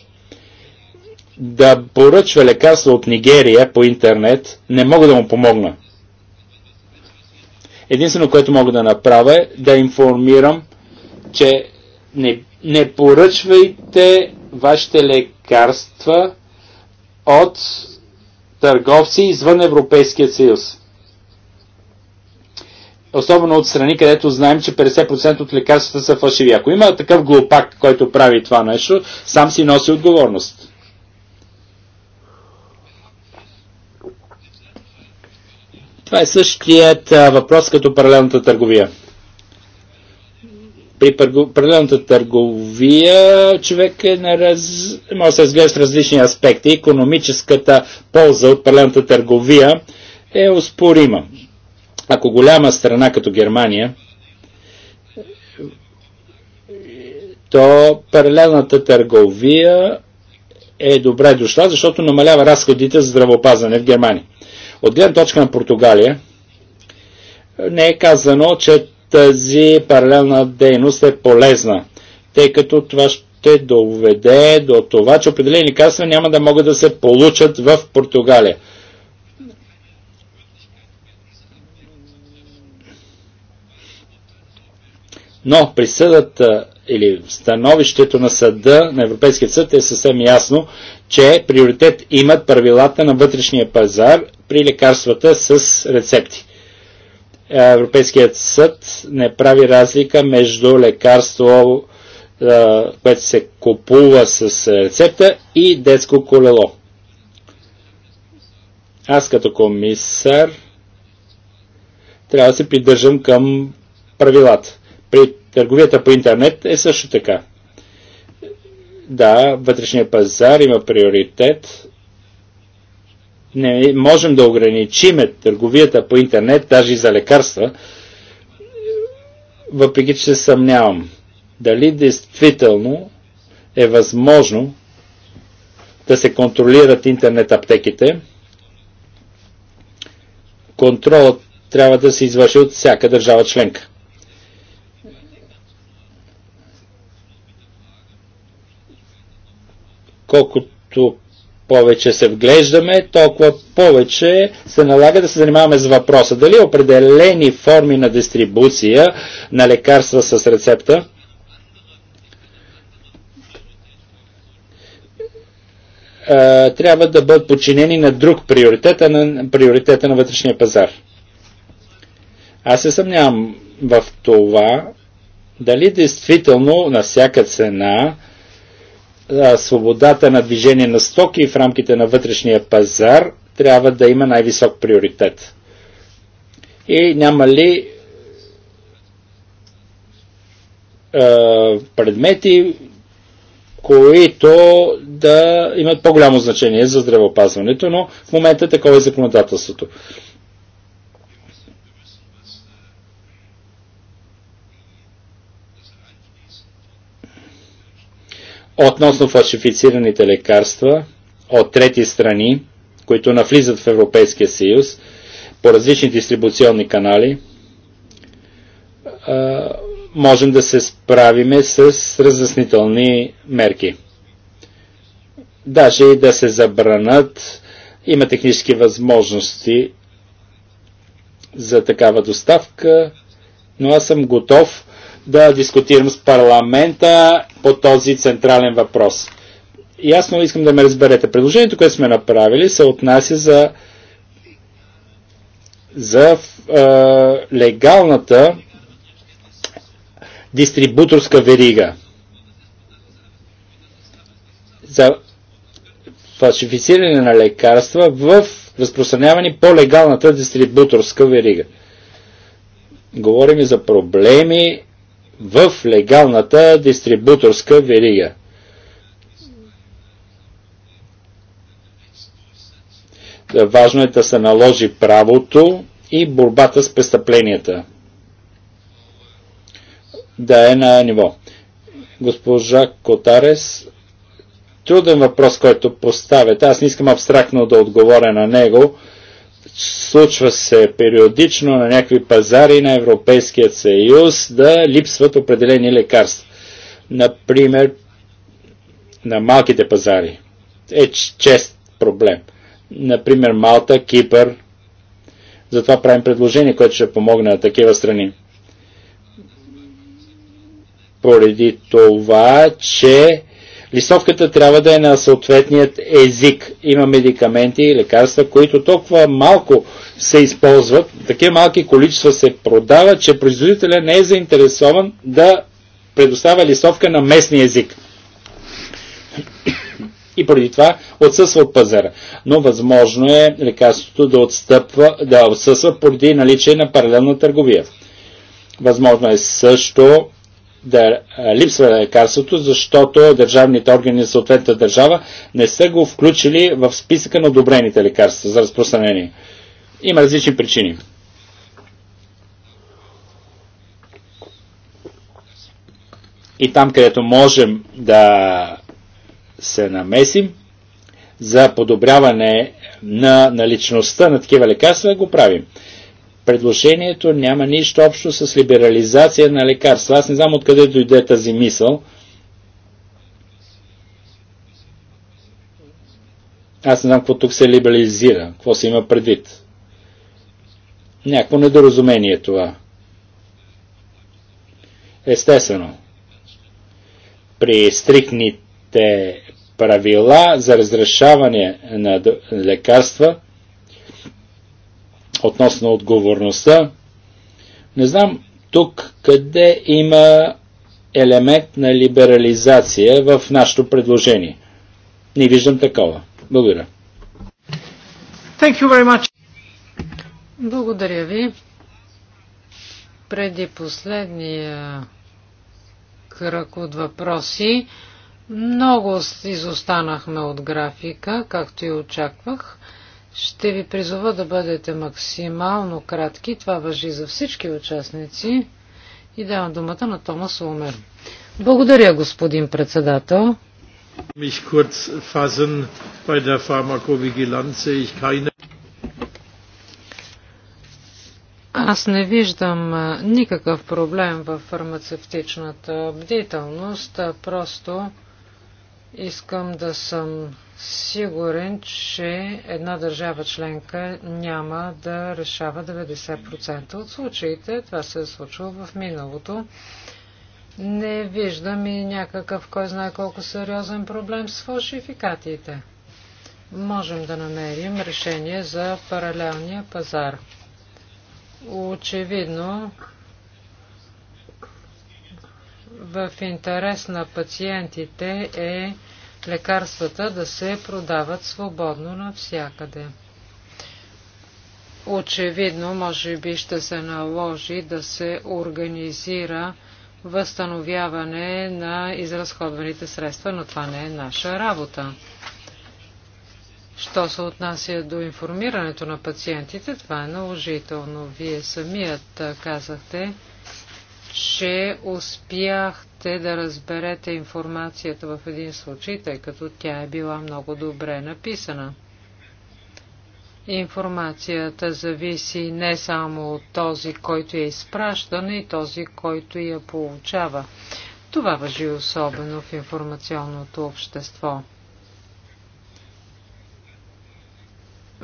да поръчва лекарство от Нигерия по интернет, не мога да му помогна. Единствено, което мога да направя е да информирам, че не, не поръчвайте вашите лекарства от търговци извън Европейския съюз. Особено от страни, където знаем, че 50% от лекарствата са фалшиви. Ако има такъв глупак, който прави това нещо, сам си носи отговорност. Това е същият въпрос като паралелната търговия при определената търговия човек е на раз... може да се разглеждат различни аспекти. Економическата полза от определената търговия е успорима. Ако голяма страна като Германия, то паралелната търговия е добре дошла, защото намалява разходите за здравеопазване в Германия. От гледна точка на Португалия, не е казано, че тази паралелна дейност е полезна, тъй като това ще доведе до това, че определени лекарства няма да могат да се получат в Португалия. Но присъдата или становището на съда, на Европейския съд е съвсем ясно, че приоритет имат правилата на вътрешния пазар при лекарствата с рецепти. Е, Европейският съд не прави разлика между лекарство, е, което се купува с рецепта и детско колело. Аз като комисар трябва да се придържам към правилата. При търговията по интернет е също така. Да, вътрешния пазар има приоритет, не можем да ограничим търговията по интернет, даже и за лекарства, въпреки че се съмнявам дали действително е възможно да се контролират интернет аптеките. Контролът трябва да се извърши от всяка държава членка. Колкото повече се вглеждаме, толкова повече се налага да се занимаваме с въпроса. Дали определени форми на дистрибуция на лекарства с рецепта трябва да бъдат подчинени на друг приоритет, а на приоритета на вътрешния пазар. Аз се съмнявам в това, дали действително на всяка цена а, свободата на движение на стоки в рамките на вътрешния пазар трябва да има най-висок приоритет. И няма ли а, предмети, които да имат по-голямо значение за здравеопазването, но в момента такова е законодателството. относно фалшифицираните лекарства от трети страни, които навлизат в Европейския съюз по различни дистрибуционни канали, можем да се справиме с разяснителни мерки. Даже и да се забранат, има технически възможности за такава доставка, но аз съм готов да дискутирам с парламента по този централен въпрос. Ясно искам да ме разберете. Предложението, което сме направили, се отнася за, за е, легалната дистрибуторска верига. За фалшифициране на лекарства в разпространяване по легалната дистрибуторска верига. Говорим и за проблеми в легалната дистрибуторска верига. Важно е да се наложи правото и борбата с престъпленията. Да е на ниво. Госпожа Котарес, труден въпрос, който поставяте. Аз не искам абстрактно да отговоря на него, случва се периодично на някакви пазари на Европейския съюз да липсват определени лекарства. Например, на малките пазари е чест проблем. Например, Малта, Кипър. Затова правим предложение, което ще помогне на такива страни. Поради това, че Листовката трябва да е на съответният език. Има медикаменти и лекарства, които толкова малко се използват, такива малки количества се продават, че производителя не е заинтересован да предоставя листовка на местния език. И преди това отсъства от пазара. Но възможно е лекарството да, отстъпва, да отсъства поради наличие на паралелна търговия. Възможно е също да е, липсва лекарството, защото е държавните органи на съответната държава не са го включили в списъка на одобрените лекарства за разпространение. Има различни причини. И там, където можем да се намесим за подобряване на наличността на такива лекарства, го правим. Предложението няма нищо общо с либерализация на лекарства. Аз не знам откъде дойде тази мисъл. Аз не знам какво тук се либерализира, какво се има предвид. Някакво недоразумение е това. Естествено, при стрикните правила за разрешаване на лекарства относно отговорността. Не знам тук къде има елемент на либерализация в нашето предложение. Не виждам такова. Благодаря. Thank you very much. Благодаря ви. Преди последния кръг от въпроси, много изостанахме от графика, както и очаквах. Ще ви призова да бъдете максимално кратки. Това въжи за всички участници. И давам думата на Томас Омер. Благодаря, господин председател. Mich kurz fassen bei der Pharmakovigilanz sehe ich keine Аз не виждам никакъв проблем в фармацевтичната бдителност, просто искам да съм сигурен, че една държава членка няма да решава 90% от случаите. Това се е случило в миналото. Не виждам и някакъв, кой знае колко сериозен проблем с фалшификатите. Можем да намерим решение за паралелния пазар. Очевидно, в интерес на пациентите е лекарствата да се продават свободно навсякъде. Очевидно, може би ще се наложи да се организира възстановяване на изразходваните средства, но това не е наша работа. Що се отнася до информирането на пациентите, това е наложително. Вие самият казахте, че успяхте да разберете информацията в един случай, тъй като тя е била много добре написана. Информацията зависи не само от този, който я е изпраща, но и този, който я получава. Това въжи особено в информационното общество.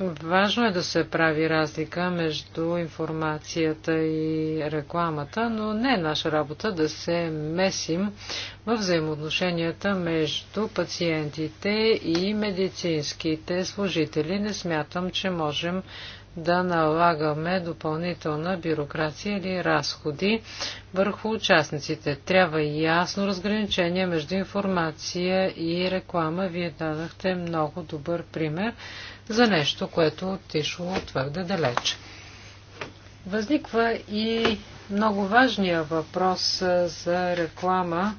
Важно е да се прави разлика между информацията и рекламата, но не е наша работа да се месим в взаимоотношенията между пациентите и медицинските служители. Не смятам, че можем да налагаме допълнителна бюрокрация или разходи върху участниците. Трябва ясно разграничение между информация и реклама. Вие дадахте много добър пример за нещо, което отишло твърде далече. Възниква и много важния въпрос за реклама,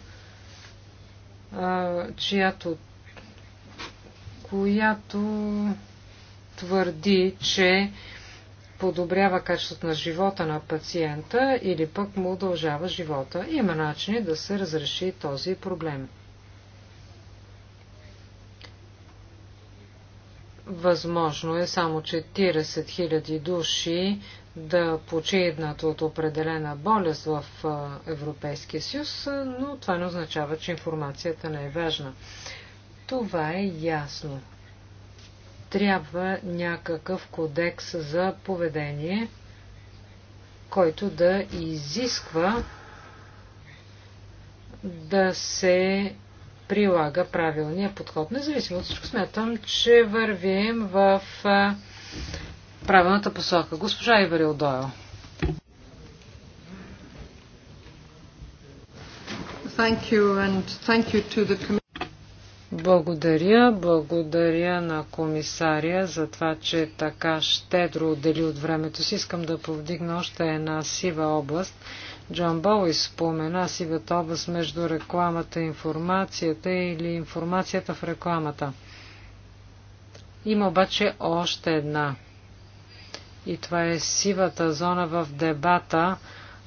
чиято, която твърди, че подобрява качеството на живота на пациента или пък му удължава живота. Има начини да се разреши този проблем. Възможно е само 40 000 души да починат от определена болест в Европейския съюз, но това не означава, че информацията не е важна. Това е ясно. Трябва някакъв кодекс за поведение, който да изисква да се прилага правилния подход. Независимо от всичко, смятам, че вървим в правилната посока. Госпожа Иварил Дойл. Благодаря, благодаря на комисаря за това, че така щедро отдели от времето си. Искам да повдигна още една сива област – Джон Боуи спомена сивата област между рекламата и информацията или информацията в рекламата. Има обаче още една. И това е сивата зона в дебата,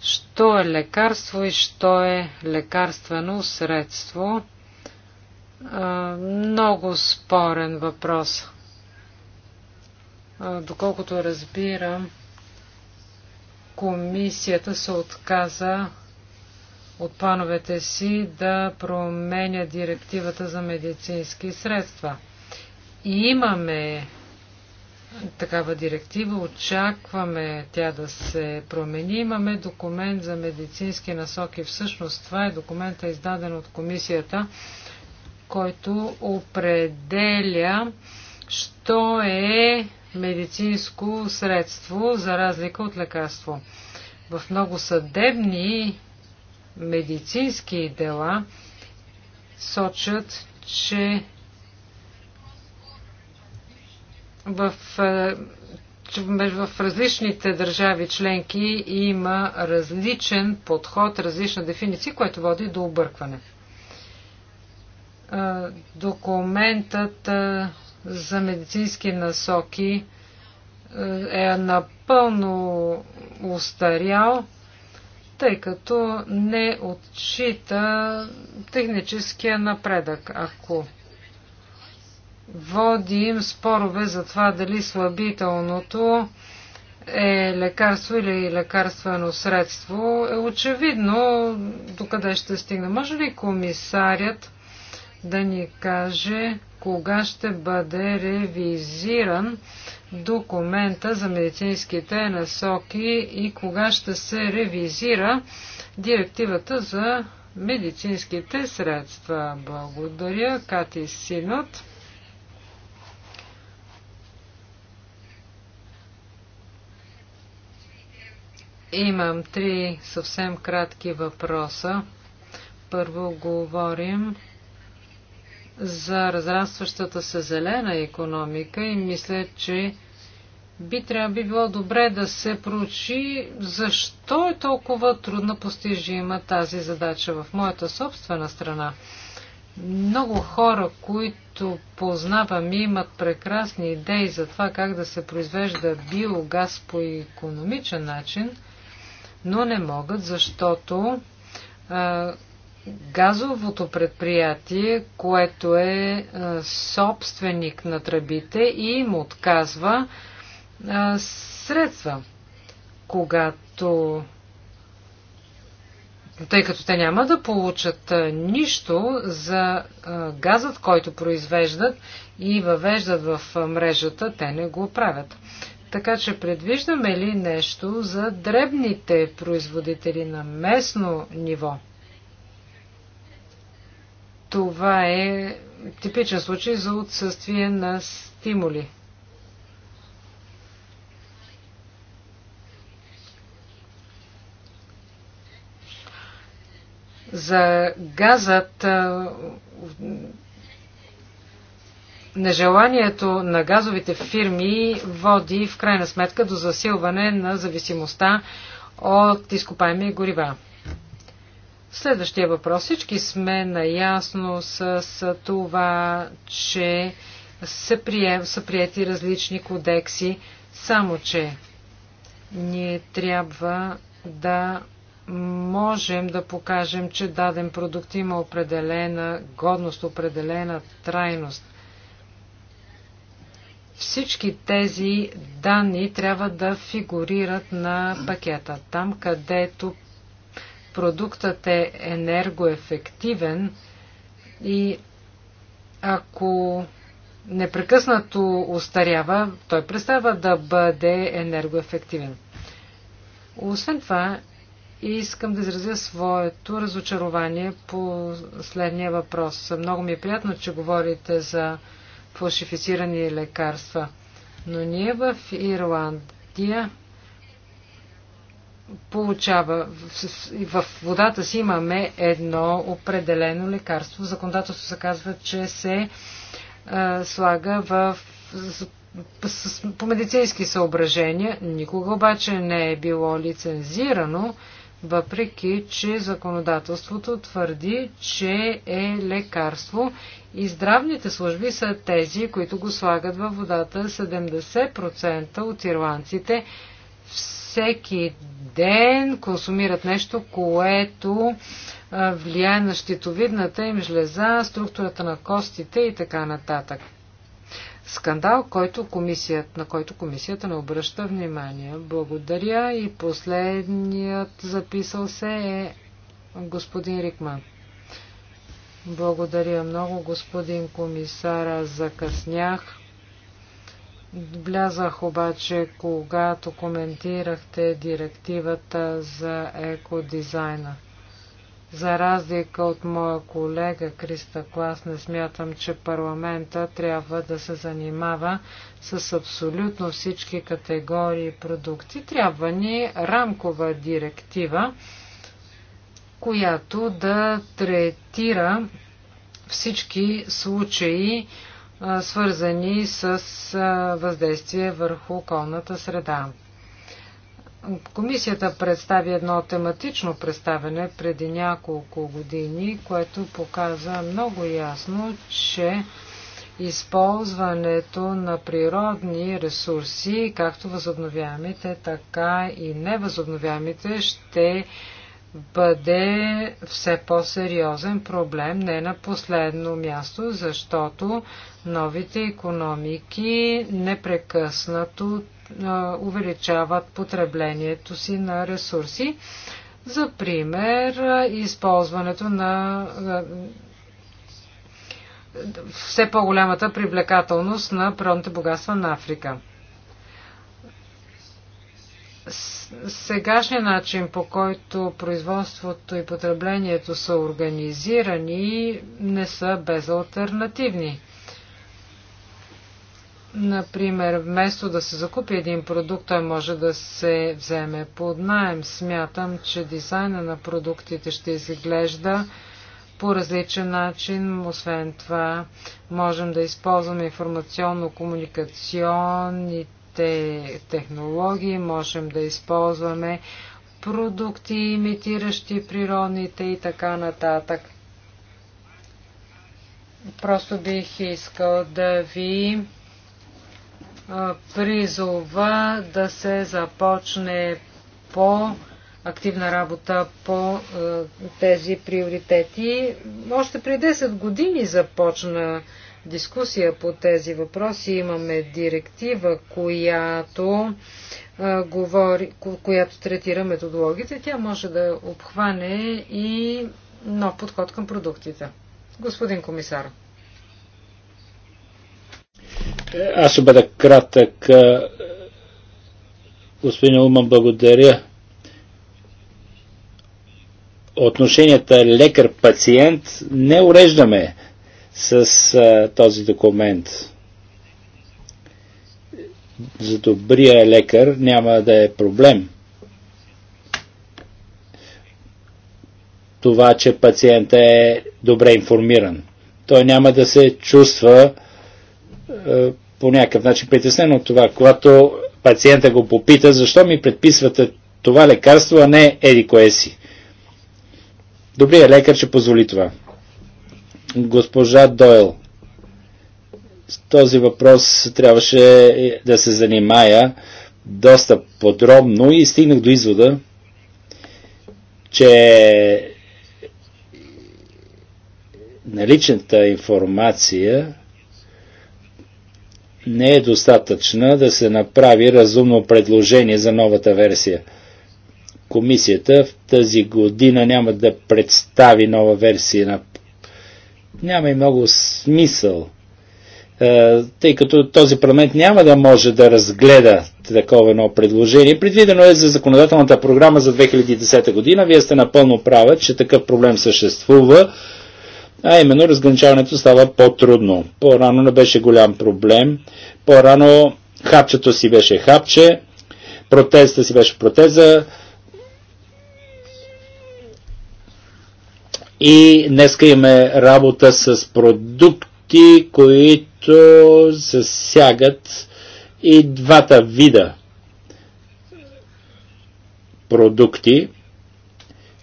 що е лекарство и що е лекарствено средство. Много спорен въпрос. Доколкото разбирам, комисията се отказа от плановете си да променя директивата за медицински средства. И имаме такава директива, очакваме тя да се промени. Имаме документ за медицински насоки. Всъщност това е документа издаден от комисията, който определя, що е медицинско средство за разлика от лекарство. В много съдебни медицински дела сочат, че в, е, в различните държави членки има различен подход, различна дефиниция, което води до объркване. Е, документът е, за медицински насоки е, е напълно устарял, тъй като не отчита техническия напредък. Ако водим спорове за това дали слабителното е лекарство или лекарствено средство, е очевидно докъде ще стигне. Може ли комисарят да ни каже кога ще бъде ревизиран документа за медицинските насоки и кога ще се ревизира директивата за медицинските средства. Благодаря, Кати Синот. Имам три съвсем кратки въпроса. Първо говорим за разрастващата се зелена економика и мисля, че би трябва би било добре да се проучи защо е толкова трудно постижима тази задача в моята собствена страна. Много хора, които познавам, и имат прекрасни идеи за това как да се произвежда биогаз по економичен начин, но не могат, защото газовото предприятие, което е, е собственик на тръбите и им отказва е, средства, когато тъй като те няма да получат е, нищо за газът, който произвеждат и въвеждат в мрежата, те не го правят. Така че предвиждаме ли нещо за дребните производители на местно ниво? Това е типичен случай за отсъствие на стимули. За газът нежеланието на газовите фирми води в крайна сметка до засилване на зависимостта от изкопаеми горива. Следващия въпрос. Всички сме наясно с, с това, че са, прием, са прияти различни кодекси, само че ние трябва да можем да покажем, че даден продукт има определена годност, определена трайност. Всички тези данни трябва да фигурират на пакета. Там, където продуктът е енергоефективен и ако непрекъснато устарява, той представа да бъде енергоефективен. Освен това, искам да изразя своето разочарование по следния въпрос. Много ми е приятно, че говорите за фалшифицирани лекарства, но ние в Ирландия получава. В водата си имаме едно определено лекарство. Законодателството законодателство се казва, че се а, е, слага в по медицински съображения, никога обаче не е било лицензирано, въпреки че законодателството твърди, че е лекарство и здравните служби са тези, които го слагат във водата. 70% от ирландците всеки ден консумират нещо, което влияе на щитовидната им жлеза, структурата на костите и така нататък. Скандал, който комисият, на който комисията не обръща внимание. Благодаря и последният записал се е господин Рикман. Благодаря много, господин комисара, закъснях. Влязах обаче, когато коментирахте директивата за екодизайна. За разлика от моя колега Криста Клас, не смятам, че парламента трябва да се занимава с абсолютно всички категории продукти. Трябва ни рамкова директива, която да третира всички случаи свързани с въздействие върху околната среда. Комисията представи едно тематично представене преди няколко години, което показа много ясно, че използването на природни ресурси, както възобновяемите, така и невъзобновяемите, ще бъде все по-сериозен проблем, не на последно място, защото новите економики непрекъснато увеличават потреблението си на ресурси. За пример, използването на все по-голямата привлекателност на природните богатства на Африка сегашния начин, по който производството и потреблението са организирани, не са безалтернативни. Например, вместо да се закупи един продукт, той може да се вземе под найем. Смятам, че дизайна на продуктите ще изглежда по различен начин. Освен това, можем да използваме информационно-комуникационните новите технологии, можем да използваме продукти, имитиращи природните и така нататък. Просто бих искал да ви призова да се започне по активна работа по тези приоритети. Още при 10 години започна дискусия по тези въпроси. Имаме директива, която, а, говори, ко, която третира методологите, Тя може да обхване и нов подход към продуктите. Господин комисар. Аз ще бъда кратък. Господин Ума, благодаря. Отношенията лекар-пациент не уреждаме с а, този документ. За добрия лекар няма да е проблем. Това, че пациента е добре информиран. Той няма да се чувства а, по някакъв начин притеснен от това. Когато пациента го попита, защо ми предписвате това лекарство, а не еди кое си. Добрият лекар ще позволи това госпожа Дойл. С този въпрос трябваше да се занимая доста подробно и стигнах до извода, че наличната информация не е достатъчна да се направи разумно предложение за новата версия. Комисията в тази година няма да представи нова версия на няма и много смисъл, е, тъй като този парламент няма да може да разгледа такова едно предложение. Предвидено е за законодателната програма за 2010 година. Вие сте напълно права, че такъв проблем съществува, а именно разграничаването става по-трудно. По-рано не беше голям проблем. По-рано хапчето си беше хапче, протеста си беше протеза, И днеска имаме работа с продукти, които засягат и двата вида продукти,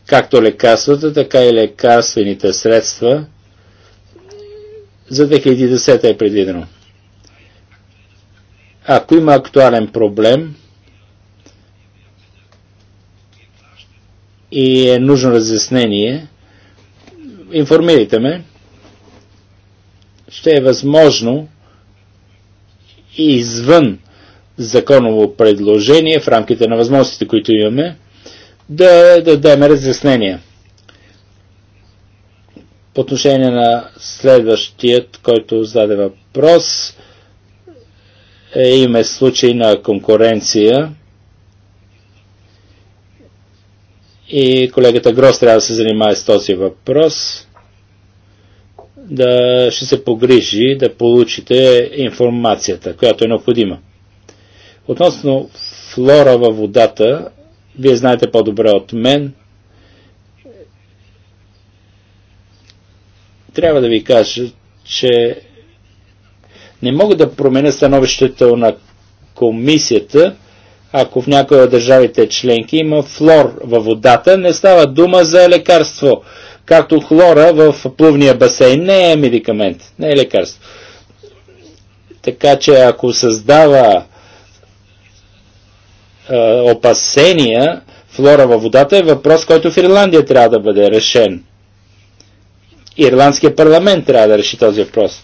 както лекарствата, така и лекарствените средства. За 2010 е предвидено. Ако има актуален проблем и е нужно разяснение, информирайте ме. Ще е възможно и извън законово предложение в рамките на възможностите, които имаме, да, дадем разяснение. По отношение на следващият, който зададе въпрос, е, има случай на конкуренция И колегата Грос трябва да се занимае с този въпрос. Да ще се погрижи да получите информацията, която е необходима. Относно флора във водата, вие знаете по-добре от мен. Трябва да ви кажа, че не мога да променя становището на комисията, ако в някои от държавите членки има флор във водата, не става дума за лекарство. Както хлора в плувния басейн не е медикамент, не е лекарство. Така че ако създава е, опасения, флора във водата е въпрос, който в Ирландия трябва да бъде решен. Ирландския парламент трябва да реши този въпрос.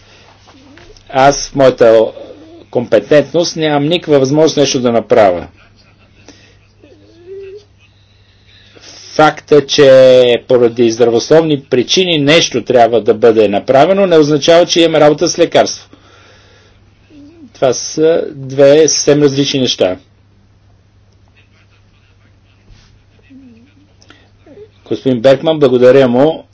Аз в моята компетентност, нямам никаква възможност нещо да направя. Факта, че поради здравословни причини нещо трябва да бъде направено, не означава, че имаме работа с лекарство. Това са две съвсем различни неща. Господин Беркман, благодаря му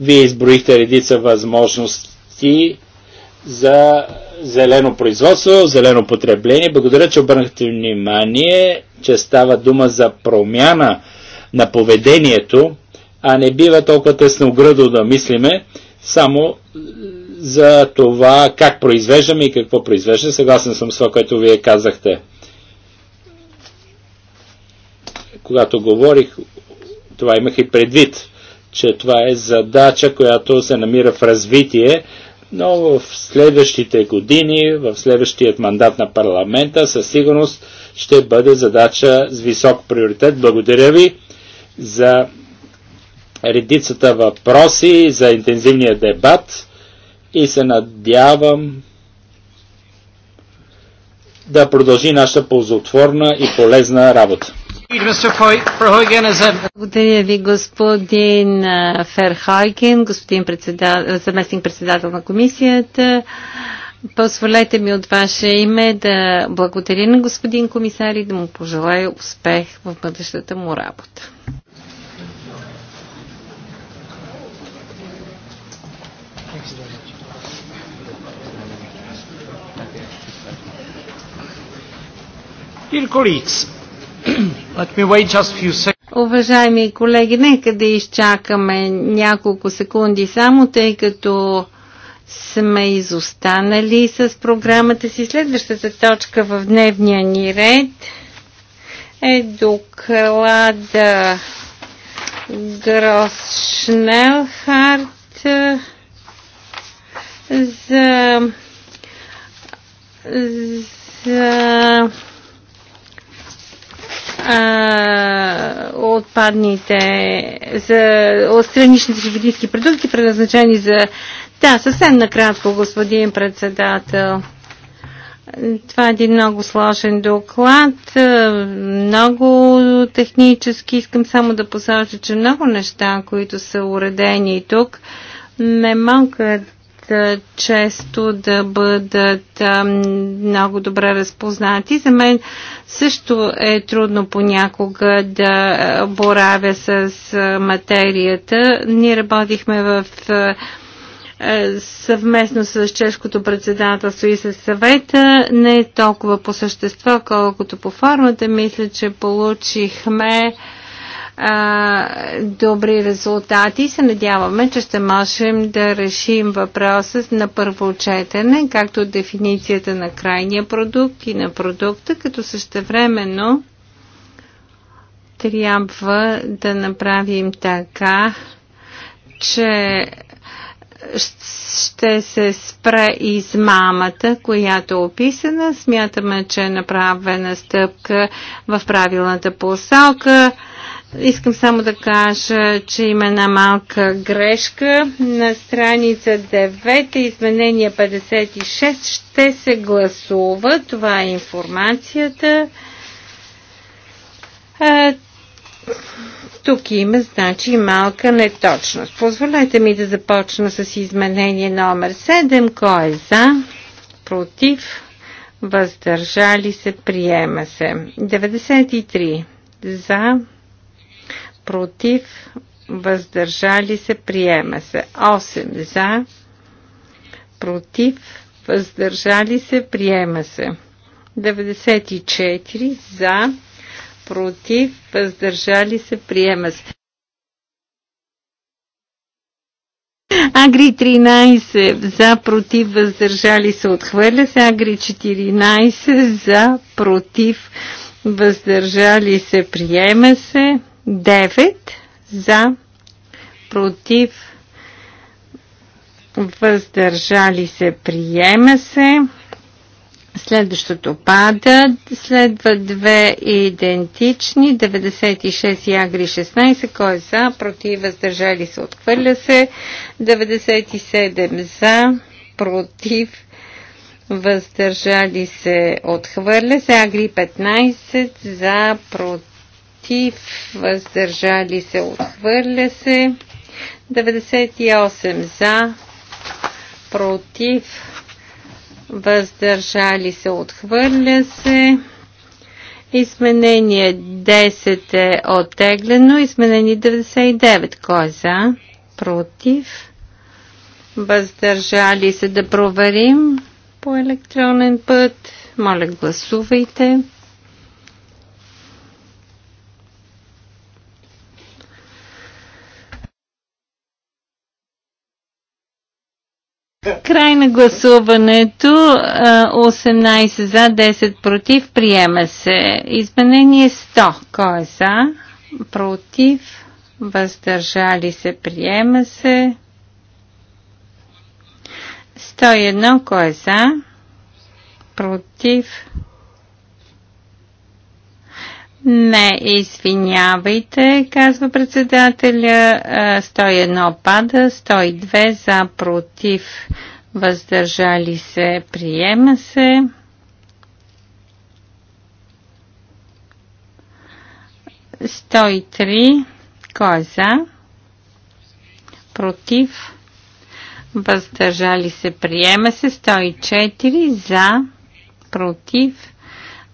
Вие изброихте редица възможности за зелено производство, зелено потребление. Благодаря, че обърнахте внимание, че става дума за промяна на поведението, а не бива толкова тесногръдо да мислиме само за това как произвеждаме и какво произвеждаме. Съгласен съм с това, което вие казахте. Когато говорих, това имах и предвид че това е задача, която се намира в развитие, но в следващите години, в следващият мандат на парламента, със сигурност ще бъде задача с висок приоритет. Благодаря ви за редицата въпроси, за интензивния дебат и се надявам да продължи нашата ползотворна и полезна работа. Благодаря ви, господин Ферхайген, господин председател, заместник председател на комисията. Позволете ми от ваше име да благодаря на господин комисар и да му пожелая успех в бъдещата му работа. Il colleagues, Уважаеми колеги, нека да изчакаме няколко секунди само, тъй като сме изостанали с програмата си. Следващата точка в дневния ни ред е доклада Грос Шнелхарт за, за а, отпадните, за страничните животински продукти, предназначени за... Да, съвсем накратко, господин председател. Това е един много сложен доклад, много технически. Искам само да посоча, че много неща, които са уредени тук, не могат често да бъдат много добре разпознати. За мен също е трудно понякога да боравя с материята. Ние работихме в съвместно с чешкото председателство и с съвета, не е толкова по същество, колкото по формата. Мисля, че получихме а, добри резултати. Се надяваме, че ще можем да решим въпроса на първо четене, както дефиницията на крайния продукт и на продукта, като същевременно трябва да направим така, че ще се спре измамата, която е описана. Смятаме, че е направена стъпка в правилната посока. Искам само да кажа, че има една малка грешка. На страница 9, изменение 56, ще се гласува. Това е информацията. Тук има, значи, малка неточност. Позволете ми да започна с изменение номер 7. Кой е за? Против? Въздържали се? Приема се. 93. За? против, въздържали се, приема се. 8 за, против, въздържали се, приема се. 94 за, против, въздържали се, приема се. Агри 13 за, против, въздържали се, отхвърля се. Агри 14 за, против, въздържали се, приема се. 9 за, против, въздържали се, приема се. Следващото пада, следва две идентични, 96 и Агри 16, кой е за, против, въздържали се, отхвърля се, 97 за, против, въздържали се, отхвърля се, Агри 15 за, против, против, въздържали се, отхвърля се. 98 за, против, въздържали се, отхвърля се. Изменение 10 е оттеглено. Изменение 99. Кой е за? Против. Въздържали се да проверим по електронен път. Моля, гласувайте. Край на гласуването. 18 за, 10 против. Приема се. Изменение 100. Кой е за? Против. Въздържали се. Приема се. 101. Кой е за? Против. Не, извинявайте, казва председателя. 101 пада, 102 за, против, въздържали се, приема се. Стои три. Кой е за? Против. Въздържали се, приема се. 104 за. Против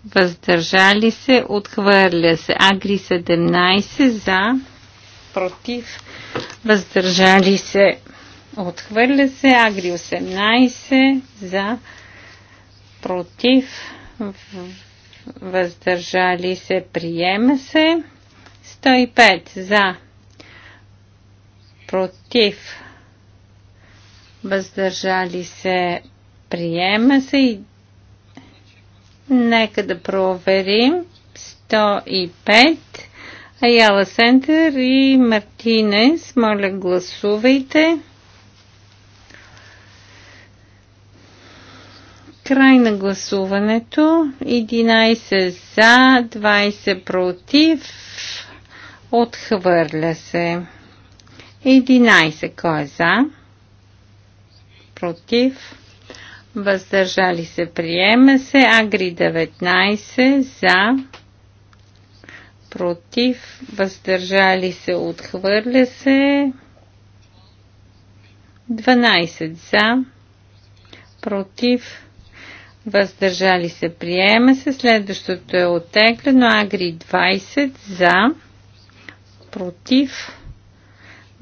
въздържали се, отхвърля се. Агри 17 за, против, въздържали се, отхвърля се. Агри 18 за, против, въздържали се, приема се. 105 за, против, въздържали се, приема се. и. Нека да проверим. 105. Аяла Сентер и Мартинес. Моля, гласувайте. Край на гласуването. 11 за, 20 против. Отхвърля се. 11. Кой е за? Против въздържали се, приема се. Агри 19 за, против, въздържали се, отхвърля се. 12 за, против, въздържали се, приема се. Следващото е оттеглено. Агри 20 за, против,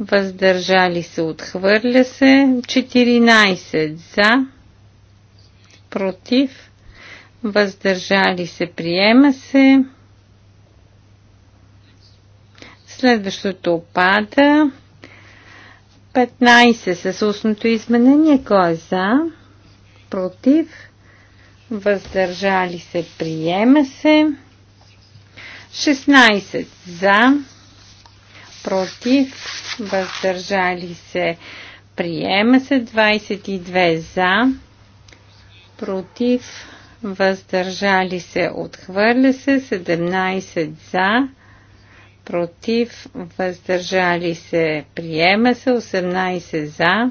въздържали се, отхвърля се. 14 за, против, въздържали се, приема се. Следващото опада. 15 с устното изменение. Кой е за? Против. Въздържали се. Приема се. 16 за. Против. Въздържали се. Приема се. 22 за против, въздържали се, отхвърля се, 17 за, против, въздържали се, приема се, 18 за,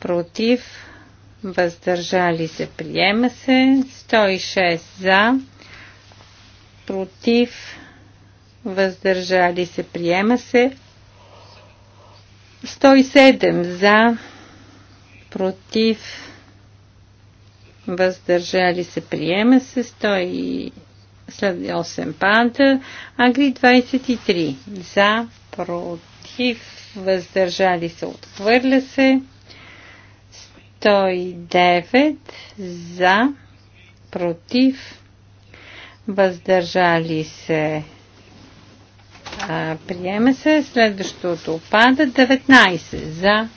против, въздържали се, приема се, 106 за, против, въздържали се, приема се, 107 за, против, въздържали се, приема се 100 8 пада, Агри 23 за, против, въздържали се, отхвърля се 109 за, против, въздържали се, а, приема се, следващото пада 19 за,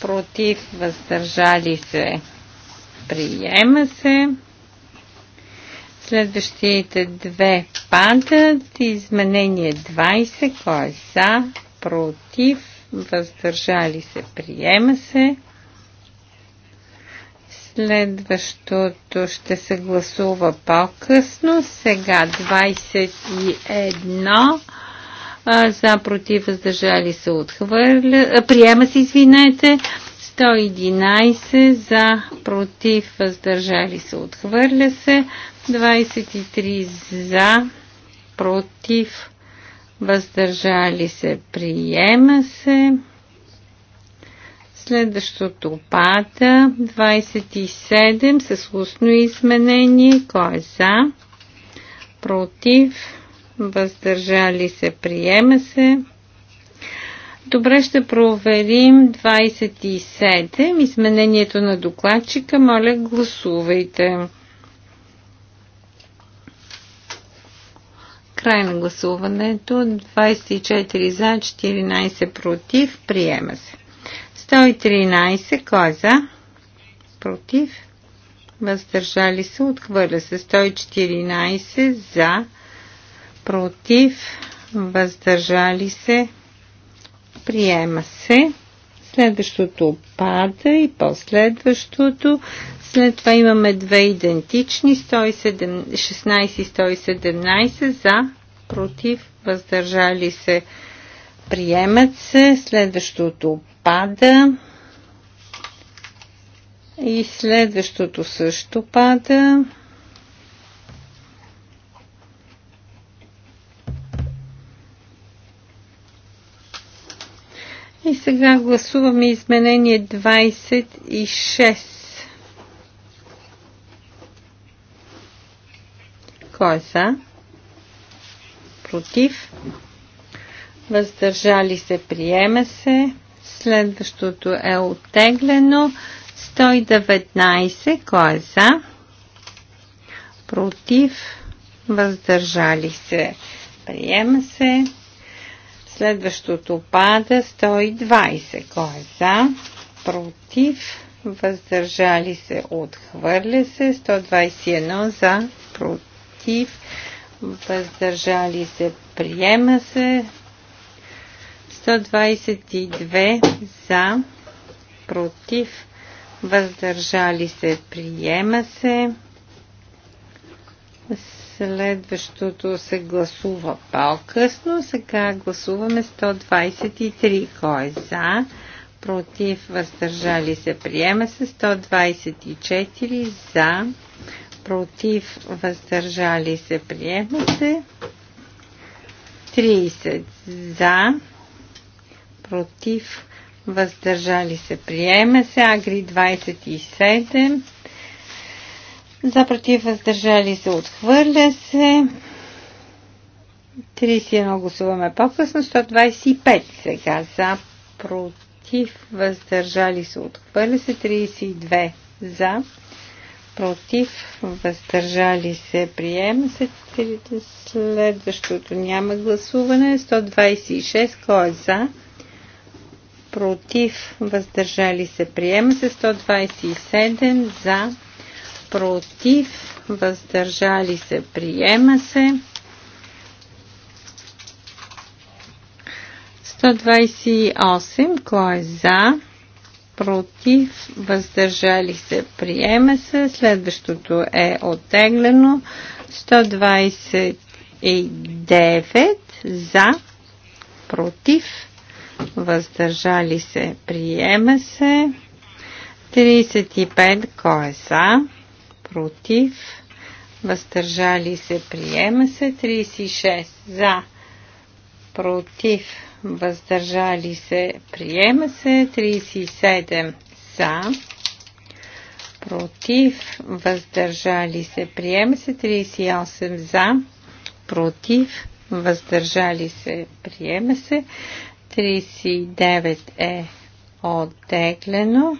против, въздържали се, приема се. Следващите две падат. Изменение 20. Кой е за? Против? Въздържали се? Приема се. Следващото ще се гласува по-късно. Сега 21 за против въздържали се отхвърля. Приема се, извинете. 111 за, против, въздържали се, отхвърля се. 23 за, против, въздържали се, приема се. Следващото пада 27 с устно изменение. Кой е за? Против. Въздържали се. Приема се. Добре, ще проверим 27. Изменението на докладчика. Моля, гласувайте. Край на гласуването. 24 за, 14 против. Приема се. 113. Кой е за? Против. Въздържали се. Отхвърля се. 114 за. Против. Въздържали се. Приема се. Следващото пада и последващото. След това имаме две идентични, 116 и 117 за, против, въздържали се. Приемат се. Следващото пада. И следващото също пада. И сега гласуваме изменение 26. Кой е за? Против? Въздържали се, приема се. Следващото е оттеглено. 119. Кой е за? Против? Въздържали се. Приема се. Следващото пада 120. Кой е за? Против. Въздържали се. Отхвърля се. 121 за. Против. Въздържали се. Приема се. 122 за. Против. Въздържали се. Приема се. Следващото се гласува по-късно. Сега гласуваме 123. Кой е за? Против, въздържали се, приема се. 124 за. Против, въздържали се, приема се. 30 за. Против, въздържали се, приема се. Агри 27 за против въздържали се отхвърля се. 31 гласуваме по-късно. 125 сега. За против въздържали се отхвърля се. 32 за против въздържали се приема се. Следващото няма гласуване. 126 кой е за? против въздържали се приема се 127 за против, въздържали се, приема се. 128, кой е за, против, въздържали се, приема се. Следващото е оттеглено. 129 за, против, въздържали се, приема се. 35 кой е за, против, въздържали се, приема се. 36 за, против, въздържали се, приема се. 37 за, против, въздържали се, приема се. 38 за, против, въздържали се, приема се. 39 е оттеглено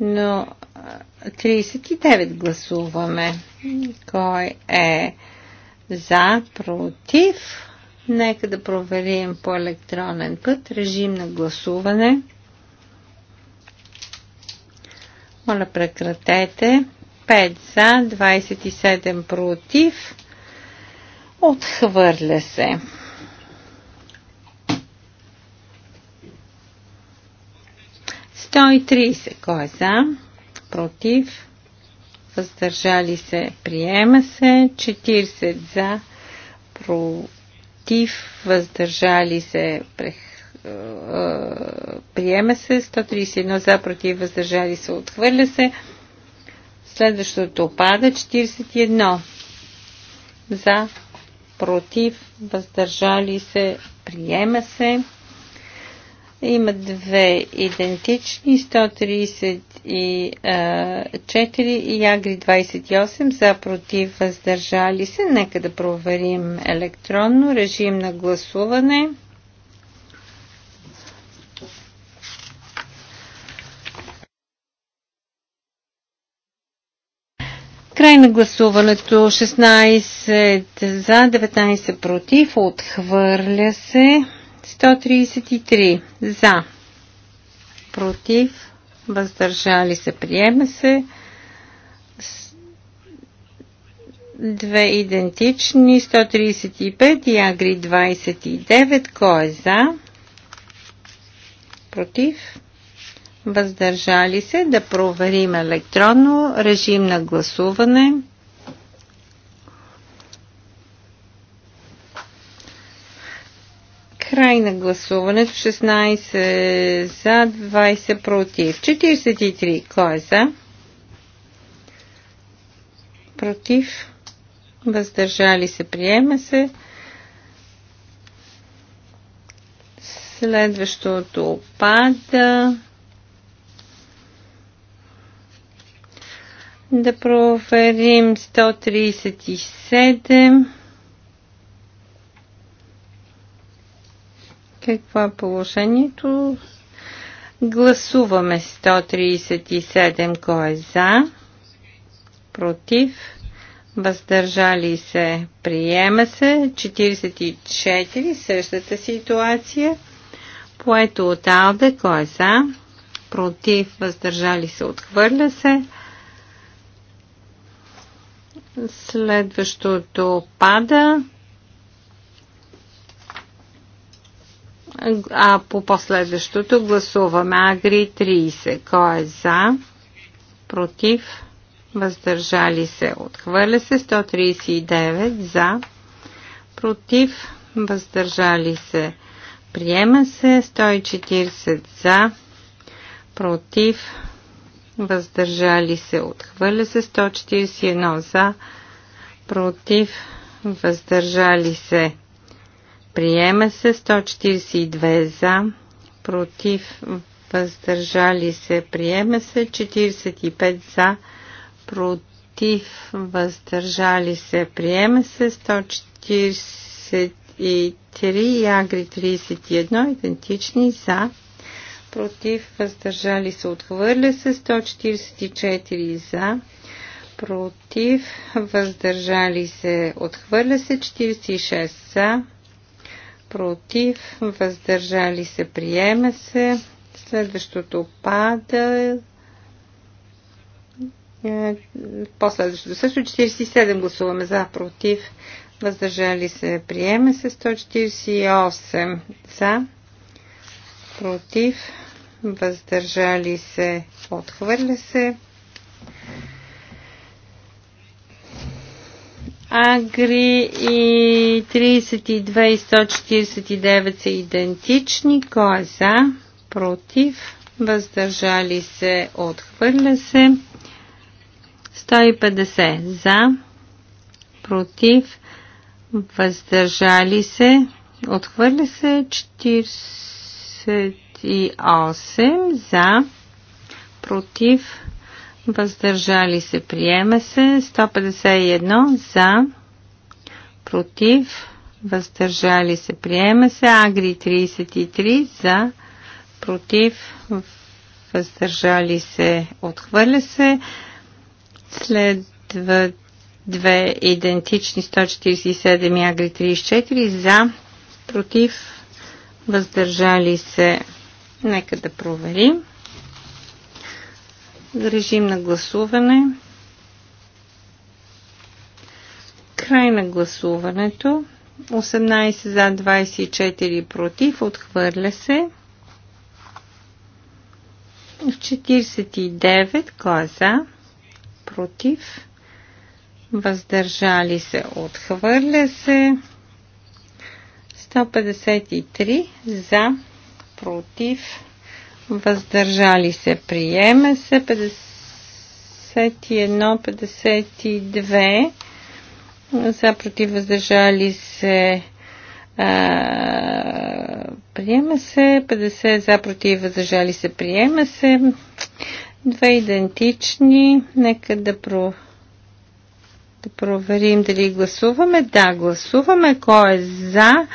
но 39 гласуваме. Кой е за, против? Нека да проверим по електронен път режим на гласуване. Моля, прекратете. 5 за, 27 против. Отхвърля се. 130. Кой е за? Против? Въздържали се? Приема се. 40 за? Против? Въздържали се? Приема се. 131 за? Против? Въздържали се? Отхвърля се. Следващото пада. 41 за? Против? Въздържали се? Приема се. Има две идентични, 134 и Агри 28 за против въздържали се. Нека да проверим електронно режим на гласуване. Край на гласуването 16 за 19 против отхвърля се. 133 за, против, въздържали се, приема се. Две идентични, 135 и Агри 29. Кой е за? Против? Въздържали се да проверим електронно режим на гласуване. Край на гласуването. 16 за, 20 против. 43. Кой е за? Против. Въздържали се. Приема се. Следващото пада. Да проверим 137. Какво е положението? Гласуваме 137. Кой е за? Против? Въздържали се? Приема се. 44. Същата ситуация. Поето от Алде. Кой е за? Против? Въздържали се? Отхвърля се. Следващото пада. а по последващото гласуваме Агри 30. Кой е за? Против? Въздържали се? Отхвърля се 139 за. Против? Въздържали се? Приема се 140 за. Против? Въздържали се? Отхвърля се 141 за. Против? Въздържали се? Приема се 142 за, против, въздържали се. Приема се 45 за, против, въздържали се. Приема се 143 и Агри 31 идентични за, против, въздържали се. Отхвърля се 144 за, против, въздържали се. Отхвърля се 46 за против, въздържали се, приема се. Следващото пада. Е, последващото също 47 гласуваме за, против, въздържали се, приема се. 148 за, против, въздържали се, отхвърля се. Агри и 32 и 149 са идентични. Кой е за? Против. Въздържали се. Отхвърля се. 150 за. Против. Въздържали се. Отхвърля се. 48 за. Против въздържали се, приема се, 151 за, против, въздържали се, приема се, Агри 33 за, против, въздържали се, отхвърля се, следва две идентични 147 и Агри 34 за, против, въздържали се, нека да проверим. Режим на гласуване. Край на гласуването. 18 за 24 против. Отхвърля се. 49 кой е за? Против. Въздържали се. Отхвърля се. 153 за. Против въздържали се, приема се 51-52 за против въздържали се а, приема се 50 за против въздържали се приема се две идентични нека да про да проверим дали гласуваме да гласуваме кой е за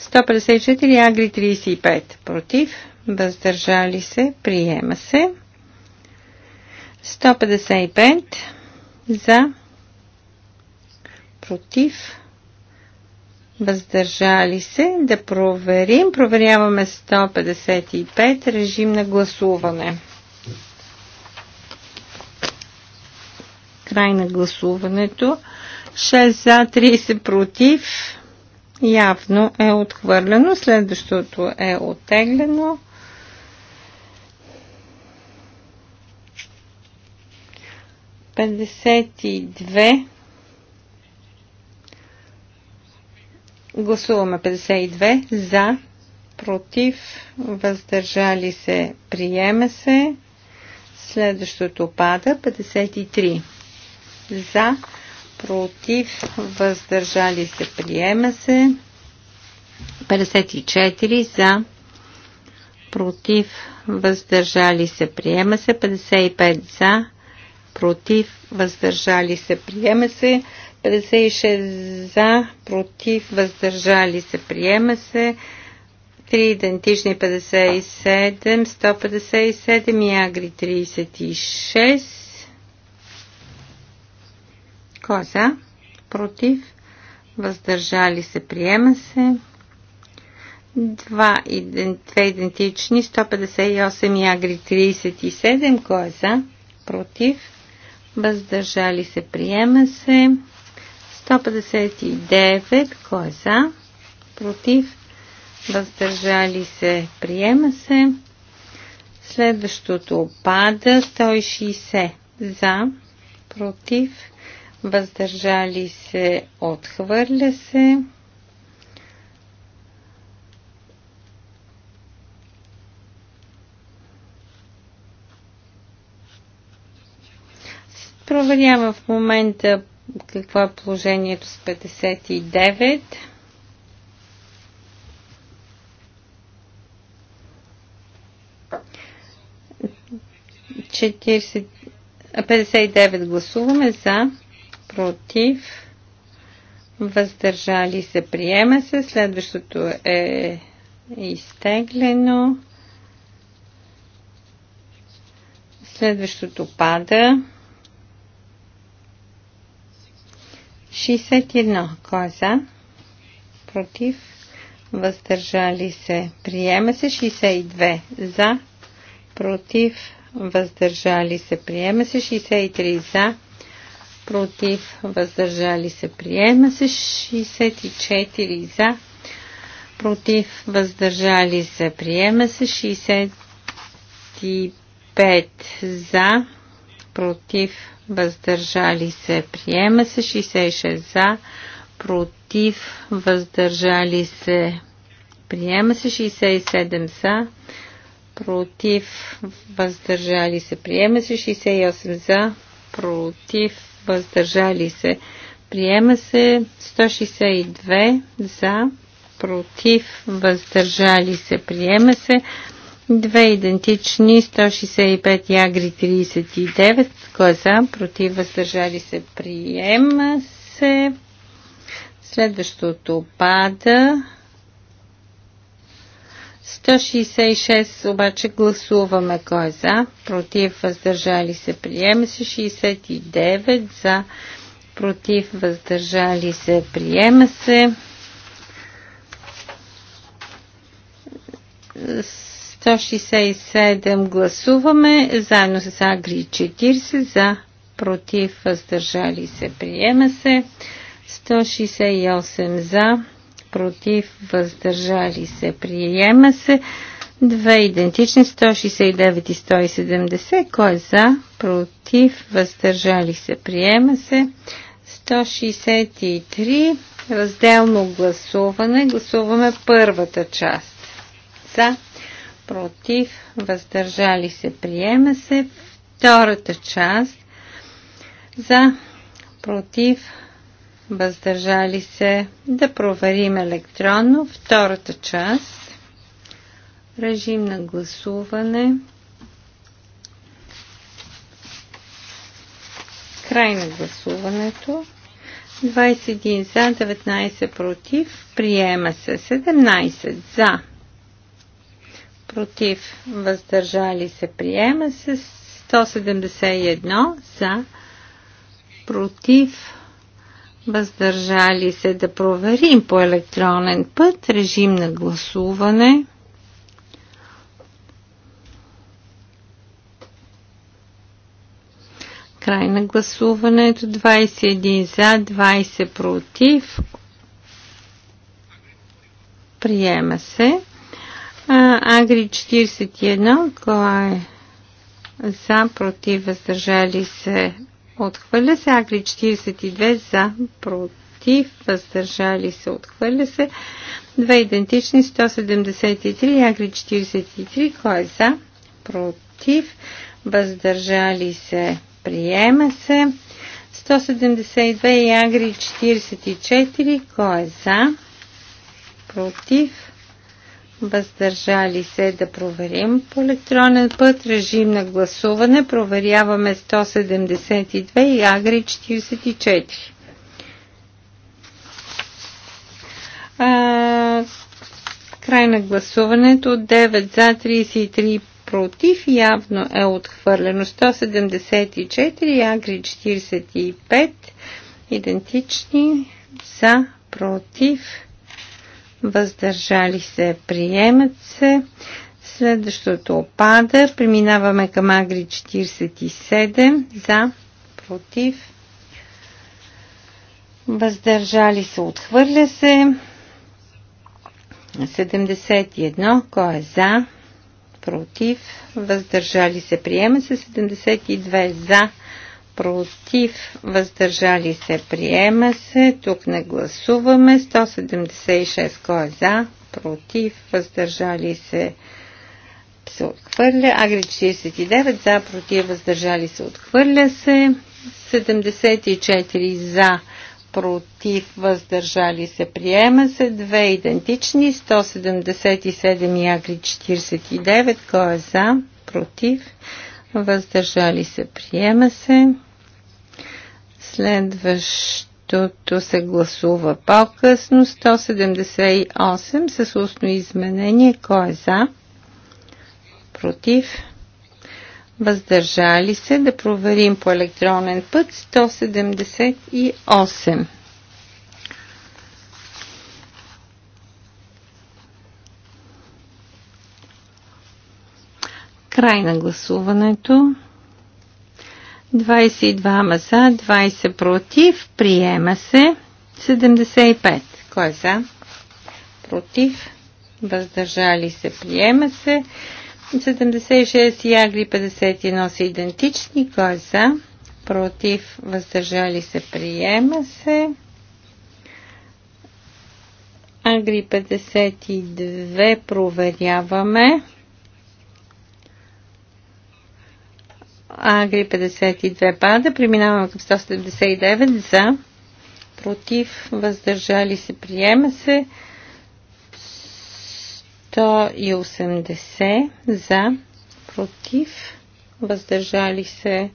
154 агри 35 против въздържали се, приема се. 155 за, против, въздържали се. Да проверим. Проверяваме 155 режим на гласуване. Край на гласуването. 6 за, 30 против. Явно е отхвърлено. Следващото е оттеглено. 52. Гласуваме 52 за, против, въздържали се, приема се. Следващото пада 53 за, против, въздържали се, приема се. 54 за, против, въздържали се, приема се. 55 за, против, въздържали се, приема се. 56 за, против, въздържали се, приема се. 3 идентични 57, 157 и Агри 36. Коза, е за? Против. Въздържали се, приема се. 2, идентични 158 и Агри 37. се, е за? Против въздържали се, приема се. 159, кой е за, против, въздържали се, приема се. Следващото пада 160 за, против, въздържали се, отхвърля се. Проверява в момента какво е положението с 59. Четирсет... 59 гласуваме за, против, въздържали се, приема се. Следващото е изтеглено. Следващото пада. 61. Кой е за? Против. Въздържали се. Приема се 62. За. Против. Въздържали се. Приема се 63. За. Против. Въздържали се. Приема се 64. За. Против. Въздържали се. Приема се 65. За. Против въздържали се, приема се 66 за, против, въздържали се, приема се 67 за, против, въздържали се, приема се 68 за, против, въздържали се, приема се 162 за, против, въздържали се, приема се Две идентични 165 Ягри 39. кое за? Против въздържали се. Приема се. Следващото пада. 166 обаче гласуваме кой е за, против въздържали се приема се 69 за, против въздържали се приема се 167 гласуваме, заедно с Агри 40, за, против, въздържали се, приема се. 168 за, против, въздържали се, приема се. Две идентични 169 и 170. Кой е за? Против? Въздържали се? Приема се. 163. Разделно гласуване. Гласуваме първата част. За? против, въздържали се, приема се. Втората част за, против, въздържали се, да проверим електронно. Втората част, режим на гласуване. Край на гласуването. 21 за, 19 против, приема се 17 за против, въздържали се, приема се 171 за, против, въздържали се да проверим по електронен път режим на гласуване. Край на гласуването 21 за, 20 против. Приема се. Агри 41, кой е за, против, въздържали се, отхвърля се. Агри 42, за, против, въздържали се, отхвърля се. Две идентични, 173, Агри 43, кой е за, против, въздържали се, приема се. 172 и Агри 44, кой е за, против, въздържали се да проверим по електронен път режим на гласуване. Проверяваме 172 и Агри 44. А, край на гласуването 9 за 33 против явно е отхвърлено 174 и Агри 45 идентични за против въздържали се, приемат се. Следващото опада. Преминаваме към Агри 47. За, против, въздържали се, отхвърля се. 71. Кой е за? Против. Въздържали се. Приема се 72. За против, въздържали се, приема се. Тук не гласуваме. 176 кой е за, против, въздържали се, се отхвърля. Агри 49 за, против, въздържали се, отхвърля се. 74 за, против, въздържали се, приема се. Две идентични, 177 и Агри 49, кой е за, против, въздържали се, приема се. Следващото се гласува по-късно. 178 с устно изменение. Кой е за? Против? Въздържали се да проверим по електронен път 178. Край на гласуването. 22 ма за, 20 против. Приема се. 75. Кой е за? Против. Въздържали се. Приема се. 76 и Агри 51 са идентични. Кой е за? Против. Въздържали се. Приема се. Агри 52 проверяваме. Агри 52 пада. Преминаваме към 179 за. Против. Въздържали се. Приема се. 180 за. Против. Въздържали се.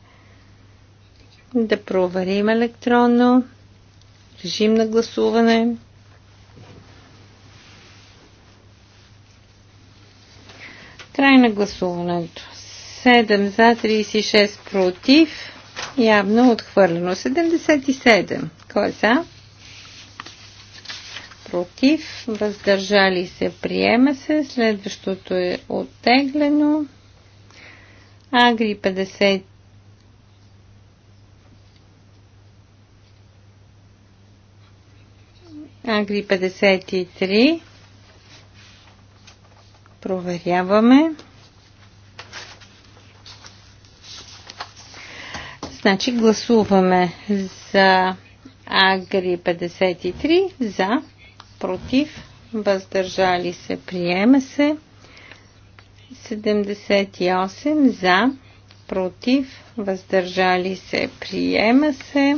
Да проверим електронно. Режим на гласуване. Край на гласуването. 7 за 36 против. Явно отхвърлено. 77. Кой е за? Против. Въздържали се. Приема се. Следващото е оттеглено. Агри 50. Агри 53. Проверяваме. Значи гласуваме за Агри 53, за, против, въздържали се, приема се. 78 за, против, въздържали се, приема се.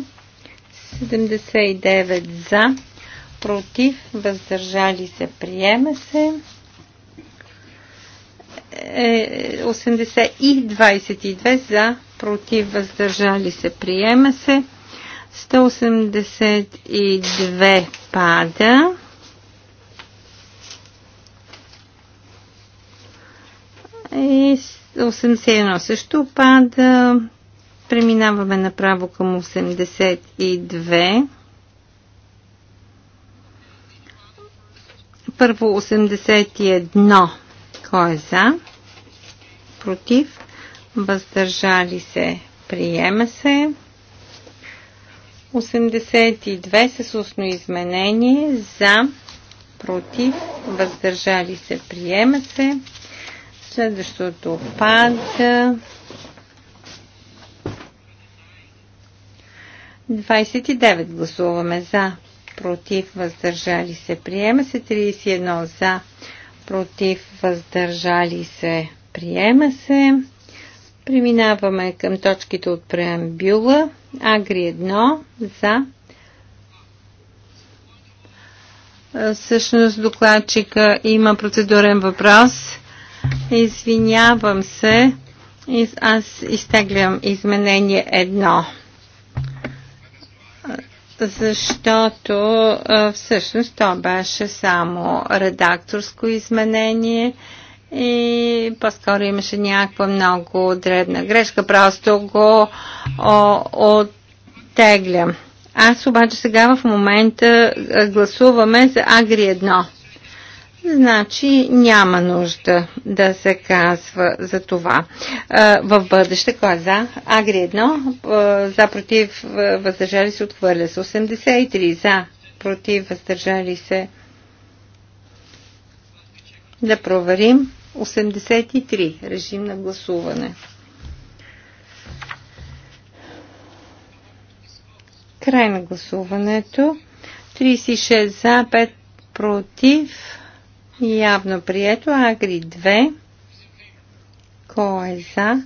79 за, против, въздържали се, приема се. 80 е, и 22 за, против, въздържали се, приема се. 182 пада. И 81 също пада. Преминаваме направо към 82. Първо 81. Кой е за? Против? въздържали се, приема се. 82 с устно изменение за, против, въздържали се, приема се. Следващото пада. 29 гласуваме за, против, въздържали се, приема се. 31 за, против, въздържали се, приема се. Преминаваме към точките от преамбюла. Агри 1 за. Всъщност докладчика има процедурен въпрос. Извинявам се. Аз изтеглям изменение едно. Защото всъщност то беше само редакторско изменение и по-скоро имаше някаква много дребна грешка, просто го оттегля. Аз обаче сега в момента гласуваме за Агри 1. Значи няма нужда да се казва за това. В бъдеще, кой е за? Агри 1, за против въздържали се отхвърля с 83 за против въздържали се. Да проверим. 83. Режим на гласуване. Край на гласуването. 36 за, 5 против. Явно прието. Агри 2. Кой е за?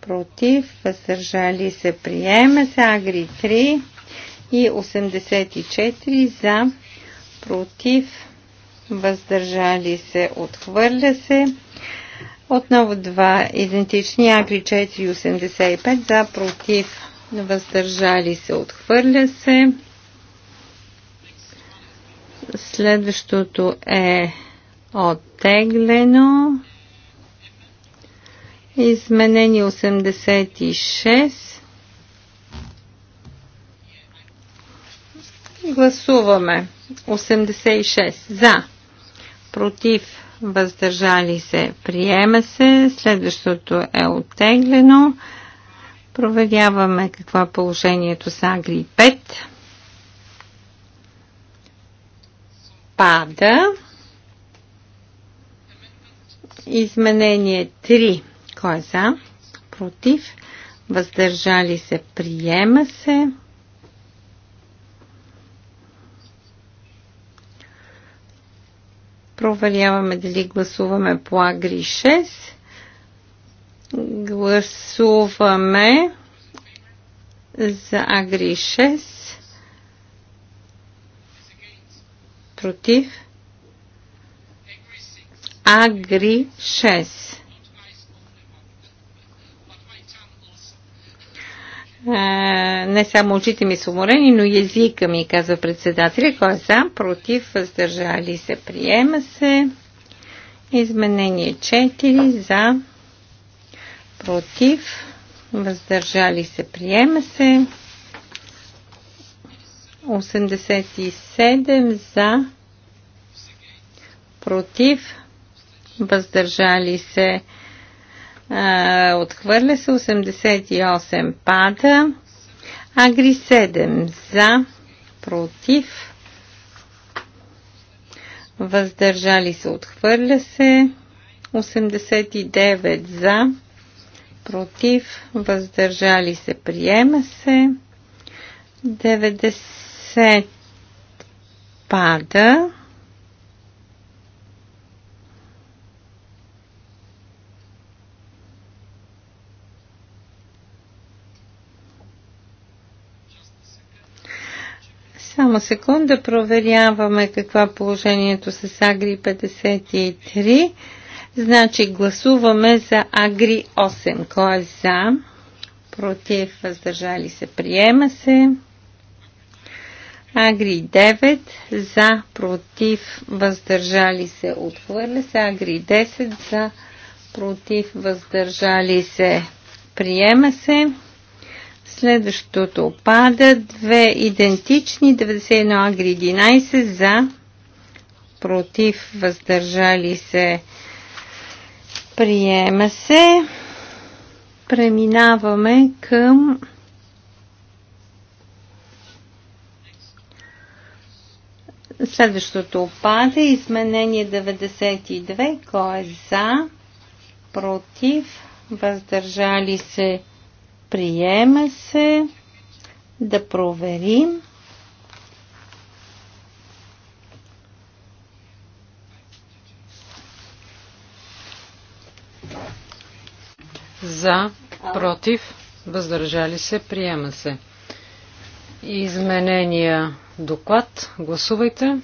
Против. Въздържали се. Приема се. Агри 3. И 84 за. Против. Въздържали се. Отхвърля се. Отново два идентични, Агри 485 за против, въздържали се, отхвърля се. Следващото е оттеглено. Изменени 86. Гласуваме 86 за, против, въздържали се, приема се, следващото е оттеглено. Проверяваме какво е положението с Агри 5. Пада. Изменение 3. Кой е за? Против. Въздържали се, приема се. Проверяваме дали гласуваме по Агри 6. Гласуваме за Агри 6. Против. Агри 6. не само очите ми са уморени, но и езика ми, казва председателя. Кой е за, против, въздържали се, приема се. Изменение 4 за, против, въздържали се, приема се. 87 за, против, въздържали се, приема се отхвърля се 88 пада. Агри 7 за, против. Въздържали се отхвърля се 89 за, против. Въздържали се приема се 90 пада. Само секунда проверяваме каква е положението с Агри 53. Значи гласуваме за Агри 8. Кой е за? Против, въздържали се, приема се. Агри 9 за, против, въздържали се, отхвърля се. Агри 10 за, против, въздържали се, приема се. Следващото опада. Две идентични. 91 агри 11 за. Против. Въздържали се. Приема се. Преминаваме към Следващото опада изменение 92. Кой е за? Против? Въздържали се? Приема се да проверим. За, против, въздържали се, приема се. Изменения доклад. Гласувайте.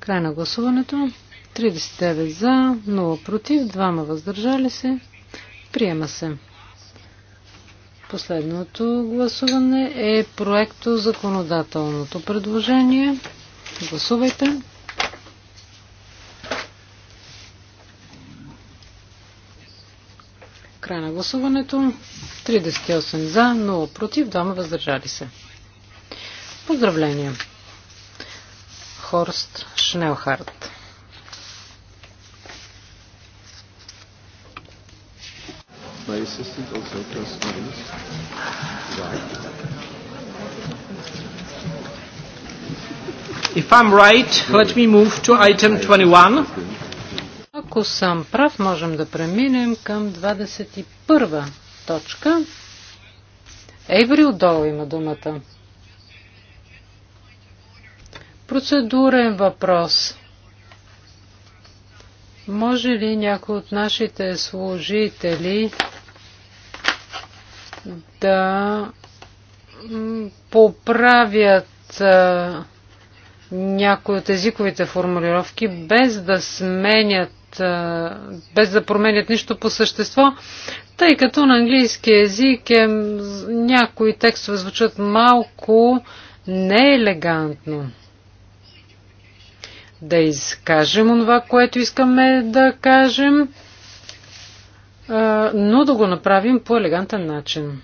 Край на гласуването. 39 за, 0 против, 2 въздържали се. Приема се. Последното гласуване е проекто законодателното предложение. Гласувайте. Край на гласуването. 38 за, 0 против, 2 въздържали се. Поздравления! Хорст Шнелхарт. my assistant also plus minus. Right. If I'm right, let me move to item 21. Ако съм прав, можем да преминем към 21 точка. Ейврил Дол има думата. Процедурен въпрос. Може ли някой от нашите служители да поправят някои от езиковите формулировки, без да сменят, без да променят нищо по същество, тъй като на английски език е, някои текстове звучат малко неелегантно. Да изкажем това, което искаме да кажем но да го направим по елегантен начин.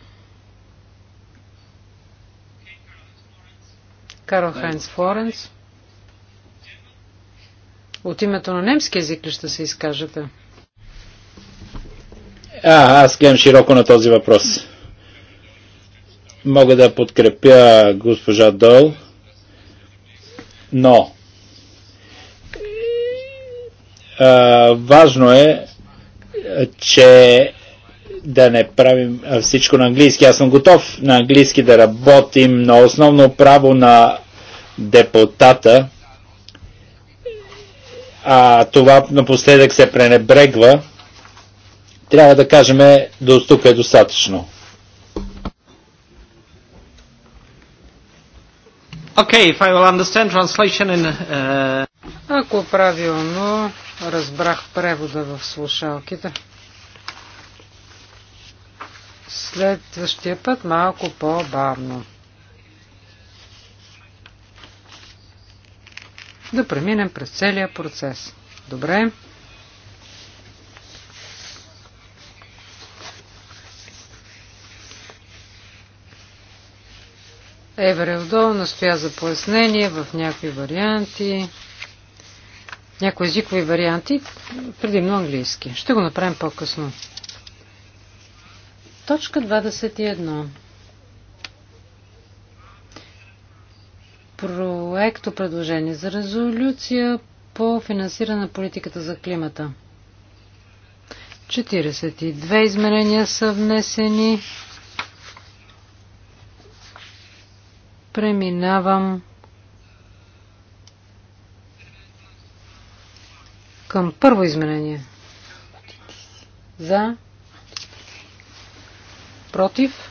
Карл Хайнц Флоренс. От името на немски език ли ще се изкажете? А, аз гледам широко на този въпрос. Мога да подкрепя госпожа Дол, но а, важно е че да не правим всичко на английски. Аз съм готов на английски да работим, но основно право на депутата, а това напоследък се пренебрегва, трябва да кажем до тук е достатъчно. Okay, if I will understand translation in, uh... Ако правилно разбрах превода в слушалките. Следващия път малко по-бавно. Да преминем през целия процес. Добре? Еврелдо настоя за пояснение в някакви варианти някои езикови варианти, предимно английски. Ще го направим по-късно. Точка 21. Проекто предложение за резолюция по финансиране на политиката за климата. 42 изменения са внесени. Преминавам към първо изменение. За. Против.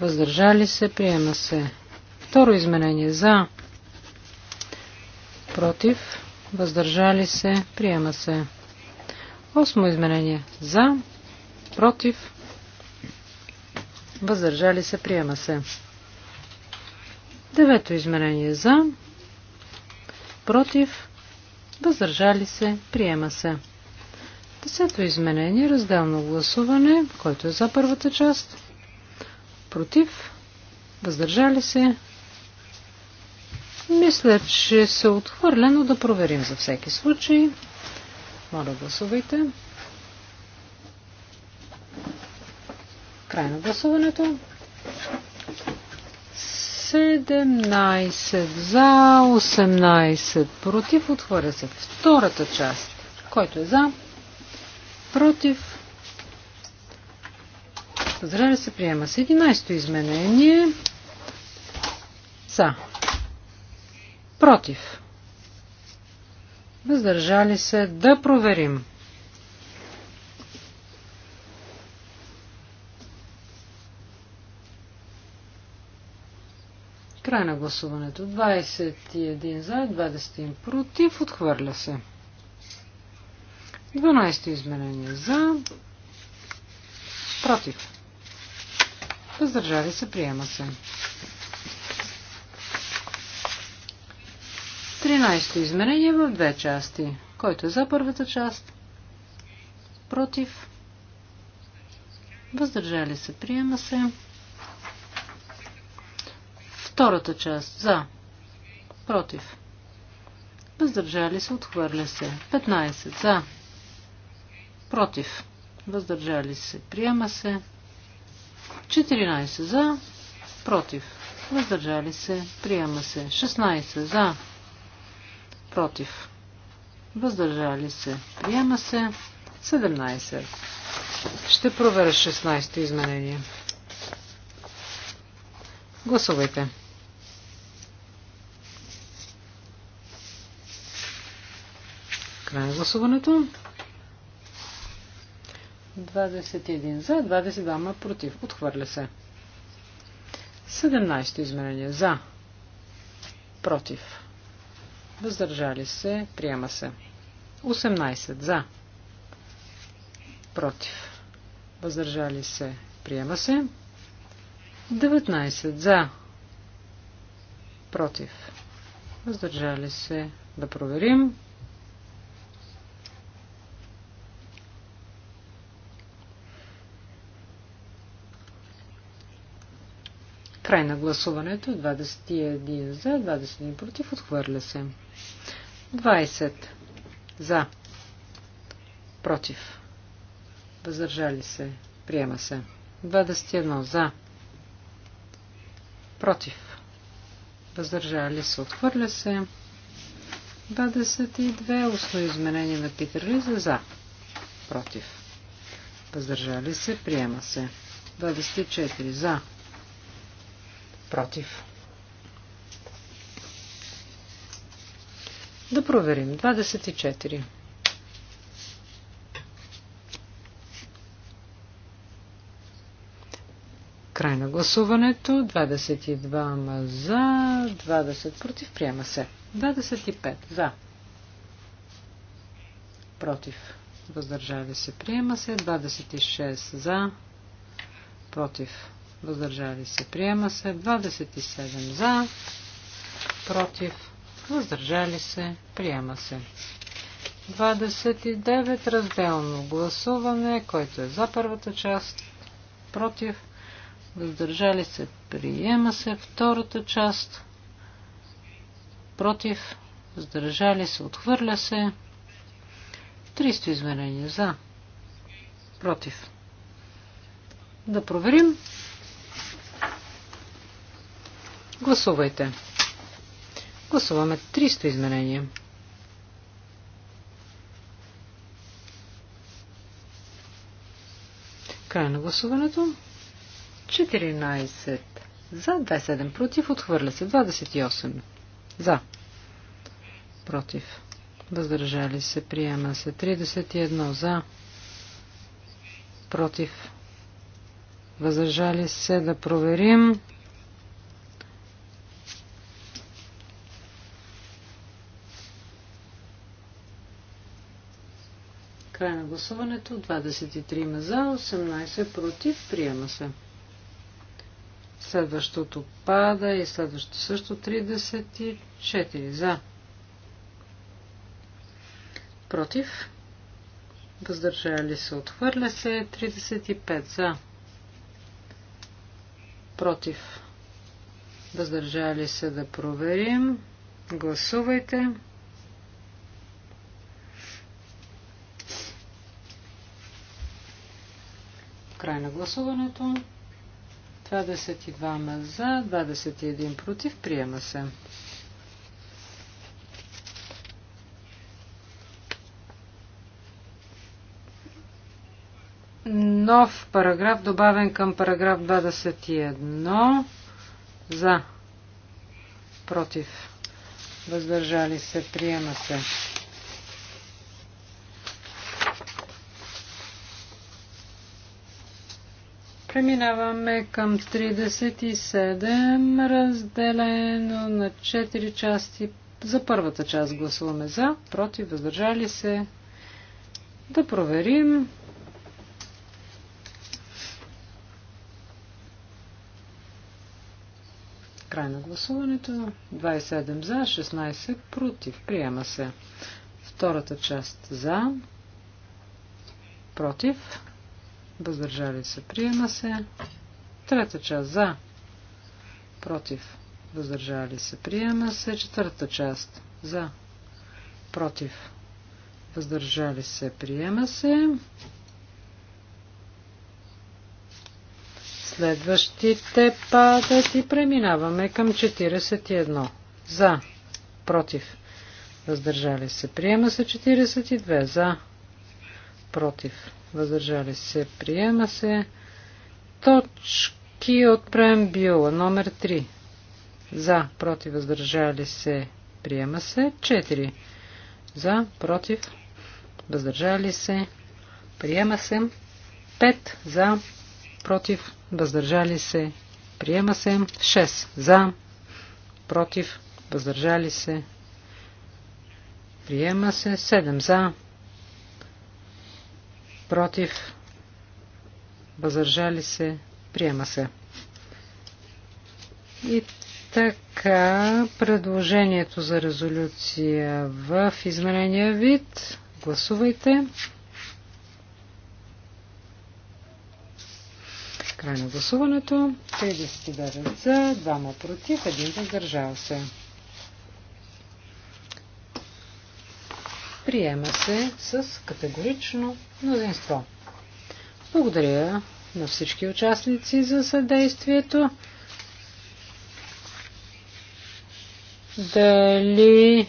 Въздържали се. Приема се. Второ изменение. За. Против. Въздържали се. Приема се. Осмо изменение. За. Против. Въздържали се. Приема се. Девето изменение. За. Против. Въздържали се. Приема се. Десето изменение. Разделно гласуване. Който е за първата част? Против. Въздържали се. Мисля, че се отхвърля, но да проверим за всеки случай. Моля, гласувайте. Край на гласуването. 17 за, 18 против. Отхвърля се втората част. Който е за, против. Здраве се приема се 11-то изменение. За. Против. Въздържали се да проверим. Край на гласуването. 21 за, 21 против. Отхвърля се. 12 изменение за. Против. Въздържали се. Приема се. 13 изменение в две части. Който е за първата част? Против. Въздържали се. Приема се. Втората част. За. Против. Въздържали се. Отхвърля се. 15. За. Против. Въздържали се. Приема се. 14. За. Против. Въздържали се. Приема се. 16. За. Против. Въздържали се. Приема се. 17. Ще проверя 16 изменение. Гласувайте. Край на гласуването. 21 за, 22 против. Отхвърля се. 17 изменение за. Против. Въздържали се. Приема се. 18 за. Против. Въздържали се. Приема се. 19 за. Против. Въздържали се. Да проверим. Край на гласуването. 21 за, 21 против. Отхвърля се. 20 за. Против. Въздържали се. Приема се. 21 за. Против. Въздържали се. Отхвърля се. 22. Устно изменение на Питер Лиза. За. Против. Въздържали се. Приема се. 24. За против. Да проверим. 24. Край на гласуването. 22 за, 20 против. Приема се. 25 за. Против. Въздържали се. Приема се. 26 за. Против въздържали се, приема се. 27 за, против, въздържали се, приема се. 29 разделно гласуване, който е за първата част, против, въздържали се, приема се. Втората част, против, въздържали се, отхвърля се. 300 измерения за, против. Да проверим. Гласувайте. Гласуваме 300 изменения. Край на гласуването. 14 за, 27 против, отхвърля се 28 за, против, въздържали се, приема се 31 за, против, въздържали се да проверим гласуването. 23 за, 18 против. Приема се. Следващото пада и следващото също 34 за. Против. Въздържали се. Отхвърля се. 35 за. Против. Въздържали се да проверим. Гласувайте. Край на гласуването. 22 за, 21 против. Приема се. Нов параграф, добавен към параграф 21. За. Против. Въздържали се. Приема се. Преминаваме към 37, разделено на 4 части. За първата част гласуваме за, против, въздържали се. Да проверим. Край на гласуването. 27 за, 16 против. Приема се. Втората част за, против. Въздържали се. Приема се. Трета част за. Против. Въздържали се. Приема се. Четвърта част за. Против. Въздържали се. Приема се. Следващите падат и преминаваме към 41. За. Против. Въздържали се. Приема се 42. За. Против въздържали се, приема се. Точки от преамбюла, номер 3. За, против, въздържали се, приема се. 4. За, против, въздържали се, приема се. 5. За, против, въздържали се, приема се. 6. За, против, въздържали се, приема се. 7. За, против, въздържали се, приема се. И така, предложението за резолюция в изменения вид. Гласувайте. Край на гласуването. 39 за, 2 против, 1 въздържал се. Приема се с категорично мнозинство. Благодаря на всички участници за съдействието. Дали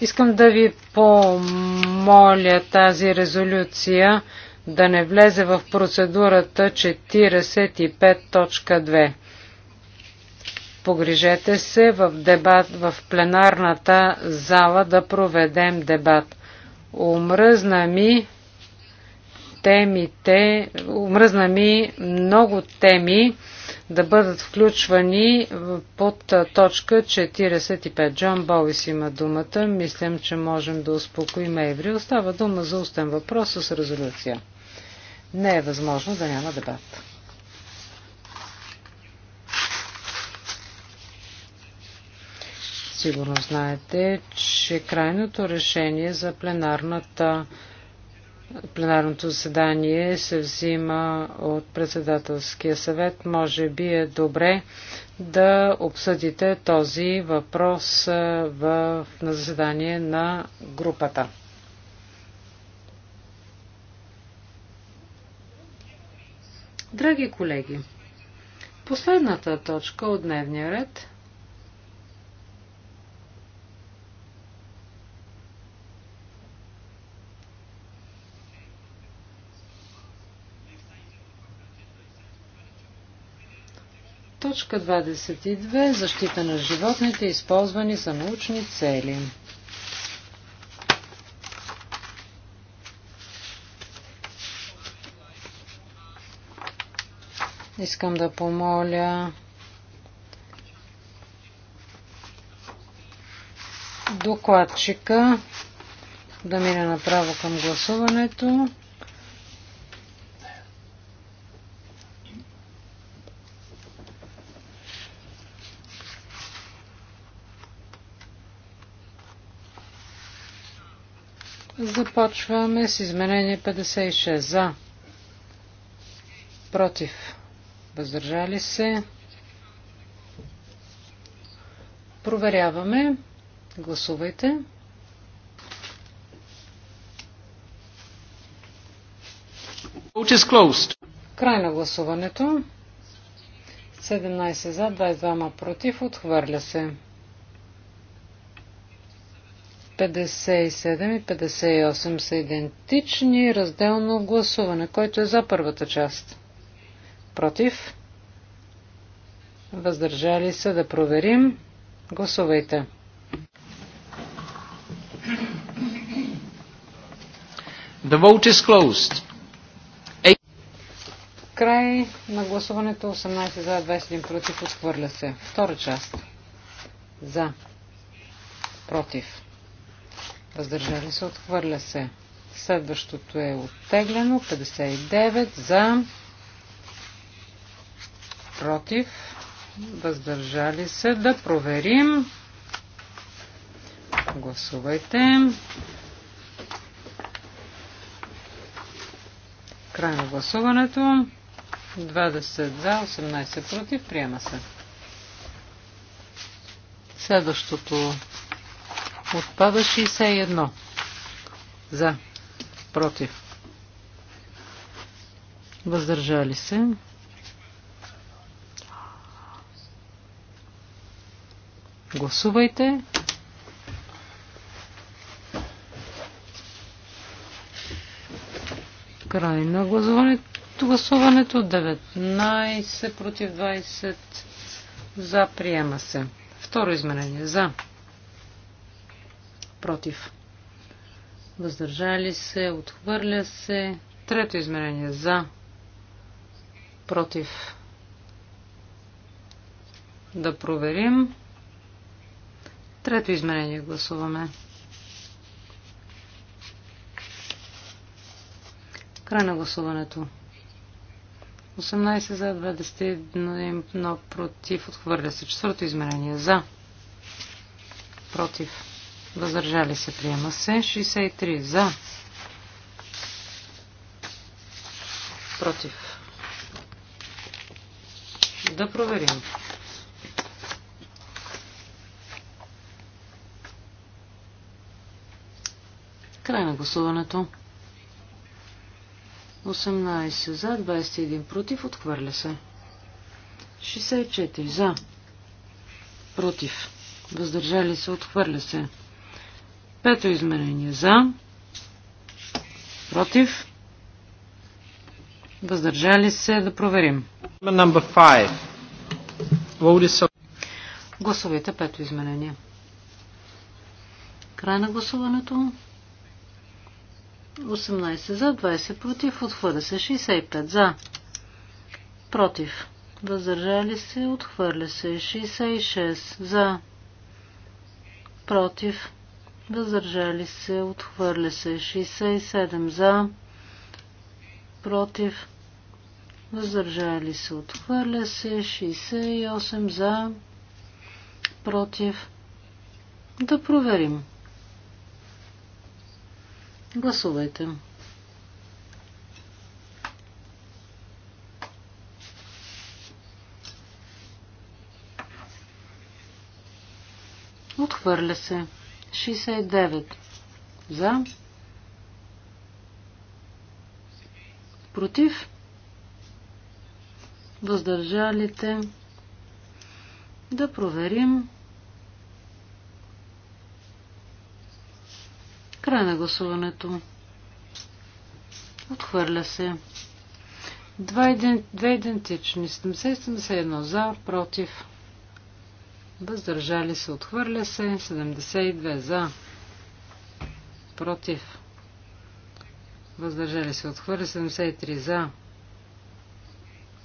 искам да ви помоля тази резолюция да не влезе в процедурата 45.2. Погрижете се в дебат в пленарната зала да проведем дебат. Умръзна ми темите, умръзна ми много теми да бъдат включвани под точка 45. Джон Болис има думата. Мислям, че можем да успокоим Еври. Остава дума за устен въпрос с резолюция. Не е възможно да няма дебат. Сигурно знаете, че крайното решение за пленарната пленарното заседание се взима от председателския съвет. Може би е добре да обсъдите този въпрос в, на заседание на групата. Драги колеги, последната точка от дневния ред – Точка 22. Защита на животните, използвани за научни цели. Искам да помоля докладчика да мине направо към гласуването. Започваме с изменение 56 за. Против. Въздържали се. Проверяваме. Гласувайте. Край на гласуването. 17 за, 22 против. Отхвърля се. 57 и 58 са идентични. Разделно гласуване. Който е за първата част? Против? Въздържали се да проверим. Гласувайте. The vote is closed. Край на гласуването 18 за 21 против отхвърля се. Втора част. За. Против въздържали се, отхвърля се. Следващото е оттеглено, 59 за, против, въздържали се, да проверим. Гласувайте. Край на гласуването. 20 за, 18 против. Приема се. Следващото Отпада 61. За. Против. Въздържали се. Гласувайте. Край на гласуването. Гласуването 19 против 20 за приема се. Второ изменение за против. Въздържали се, отхвърля се. Трето измерение за, против. Да проверим. Трето измерение гласуваме. Край на гласуването. 18 за 21 против. Отхвърля се. Четвърто измерение за. Против. Въздържали се. Приема се. 63 за. Против. Да проверим. Край на гласуването. 18 за, 21 против, отхвърля се. 64 за, против, въздържали се, отхвърля се. Пето измерение за, против, въздържали се да проверим. Гласовете пето измерение. Край на гласуването. 18 за, 20 против, отхвърля се 65 за. Против. Въздържали се, отхвърля се 66 за. Против. Въздържали се, отхвърля се. 67 за, против. Въздържали се, отхвърля се. 68 за, против. Да проверим. Гласувайте. Отхвърля се. 69 за, против, въздържалите, да проверим. Край на гласуването. Отхвърля се. Два, идентични. 70-71 за, против. Въздържали се, отхвърля се. 72 за. Против. Въздържали се, отхвърля 73 за.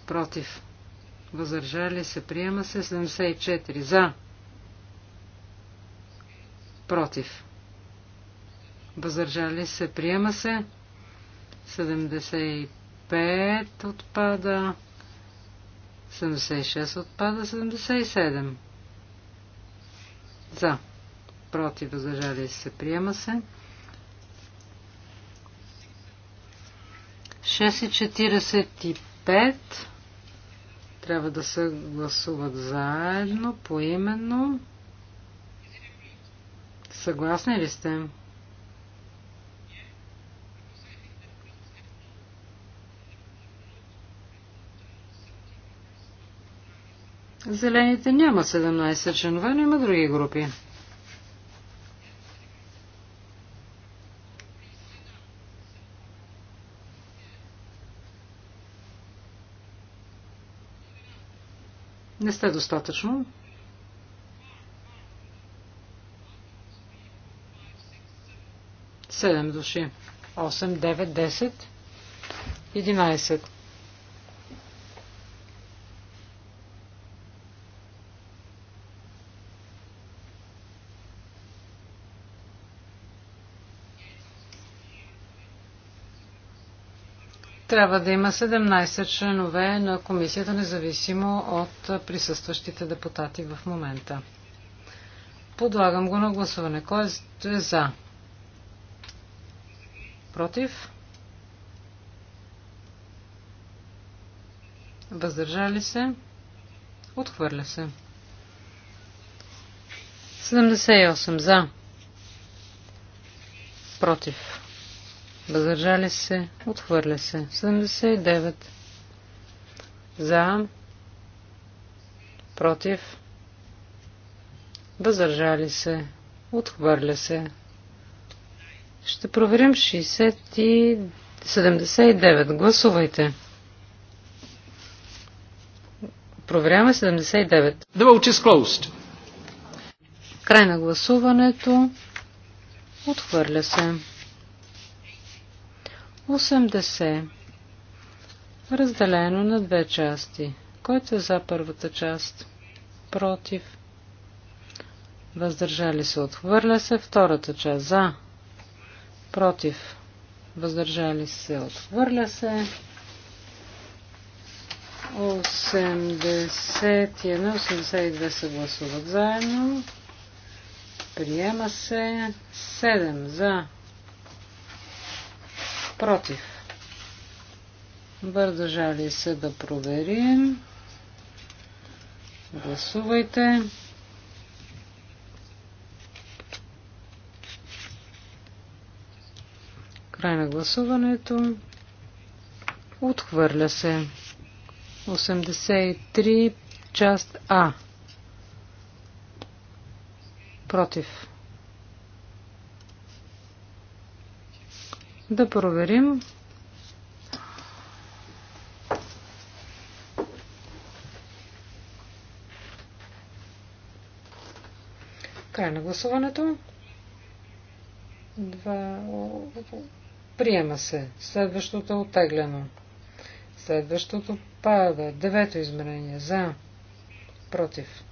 Против. Въздържали се, приема се 74 за. Против. Въздържали се, приема се 75 отпада. 76 отпада, 77. За. Против. Въздържали се. Приема се. 6.45 трябва да се гласуват заедно, поименно. Съгласни ли сте? Зелените няма 17 членове, но има други групи. Не сте достатъчно. Седем души. Осем, девет, десет, единайсет. трябва да има 17 членове на комисията, независимо от присъстващите депутати в момента. Подлагам го на гласуване. Кой е, е за? Против? Въздържали се? Отхвърля се. 78 за. Против. Въздържали се. Отхвърля се. 79. За. Против. Въздържали се. Отхвърля се. Ще проверим 60 и 79. Гласувайте. Проверяваме 79. The vote is closed. Край на гласуването. Отхвърля се. 80. Разделено на две части. Който е за първата част? Против. Въздържали се. Отхвърля се втората част. За. Против. Въздържали се. Отхвърля се. 81-82 се гласуват заедно. Приема се 7 за Против. ли се да проверим. Гласувайте. Край на гласуването. Отхвърля се. 83 част А. Против. Да проверим. Край на гласуването. Два... Приема се. Следващото отеглено. Следващото пада. Девето измерение. За. Против.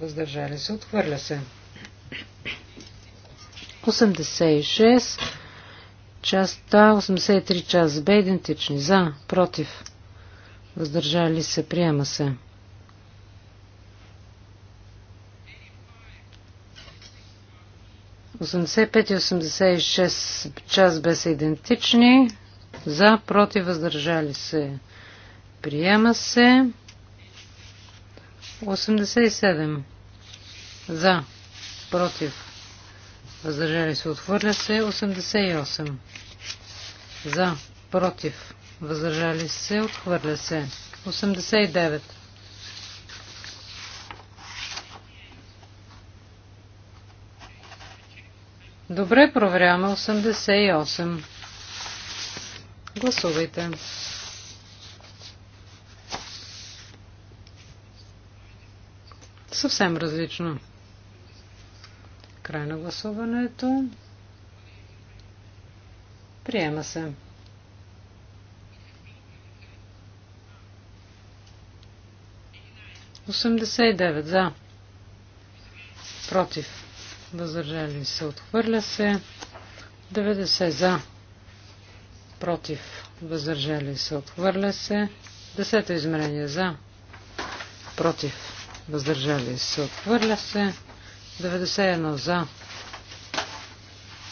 Въздържали се. Отхвърля се. 86 Част А, 83 част Б, идентични. За, против, въздържали се, приема се. Осемдесет и 86 част Б са идентични. За, против, въздържали се. Приема се. 87. За, против, Въздържали се. Отхвърля се. 88. За. Против. Въздържали се. Отхвърля се. 89. Добре, проверяваме 88. Гласувайте. Съвсем различно. Край на гласуването. Приема се. Осемдесет и девет за. Против. Въздържали се. Отхвърля се. 90 за. Против. Въздържали се. Отхвърля се. Десето измерение за. Против. Въздържали се. Отхвърля се. 91 за.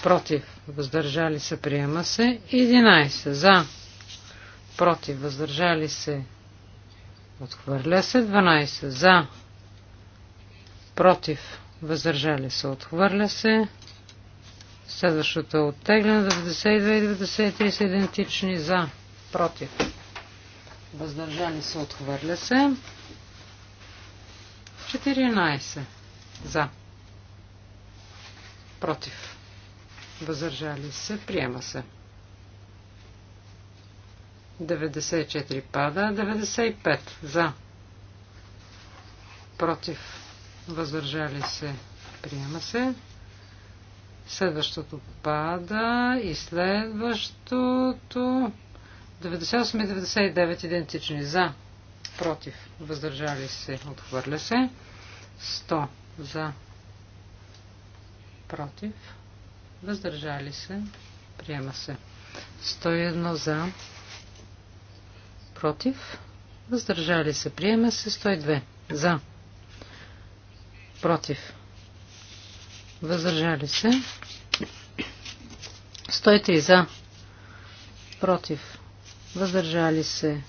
Против. Въздържали се. Приема се. 11 за. Против. Въздържали се. Отхвърля се. 12 за. Против. Въздържали се. Отхвърля се. Следващото е 92 и 93 са идентични за. Против. Въздържали се. Отхвърля се. 14 за. Против. Въздържали се. Приема се. 94 пада. 95 за. Против. Въздържали се. Приема се. Следващото пада и следващото 98 и 99 идентични за, против, въздържали се, отхвърля се, 100 за, против, въздържали се, приема се. 101 за, против, въздържали се, приема се. 102 за, против, въздържали се. 103 за, против, въздържали се,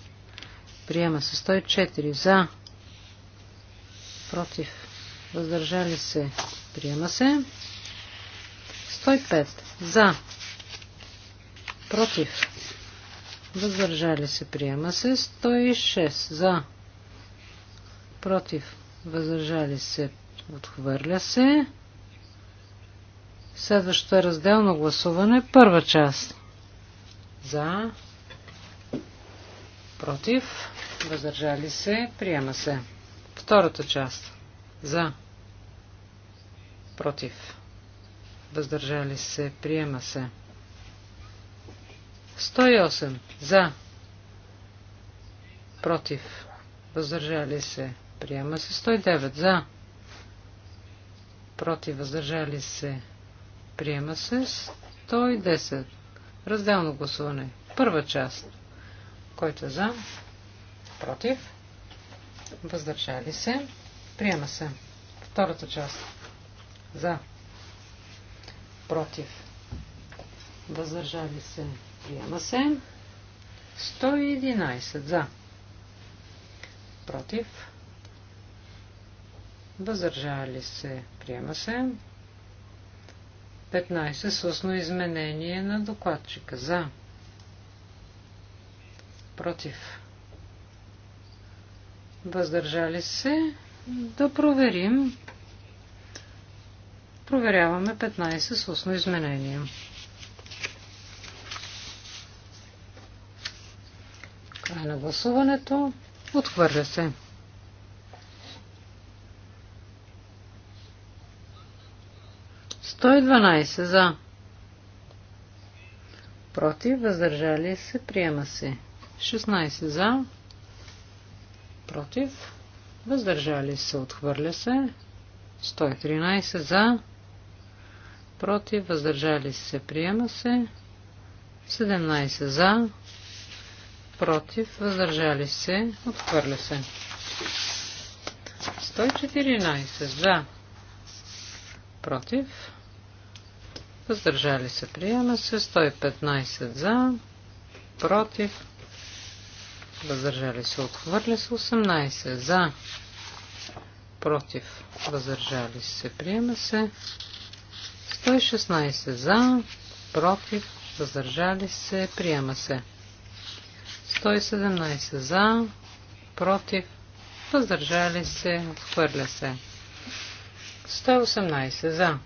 приема се. 104 за, против, въздържали се, приема се. 105. За. Против. Въздържали се. Приема се. 106. За. Против. Въздържали се. Отхвърля се. Следващото е разделно гласуване. Първа част. За. Против. Въздържали се. Приема се. Втората част. За. Против въздържали се, приема се. 108. За. Против. Въздържали се. Приема се. 109. За. Против. Въздържали се. Приема се. 110. Разделно гласуване. Първа част. Който е за. Против. Въздържали се. Приема се. Втората част. За против, въздържали се, приема се. 111 за, против, въздържали се, приема се. 15 с устно изменение на докладчика за, против, въздържали се, да проверим Проверяваме 15 с устно изменение. Край на гласуването. Отхвърля се. Сто за. Против, въздържали се, приема се. 16 за. Против, въздържали се, отхвърля се. 113 за против, въздържали се, приема се. 17 за, против, въздържали се, отхвърля се. 114 за, против, въздържали се, приема се. 115 за, против, въздържали се, отхвърля се. 18 за, против, въздържали се, приема се. 116 за, против, въздържали се, приема се. 117 за, против, въздържали се, отхвърля се. 118 за,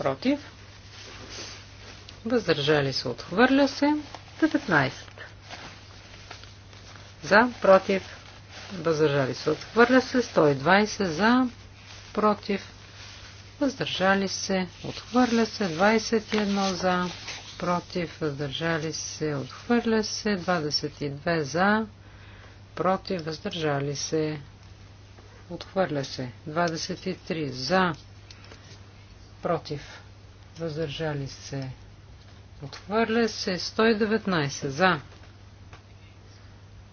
против, въздържали се, отхвърля се. 19 за, против, въздържали се, отхвърля се. 120 за, против, въздържали се, отхвърля се, 21 за, против, въздържали се, отхвърля се, 22 за, против, въздържали се, отхвърля се, 23 за, против, въздържали се, отхвърля се, 119 за,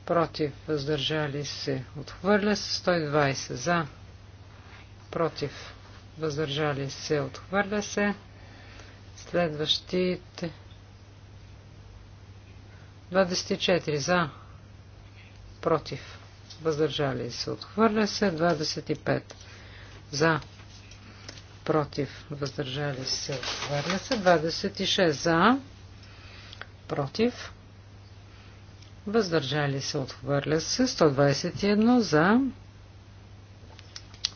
против, въздържали се, отхвърля се, 120 за, против, въздържали се, отхвърля се. Следващите 24 за, против, въздържали се, отхвърля се. 25 за, против, въздържали се, отхвърля се. 26 за, против, въздържали се, отхвърля се. 121 за,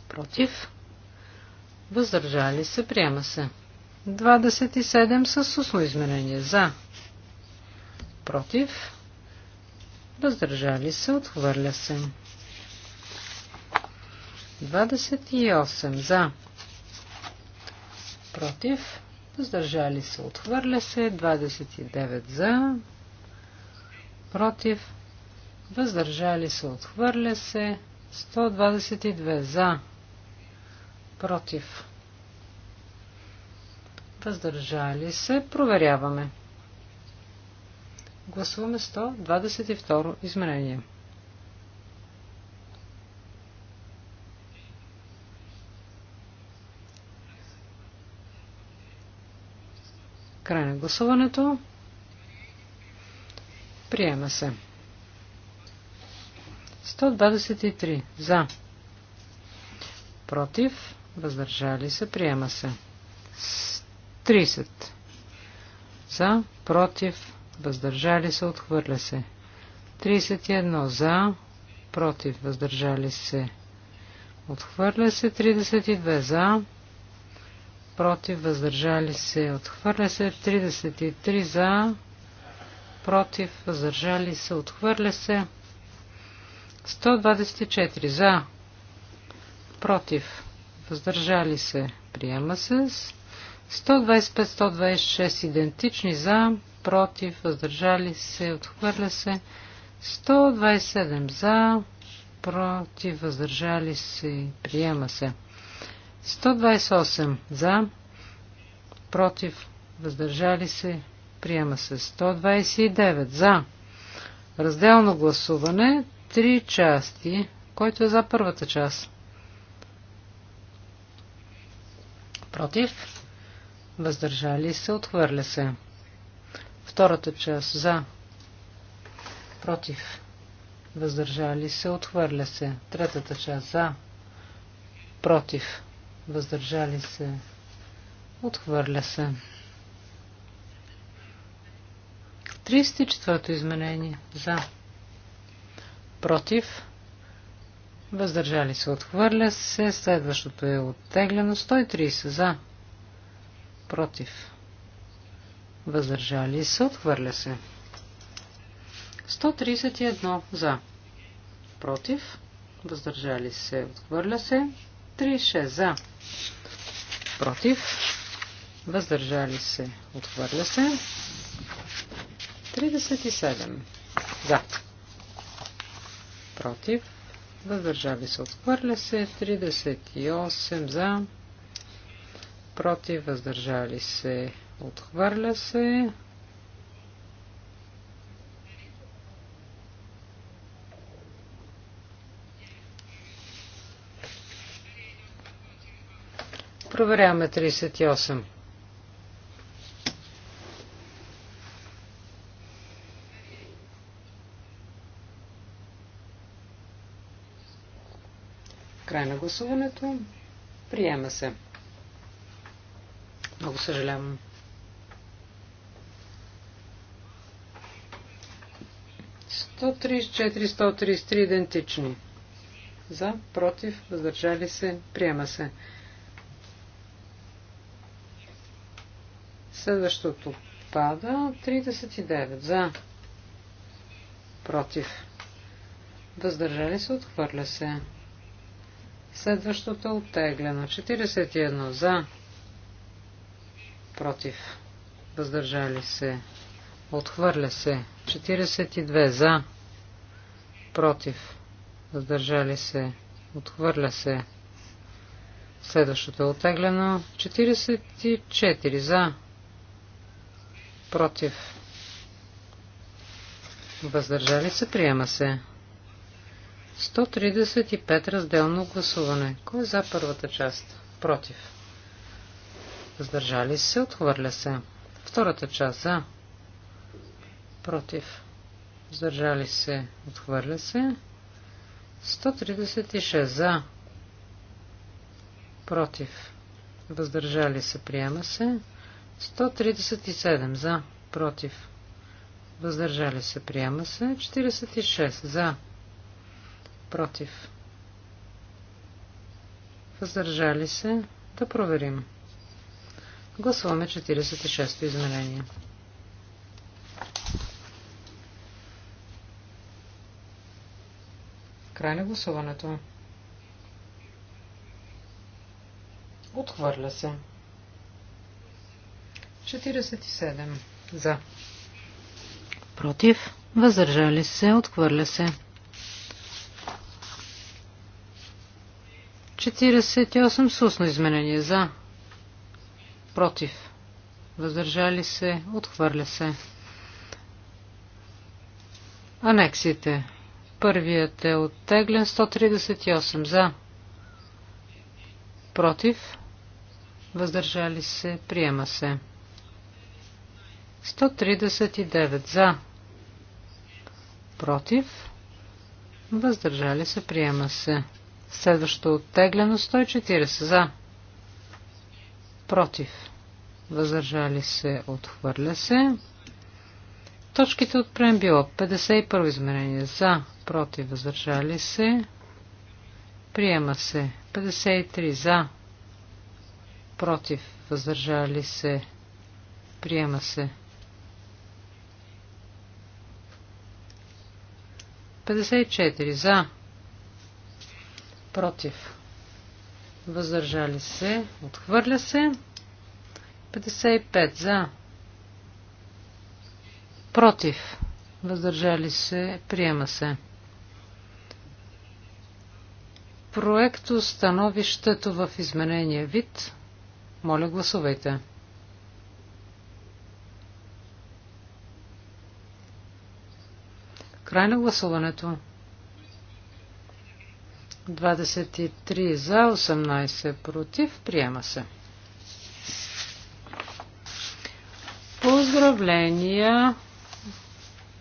против, Въздържали се. Приема се. 27 с устно измерение. За. Против. Въздържали се. Отхвърля се. 28 за. Против. Въздържали се. Отхвърля се. 29 за. Против. Въздържали се. Отхвърля се. 122 за Против. Въздържали се. Проверяваме. Гласуваме 122 изменение. Край на гласуването. Приема се. 123 за. Против въздържали се, приема се. 30 за, против, въздържали се, отхвърля се. 31 за, против, въздържали се, отхвърля се. 32 за, против, въздържали се, отхвърля се. 33 за, против, въздържали се, отхвърля се. 124 за, против, въздържали се, приема се. 125-126 идентични за, против, въздържали се, отхвърля се. 127 за, против, въздържали се, приема се. 128 за, против, въздържали се, приема се. 129 за, разделно гласуване, 3 части, който е за първата част. Против. Въздържали се. Отхвърля се. Втората част. За. Против. Въздържали се. Отхвърля се. Третата част. За. Против. Въздържали се. Отхвърля се. 34-то изменение. За. Против. Въздържали се. Отхвърля се. Следващото е оттеглено. 130 за. Против. Въздържали се. Отхвърля се. 131 за. Против. Въздържали се. Отхвърля се. 36 за. Против. Въздържали се. Отхвърля се. 37 за. Против въздържали се, отхвърля се, 38 за, против, въздържали се, отхвърля се. Проверяваме 38. Край на гласуването. Приема се. Много съжалявам. Сто 133 идентични. За, против, въздържали се, приема се. Следващото пада 39 за против. Въздържали се, отхвърля се. Следващото е оттеглено. 41 за. Против. Въздържали се. Отхвърля се. 42 за. Против. Въздържали се. Отхвърля се. Следващото е 44 за. Против. Въздържали се. Приема се. 135 разделно гласуване. Кой е за първата част? Против. Въздържали се, отхвърля се. Втората част за. Против. Въздържали се, отхвърля се. 136 за. Против. Въздържали се, приема се. 137 за. Против. Въздържали се, приема се. 46 за Против. Въздържали се. Да проверим. Гласуваме 46-то измерение. Край на гласуването. Отхвърля се. 47. За. Против. Въздържали се. Отхвърля се. 48 с устно изменение за. Против. Въздържали се. Отхвърля се. Анексите. Първият е оттеглен 138 за. Против. Въздържали се. Приема се. 139 за. Против. Въздържали се. Приема се. Следващо оттеглено 140 за. Против. Въздържали се. Отхвърля се. Точките от преамбила. 51 измерение. За. Против. Въздържали се. Приема се. 53 за. Против. Въздържали се. Приема се. 54 за против, въздържали се, отхвърля се. 55 за, против, въздържали се, приема се. Проекто становището в изменения вид. Моля гласувайте. Край на гласуването. 23 за, 18 против. Приема се. Поздравления,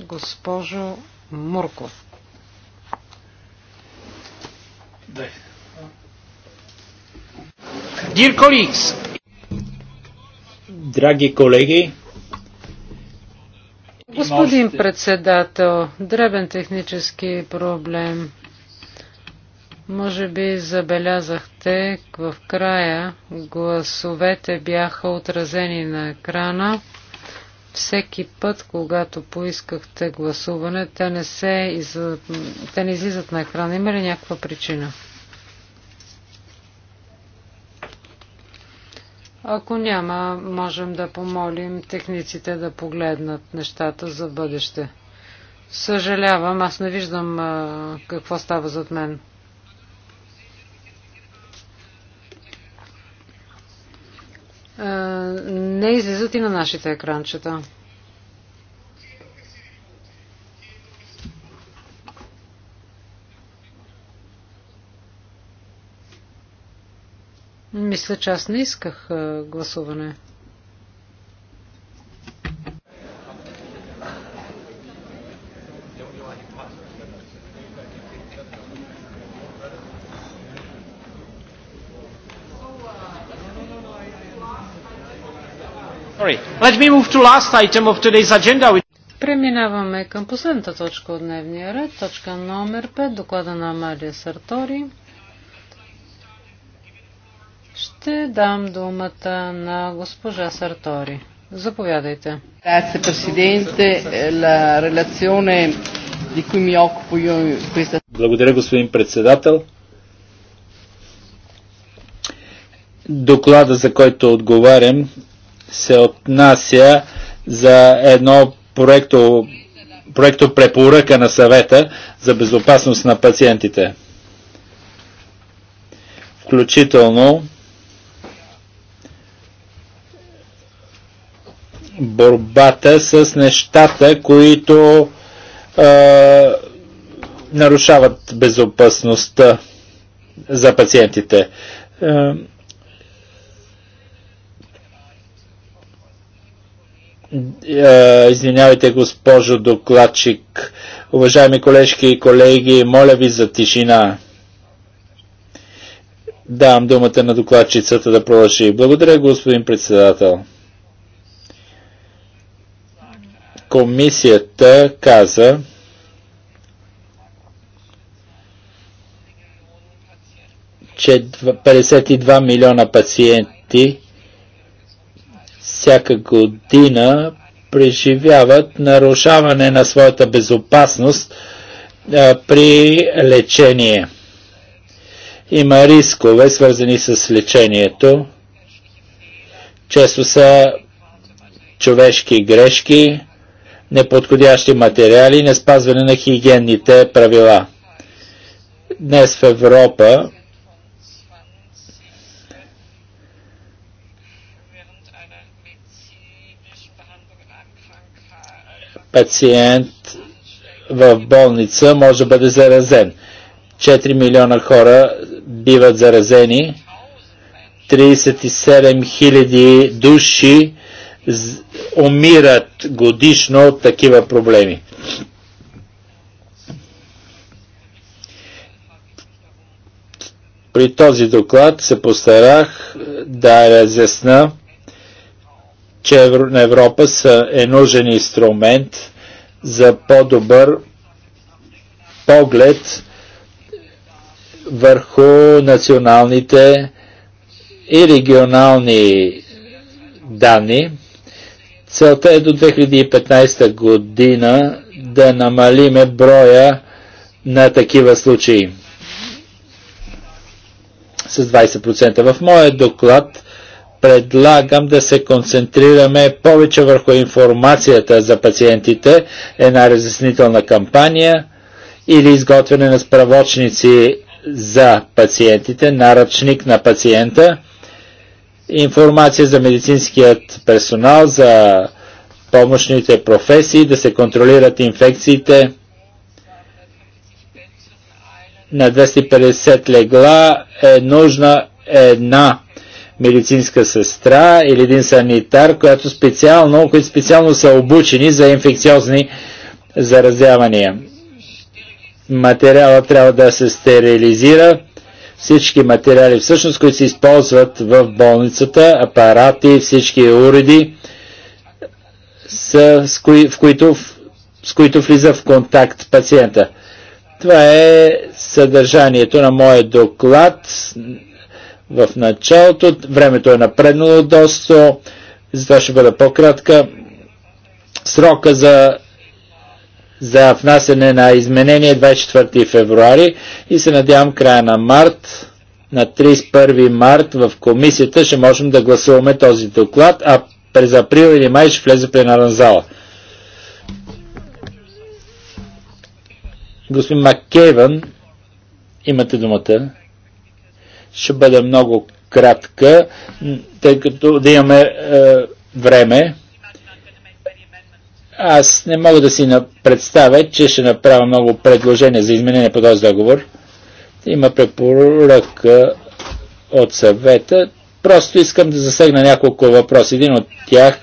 госпожо Мурко. Dear colleagues, драги колеги, Господин председател, дребен технически проблем. Може би забелязахте, в края гласовете бяха отразени на екрана. Всеки път, когато поискахте гласуване, те не, се излизат, те не излизат на екрана. Има ли някаква причина? Ако няма, можем да помолим техниците да погледнат нещата за бъдеще. Съжалявам, аз не виждам а, какво става зад мен. виждат и на нашите екранчета. Мисля, че аз не исках гласуване. Let me move to last item of today's agenda. Which... Преминаваме към последната точка от дневния ред, точка номер 5, доклада на Амалия Сартори. Ще дам думата на госпожа Сартори. Заповядайте. Grazie Presidente, la relazione di cui mi occupo io questa... Благодаря господин председател. Доклада, за който отговарям, се отнася за едно проекто, проекто препоръка на съвета за безопасност на пациентите. Включително борбата с нещата, които е, нарушават безопасността за пациентите. Е, Е, извинявайте, госпожо докладчик. Уважаеми колежки и колеги, моля ви за тишина. Давам думата на докладчицата да продължи. Благодаря, господин председател. Комисията каза, че 52 милиона пациенти всяка година преживяват нарушаване на своята безопасност а, при лечение. Има рискове, свързани с лечението. Често са човешки грешки, неподходящи материали, неспазване на хигиенните правила. Днес в Европа пациент в болница може да бъде заразен. 4 милиона хора биват заразени, 37 хиляди души умират годишно от такива проблеми. При този доклад се постарах да разясна че на Европа са, е нужен инструмент за по-добър поглед върху националните и регионални данни. Целта е до 2015 година да намалиме броя на такива случаи с 20%. В моят доклад предлагам да се концентрираме повече върху информацията за пациентите, една разяснителна кампания или изготвяне на справочници за пациентите, наръчник на пациента, информация за медицинският персонал, за помощните професии, да се контролират инфекциите на 250 легла е нужна една медицинска сестра или един санитар, която специално, които специално са обучени за инфекциозни заразявания. Материалът трябва да се стерилизира. Всички материали всъщност, които се използват в болницата, апарати, всички уреди, са, с, кои, в които, с които влиза в контакт пациента. Това е съдържанието на моят доклад в началото. Времето е напреднало доста, затова ще бъда по-кратка. Срока за, за внасене на изменение 24 е февруари и се надявам края на март на 31 март в комисията ще можем да гласуваме този доклад, а през април или май ще влезе в пленарна зала. Господин Маккейвън, имате думата ще бъде много кратка, тъй като да имаме е, време. Аз не мога да си представя, че ще направя много предложения за изменение по този договор. Има препоръка от съвета. Просто искам да засегна няколко въпроси. Един от тях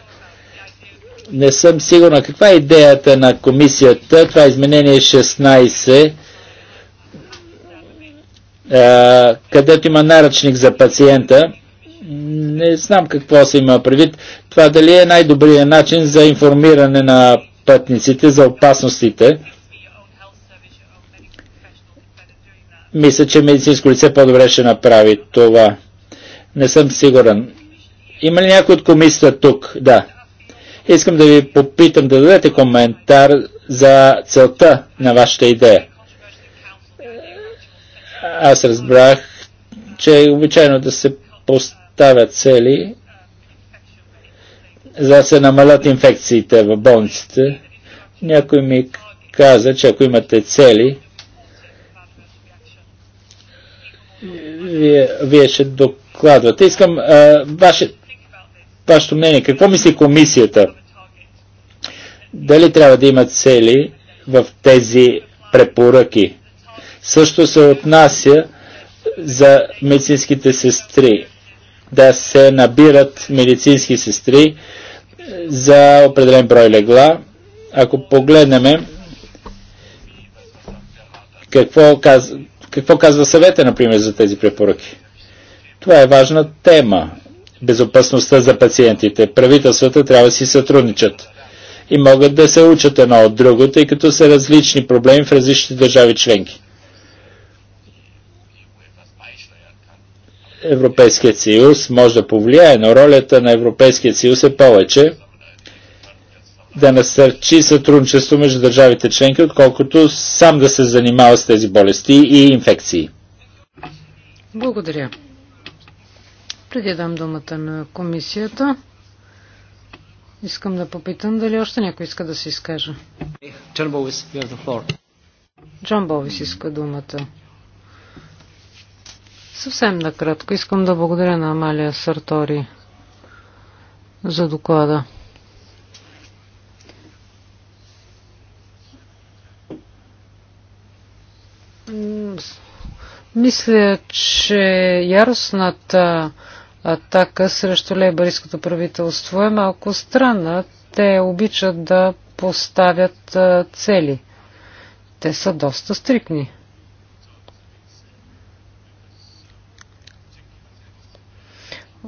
не съм сигурна каква е идеята на комисията. Това е изменение 16 е, където има наръчник за пациента. Не знам какво се има предвид. Това дали е най-добрият начин за информиране на пътниците за опасностите. Мисля, че медицинско лице по-добре ще направи това. Не съм сигурен. Има ли някой от комисията тук? Да. Искам да ви попитам да дадете коментар за целта на вашата идея. Аз разбрах, че е обичайно да се поставят цели, за да се намалят инфекциите в болниците. Някой ми каза, че ако имате цели, вие, вие ще докладвате. Искам а, ваше, вашето мнение. Какво мисли комисията? Дали трябва да има цели в тези препоръки? също се отнася за медицинските сестри. Да се набират медицински сестри е, за определен брой легла. Ако погледнем какво, каз... какво казва съвета, например, за тези препоръки. Това е важна тема. Безопасността за пациентите. Правителствата трябва да си сътрудничат и могат да се учат едно от друго, тъй като са различни проблеми в различните държави членки. Европейският съюз може да повлияе, но ролята на Европейския съюз е повече да насърчи сътрудничество между държавите членки, отколкото сам да се занимава с тези болести и инфекции. Благодаря. Преди дам думата на комисията, искам да попитам дали още някой иска да се изкаже. Джон Болвис иска думата. Съвсем накратко искам да благодаря на Амалия Сартори за доклада. Мисля, че яростната атака срещу лейбариското правителство е малко странна. Те обичат да поставят цели. Те са доста стрикни.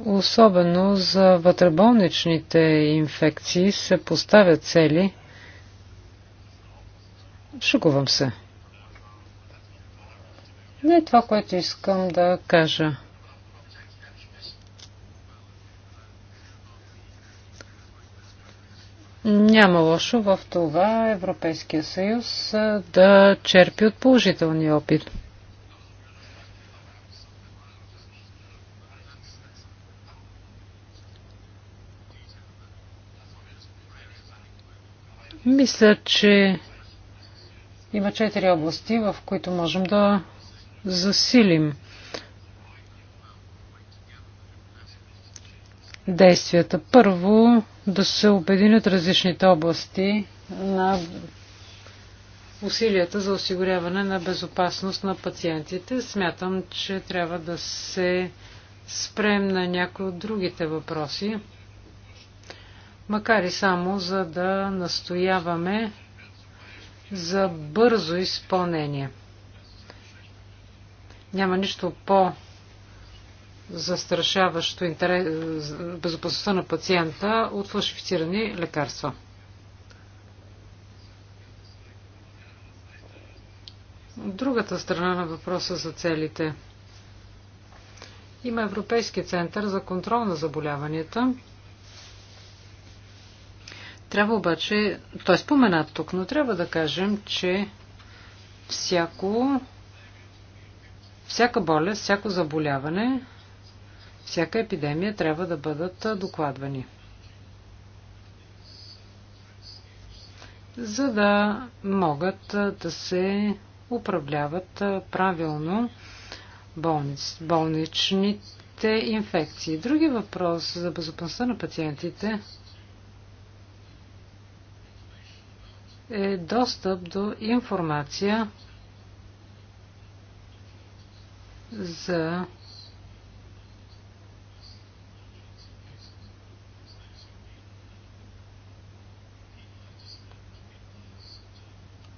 особено за вътреболничните инфекции, се поставят цели. Шукувам се. Не е това, което искам да кажа. Няма лошо в това Европейския съюз да черпи от положителния опит. Мисля, че има четири области, в които можем да засилим действията. Първо, да се обединят различните области на усилията за осигуряване на безопасност на пациентите. Смятам, че трябва да се спрем на някои от другите въпроси макар и само за да настояваме за бързо изпълнение. Няма нищо по застрашаващо интерес, безопасността на пациента от фалшифицирани лекарства. другата страна на въпроса за целите. Има Европейски център за контрол на заболяванията. Трябва обаче, той е споменат тук, но трябва да кажем, че всяко, всяка болест, всяко заболяване, всяка епидемия трябва да бъдат докладвани. За да могат да се управляват правилно болниц, болничните инфекции. Други въпрос за безопасността на пациентите е достъп до информация за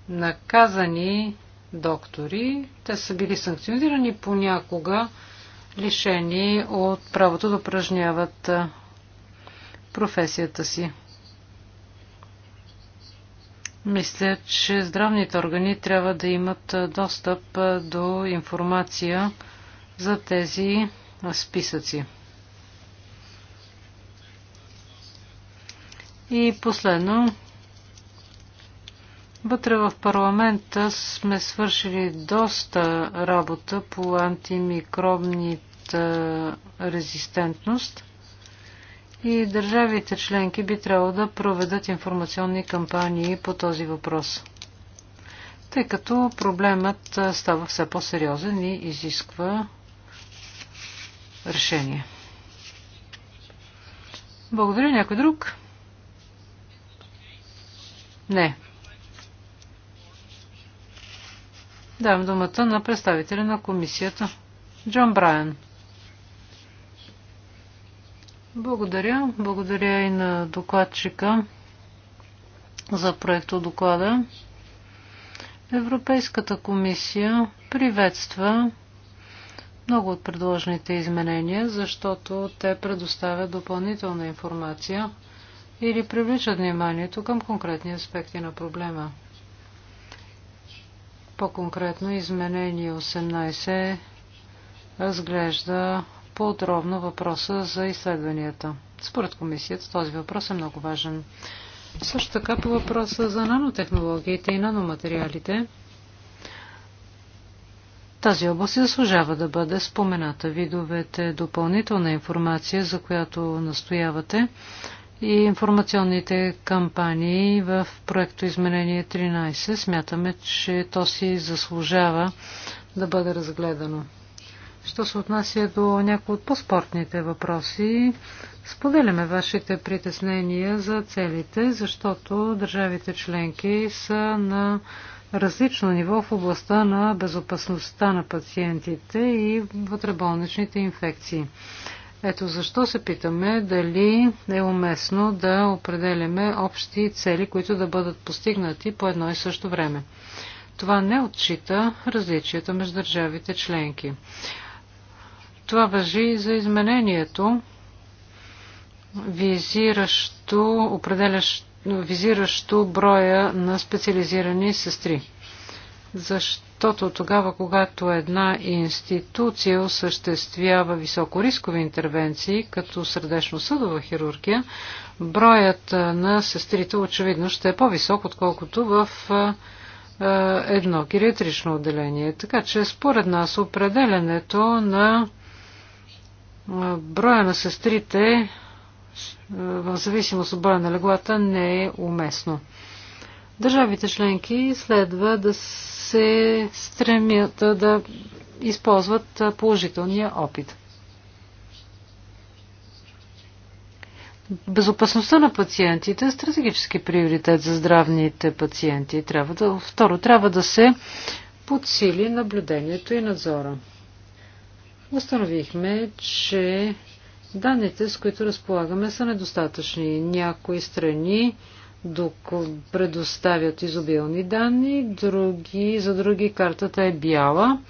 наказани доктори. Те са били санкционирани понякога, лишени от правото да упражняват професията си. Мисля, че здравните органи трябва да имат достъп до информация за тези списъци. И последно, вътре в парламента сме свършили доста работа по антимикробните резистентност – и държавите членки би трябвало да проведат информационни кампании по този въпрос, тъй като проблемът става все по-сериозен и изисква решение. Благодаря. Някой друг? Не. Давам думата на представителя на комисията. Джон Брайан. Благодаря. Благодаря и на докладчика за проекто доклада. Европейската комисия приветства много от предложените изменения, защото те предоставят допълнителна информация или привличат вниманието към конкретни аспекти на проблема. По-конкретно изменение 18 разглежда подробно въпроса за изследванията. Според комисията този въпрос е много важен. Също така по въпроса за нанотехнологиите и наноматериалите. Тази област заслужава да бъде спомената. Видовете допълнителна информация, за която настоявате, и информационните кампании в проекто Изменение 13. Смятаме, че то си заслужава да бъде разгледано. Що се отнася до някои от по-спортните въпроси, споделяме вашите притеснения за целите, защото държавите членки са на различно ниво в областта на безопасността на пациентите и вътреболничните инфекции. Ето защо се питаме дали е уместно да определяме общи цели, които да бъдат постигнати по едно и също време. Това не отчита различията между държавите членки. Това въжи и за изменението, визиращо, определящо, визиращо броя на специализирани сестри. Защото тогава, когато една институция осъществява високорискови интервенции, като сърдечно-съдова хирургия, броят на сестрите очевидно ще е по-висок, отколкото в едно гериатрично отделение. Така че според нас определенето на Броя на сестрите, е, в зависимост от броя на леглата, не е уместно. Държавите членки следва да се стремят да използват положителния опит. Безопасността на пациентите е стратегически приоритет за здравните пациенти. Трябва да, второ, трябва да се подсили наблюдението и надзора установихме, че данните, с които разполагаме, са недостатъчни. Някои страни предоставят изобилни данни, други, за други картата е бяла.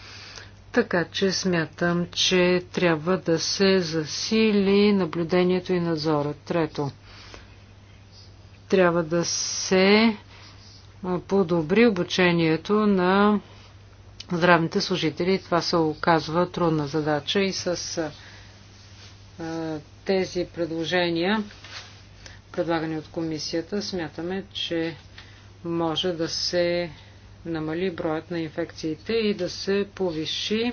Така че смятам, че трябва да се засили наблюдението и надзора. Трето, трябва да се подобри обучението на здравните служители. Това се оказва трудна задача и с тези предложения, предлагани от комисията, смятаме, че може да се намали броят на инфекциите и да се повиши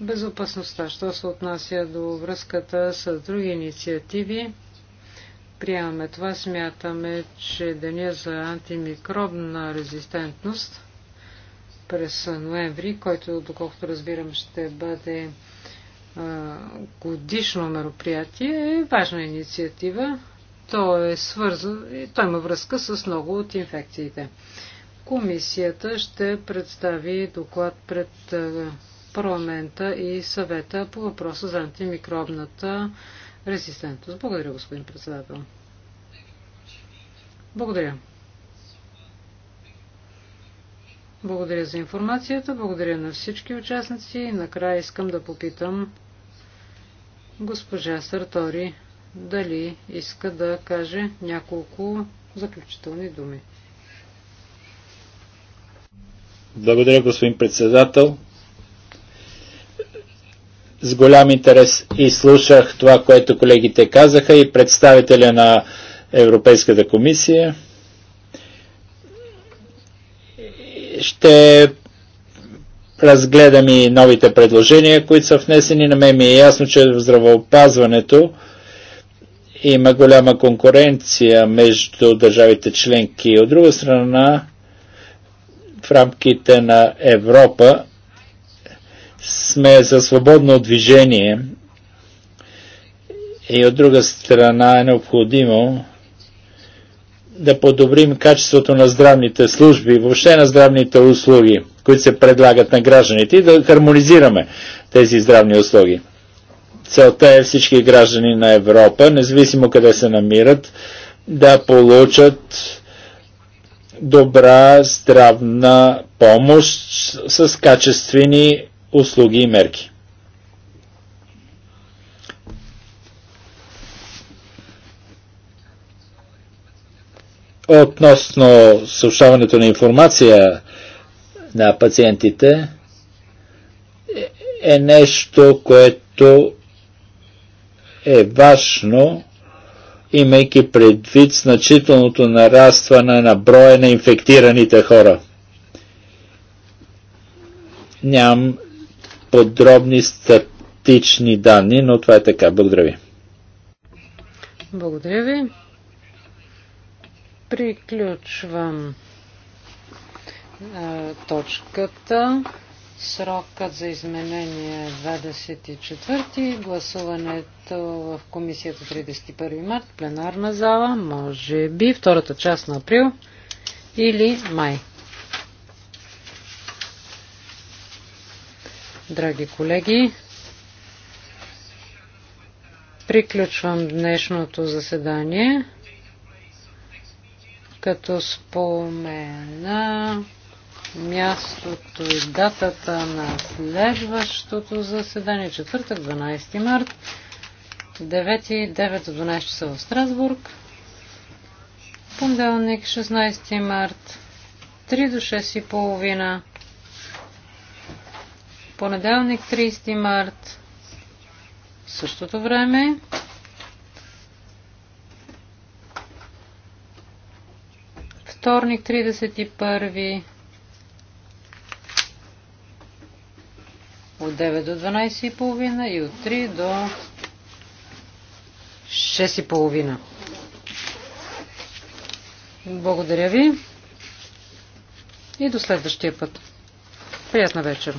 безопасността. Що се отнася до връзката с други инициативи, приемаме това, смятаме, че Деня за антимикробна резистентност през ноември, който, доколкото разбирам, ще бъде годишно мероприятие, е важна инициатива. Той е свързан, и е, той има връзка с много от инфекциите. Комисията ще представи доклад пред парламента и съвета по въпроса за антимикробната резистентност. Благодаря, господин председател. Благодаря. Благодаря за информацията, благодаря на всички участници и накрая искам да попитам госпожа Сартори дали иска да каже няколко заключителни думи. Благодаря, господин председател. С голям интерес и слушах това, което колегите казаха и представителя на Европейската комисия. Ще разгледам и новите предложения, които са внесени. На мен ми е ясно, че в здравеопазването има голяма конкуренция между държавите членки. От друга страна, в рамките на Европа сме за свободно движение и от друга страна е необходимо да подобрим качеството на здравните служби, въобще на здравните услуги, които се предлагат на гражданите и да хармонизираме тези здравни услуги. Целта е всички граждани на Европа, независимо къде се намират, да получат добра здравна помощ с качествени услуги и мерки. Относно съобщаването на информация на пациентите е, е нещо, което е важно, имайки предвид значителното нарастване на броя на инфектираните хора. Нямам подробни статични данни, но това е така. Благодаря ви. Благодаря ви. Приключвам точката. Срокът за изменение е 24. Гласуването в комисията 31 март, пленарна зала, може би втората част на април или май. Драги колеги, приключвам днешното заседание като спомена мястото и датата на следващото заседание, четвъртък, 12 март, 9 до 12 часа в Страсбург, понеделник, 16 март, 3 до 6 и половина, понеделник, 30 март, същото време, Вторник 31 от 9 до 12 и, половина и от 3 до 6 и половина. Благодаря ви и до следващия път. Приятна вечер.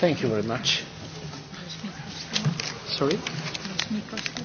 Thank you very much. Sorry?